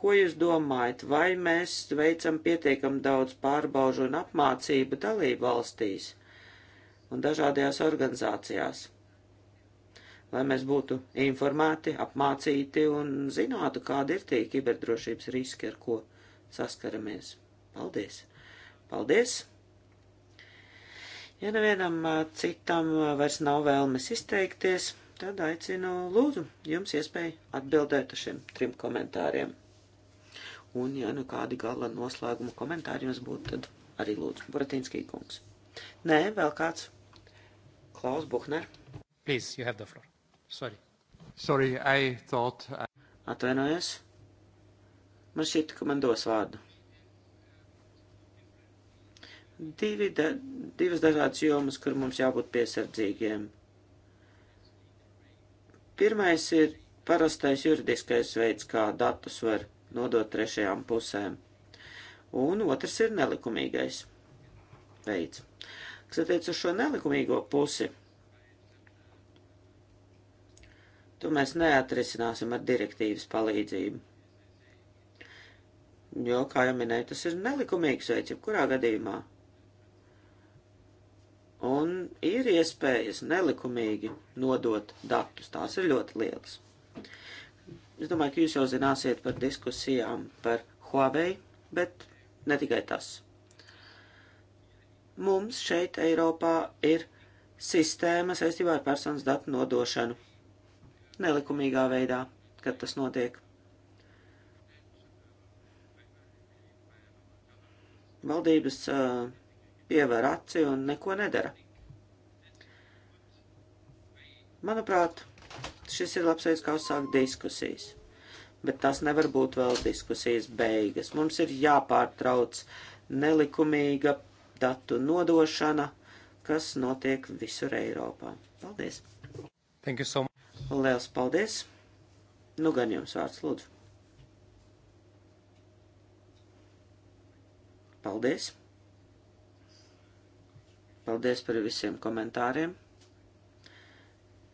ko jūs domājat, vai mēs veicam pietiekam daudz pārbaužu un apmācību dalību valstīs un dažādajās organizācijās? lai mēs būtu informēti, apmācīti un zinātu, kādi ir tie kiberdrošības riski, ar ko saskaramies. Paldies! Paldies! Ja nevienam citam vairs nav vēlmes izteikties, tad aicinu lūdzu jums iespēju atbildēt uz šiem trim komentāriem. Un, ja nu kādi gala noslēguma komentāri jums būtu, tad arī lūdzu, Buratīnskī kungs. Nē, vēl kāds? Klaus Buhner. Please, you have the floor. Sorry. Sorry, I thought... I... Uh, Atvainojos. Man šķita, ka man dos vārdu. Divi da, divas dažādas jomas, kur mums jābūt piesardzīgiem. Pirmais ir parastais juridiskais veids, kā datus var nodot trešajām pusēm. Un otrs ir nelikumīgais veids. Kas attiec uz šo nelikumīgo pusi? To mēs neatrisināsim ar direktīvas palīdzību. Jo, kā jau minēju, tas ir nelikumīgs veids, jebkurā gadījumā. Un ir iespējas nelikumīgi nodot datus. Tās ir ļoti lielas. Es domāju, ka jūs jau zināsiet par diskusijām par Huawei, bet ne tikai tas. Mums šeit Eiropā ir sistēma saistībā ar personas datu nodošanu nelikumīgā veidā, kad tas notiek. Valdības uh, pievēr aci un neko nedara. Manuprāt, šis ir labs veids, kā uzsākt diskusijas. Bet tas nevar būt vēl diskusijas beigas. Mums ir jāpārtrauc nelikumīga datu nodošana, kas notiek visur Eiropā. Paldies! Thank you so much. Liels paldies! Nu gan jums vārds, lūdzu. Paldies! Paldies par visiem komentāriem!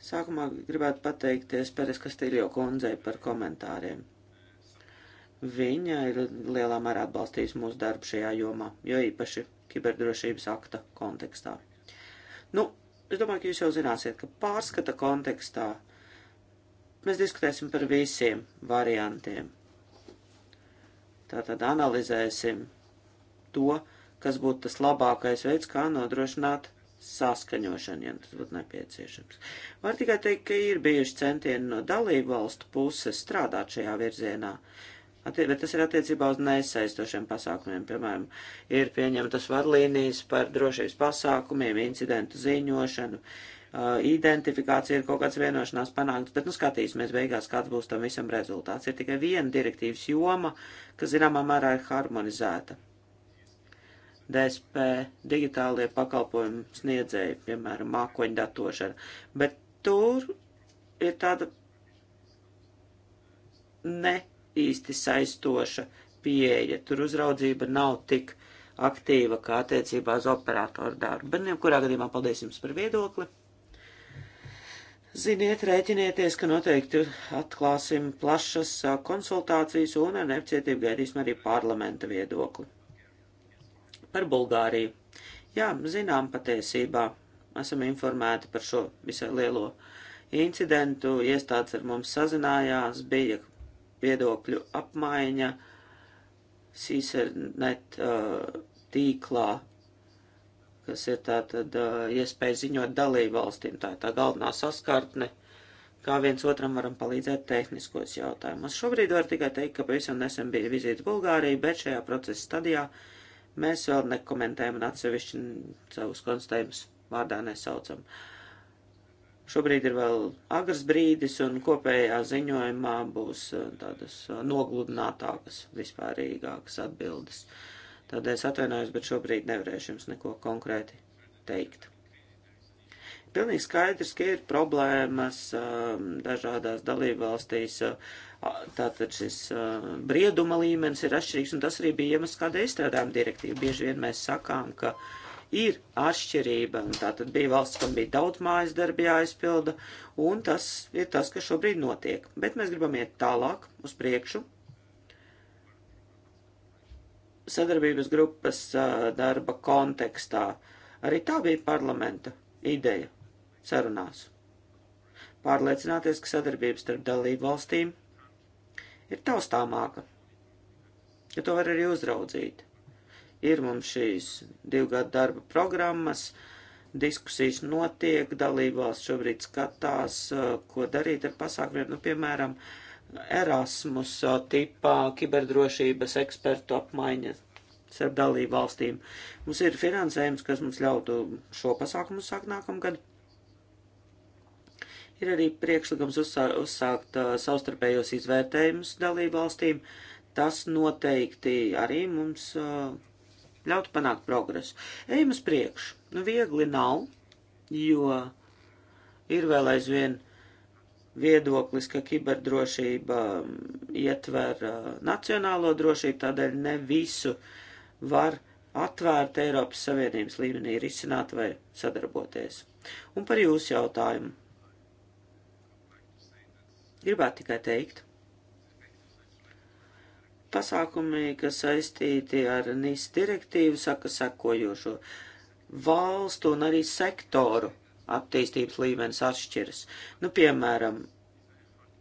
Sākumā gribētu pateikties Peres Kastīļo kundzei par komentāriem. Viņa ir lielā mērā atbalstījusi mūsu darbu šajā jomā, jo īpaši kiberdrošības akta kontekstā. Nu, es domāju, ka jūs jau zināsiet, ka pārskata kontekstā Mēs diskutēsim par visiem variantiem. Tātad analizēsim to, kas būtu tas labākais veids, kā nodrošināt saskaņošanu, ja tas būtu nepieciešams. Var tikai teikt, ka ir bijuši centieni no dalību valstu puses strādāt šajā virzienā, bet tas ir attiecībā uz nesaistošiem pasākumiem. Piemēram, ir pieņemtas vadlīnijas par drošības pasākumiem, incidentu ziņošanu, uh, uh, identifikācija ir kaut kāds vienošanās panākts, bet nu skatīsimies beigās, kāds būs tam visam rezultāts. Ir tikai viena direktīvas joma, kas zināmā mērā ir harmonizēta. DSP digitālie pakalpojumi sniedzēji, piemēram, mākoņu datošana, bet tur ir tāda ne īsti saistoša pieeja. Tur uzraudzība nav tik aktīva kā attiecībā uz operatoru darbu. Bet, nu, jebkurā gadījumā, paldies jums par viedokli. Ziniet, rēķinieties, ka noteikti atklāsim plašas konsultācijas un ar nepacietību gaidīsim arī parlamenta viedokli. Par Bulgāriju. Jā, zinām patiesībā. Esam informēti par šo visai lielo incidentu. Iestādes ar mums sazinājās, bija viedokļu apmaiņa. Sīsernet uh, tīklā kas ir tātad iespēja ziņot dalību valstīm. Tā ir tā galvenā saskartne, kā viens otram varam palīdzēt tehniskos jautājumus. Šobrīd var tikai teikt, ka pavisam nesen bija vizīte Bulgārija, bet šajā procesa stadijā mēs vēl nekomentējam un atsevišķi savus konstatējumus vārdā nesaucam. Šobrīd ir vēl agrs brīdis, un kopējā ziņojumā būs tādas nogludinātākas, vispārīgākas atbildes. Uh, Tādēļ es atvainojos, bet šobrīd nevarēšu jums neko konkrēti teikt. Pilnīgi skaidrs, ka ir problēmas um, dažādās dalībvalstīs. Uh, tātad šis uh, brieduma līmenis ir atšķirīgs, un tas arī bija iemesls, kādēļ izstrādājām direktīvu. Bieži vien mēs sakām, ka ir atšķirība. Tātad bija valsts, kam bija daudz mājas darbi jāizpilda, un tas ir tas, kas šobrīd notiek. Bet mēs gribam iet tālāk uz priekšu sadarbības grupas darba kontekstā. Arī tā bija parlamenta ideja sarunās. Pārliecināties, ka sadarbības starp dalību valstīm ir taustāmāka, ka to var arī uzraudzīt. Ir mums šīs divgadu darba programmas, diskusijas notiek, dalībvalsts šobrīd skatās, ko darīt ar pasākumiem, nu, piemēram, uh, Erasmus tipā kiberdrošības ekspertu apmaiņa starp dalību valstīm. Mums ir finansējums, kas mums ļautu šo pasākumu sākt nākamgad. Ir arī priekšlikums uzsā, uzsākt uh, savstarpējos izvērtējumus dalību valstīm. Tas noteikti arī mums uh, ļautu panākt progresu. Ejam uz priekšu. Nu, viegli nav, jo ir vēl aizvien viedoklis, ka kiberdrošība mm, ietver nacionālo drošību, tādēļ ne visu var atvērt Eiropas Savienības līmenī, risināt vai sadarboties. Un par jūsu jautājumu. Gribētu tikai teikt. Pasākumi, kas saistīti ar NIS direktīvu, saka sekojošo valstu un arī sektoru attīstības līmenis atšķiras. Nu, piemēram,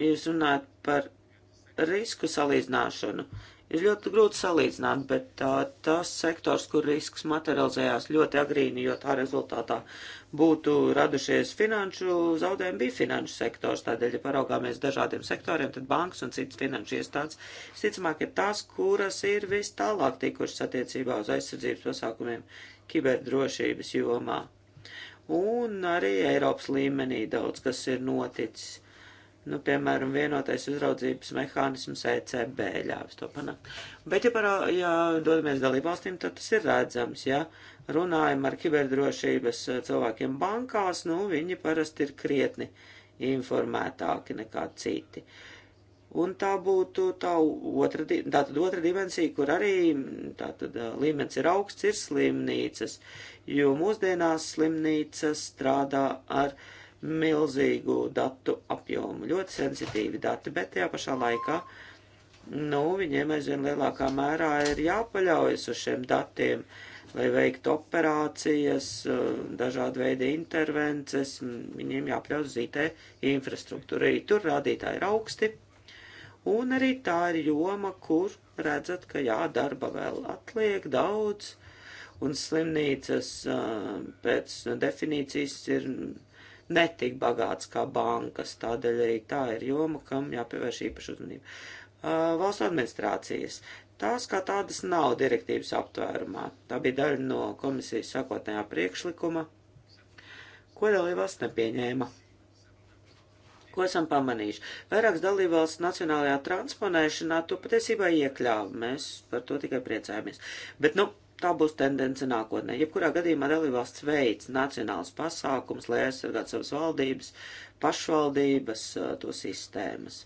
jūs runājat par risku salīdzināšanu. Ir ļoti grūti salīdzināt, bet tā, tas sektors, kur risks materializējās ļoti agrīni, jo tā rezultātā būtu radušies finanšu zaudējumi, bija finanšu sektors. Tādēļ, ja paraugāmies dažādiem sektoriem, tad bankas un citas finanšu iestādes, visticamāk, ir tās, kuras ir vis tālāk tikušas attiecībā uz aizsardzības pasākumiem kiberdrošības jomā un arī Eiropas līmenī daudz kas ir noticis. Nu, piemēram, vienotais uzraudzības mehānisms ECB ļāvis to panākt. Bet, ja, par, ja dodamies dalībvalstīm, tad tas ir redzams, ja runājam ar kiberdrošības eh, cilvēkiem bankās, nu, viņi parasti ir krietni informētāki nekā citi. Un tā būtu tā otra, tā otra dimensija, kur arī tātad, eh, līmenis ir augsts, ir slimnīcas, jo mūsdienās slimnīcas strādā ar milzīgu datu apjomu, ļoti sensitīvi dati, bet tajā pašā laikā, nu, viņiem aizvien lielākā mērā ir jāpaļaujas uz šiem datiem, lai veiktu operācijas, dažādi veidi intervences, viņiem jāpļaujas uz IT infrastruktūru. Arī tur rādītāji ir augsti, un arī tā ir joma, kur redzat, ka jā, darba vēl atliek daudz un slimnīcas pēc definīcijas ir netik bagāts kā bankas, tādēļ arī tā ir joma, kam jāpievērš īpaši uzmanība. Valsts administrācijas. Tās kā tādas nav direktīvas aptvērumā. Tā bija daļa no komisijas sākotnējā priekšlikuma, ko dalībās nepieņēma. Ko esam pamanījuši? Vairākas dalībvalsts nacionālajā transponēšanā to patiesībā iekļāva. Mēs par to tikai priecājamies. Bet, nu, tā būs tendence nākotnē. Jebkurā gadījumā dalībvalsts veids nacionāls pasākums, lai aizsargātu savas valdības, pašvaldības, to sistēmas.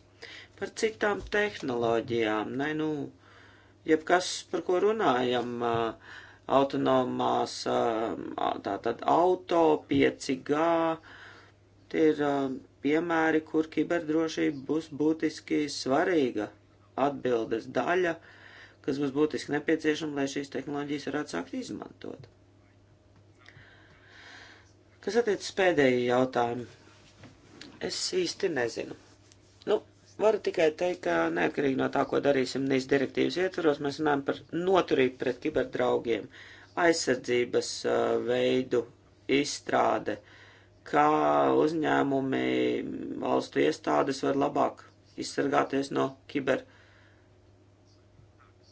Par citām tehnoloģijām, ne, nu, jebkas, par ko runājam, autonomās, tātad auto, 5G, tie ir piemēri, kur kiberdrošība būs būtiski svarīga atbildes daļa kas būs būtiski nepieciešama, lai šīs tehnoloģijas varētu sākt izmantot. Kas attiecas pēdējo jautājumu? Es īsti nezinu. Nu, varu tikai teikt, ka neatkarīgi no tā, ko darīsim NIS direktīvas ietvaros, mēs runājam par noturību pret kiberdraugiem, aizsardzības uh, veidu izstrāde, kā uzņēmumi, valstu iestādes var labāk izsargāties no kiber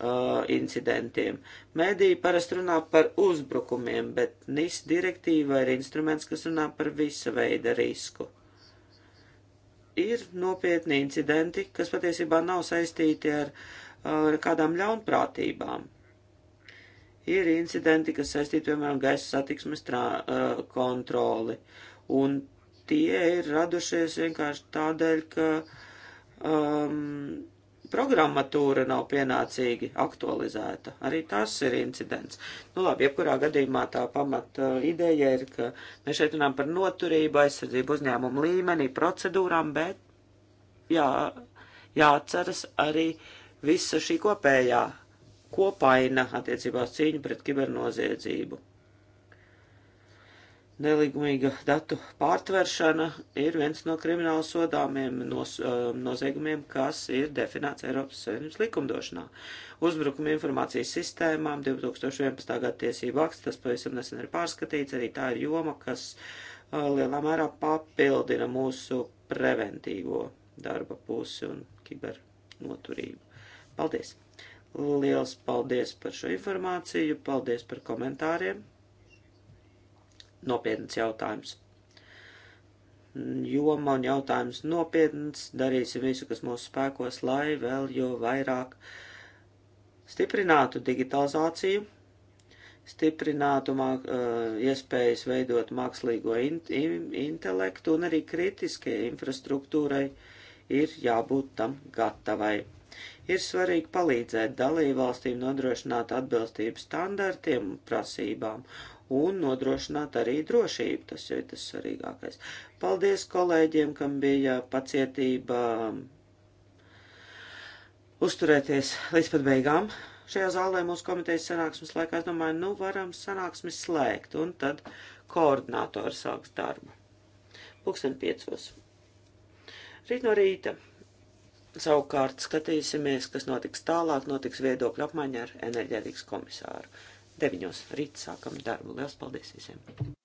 uh, incidentiem. Mēdīja parasti runā par uzbrukumiem, bet NIS direktīva ir instruments, kas runā par visa veida risku. Ir nopietni incidenti, kas patiesībā nav saistīti ar uh, kādām ļaunprātībām. Ir incidenti, kas saistīti, piemēram, gaisa satiksmes trā, uh, kontroli, un tie ir radušies vienkārši tādēļ, ka um, programmatūra nav pienācīgi aktualizēta. Arī tas ir incidents. Nu labi, jebkurā gadījumā tā pamata ideja ir, ka mēs šeit runājam par noturību, aizsardzību uzņēmumu līmenī, procedūrām, bet jā, jāatceras arī visa šī kopējā kopaina attiecībā uz cīņu pret kibernoziedzību. Neligumīga datu pārtveršana ir viens no krimināli sodāmiem nos, uh, noziegumiem, kas ir definēts Eiropas Savienības likumdošanā. Uzbrukuma informācijas sistēmām 2011. gada tiesību akts, tas pavisam nesen ir pārskatīts, arī tā ir joma, kas uh, lielā mērā papildina mūsu preventīvo darba pusi un kibernoturību. Paldies! Liels paldies par šo informāciju, paldies par komentāriem! nopietns jautājums. Joma un jautājums nopietns, darīsim visu, kas mūsu spēkos, lai vēl jo vairāk stiprinātu digitalizāciju, stiprinātu māk, eh, iespējas veidot mākslīgo in, in, intelektu un arī kritiskie infrastruktūrai ir jābūt tam gatavai. Ir svarīgi palīdzēt dalībvalstīm nodrošināt atbilstību standartiem un prasībām un nodrošināt arī drošību. Tas jau ir tas svarīgākais. Paldies kolēģiem, kam bija pacietība uzturēties līdz pat beigām. Šajā zālē mūsu komitejas sanāksmes laikā, es domāju, nu varam sanāksmi slēgt, un tad koordinātori sāks darbu. Pūksteni piecos. Rīt no rīta. Savukārt skatīsimies, kas notiks tālāk, notiks viedokļu apmaiņa ar enerģētikas komisāru deviņos rīt sākam darbu. Lielas paldies visiem!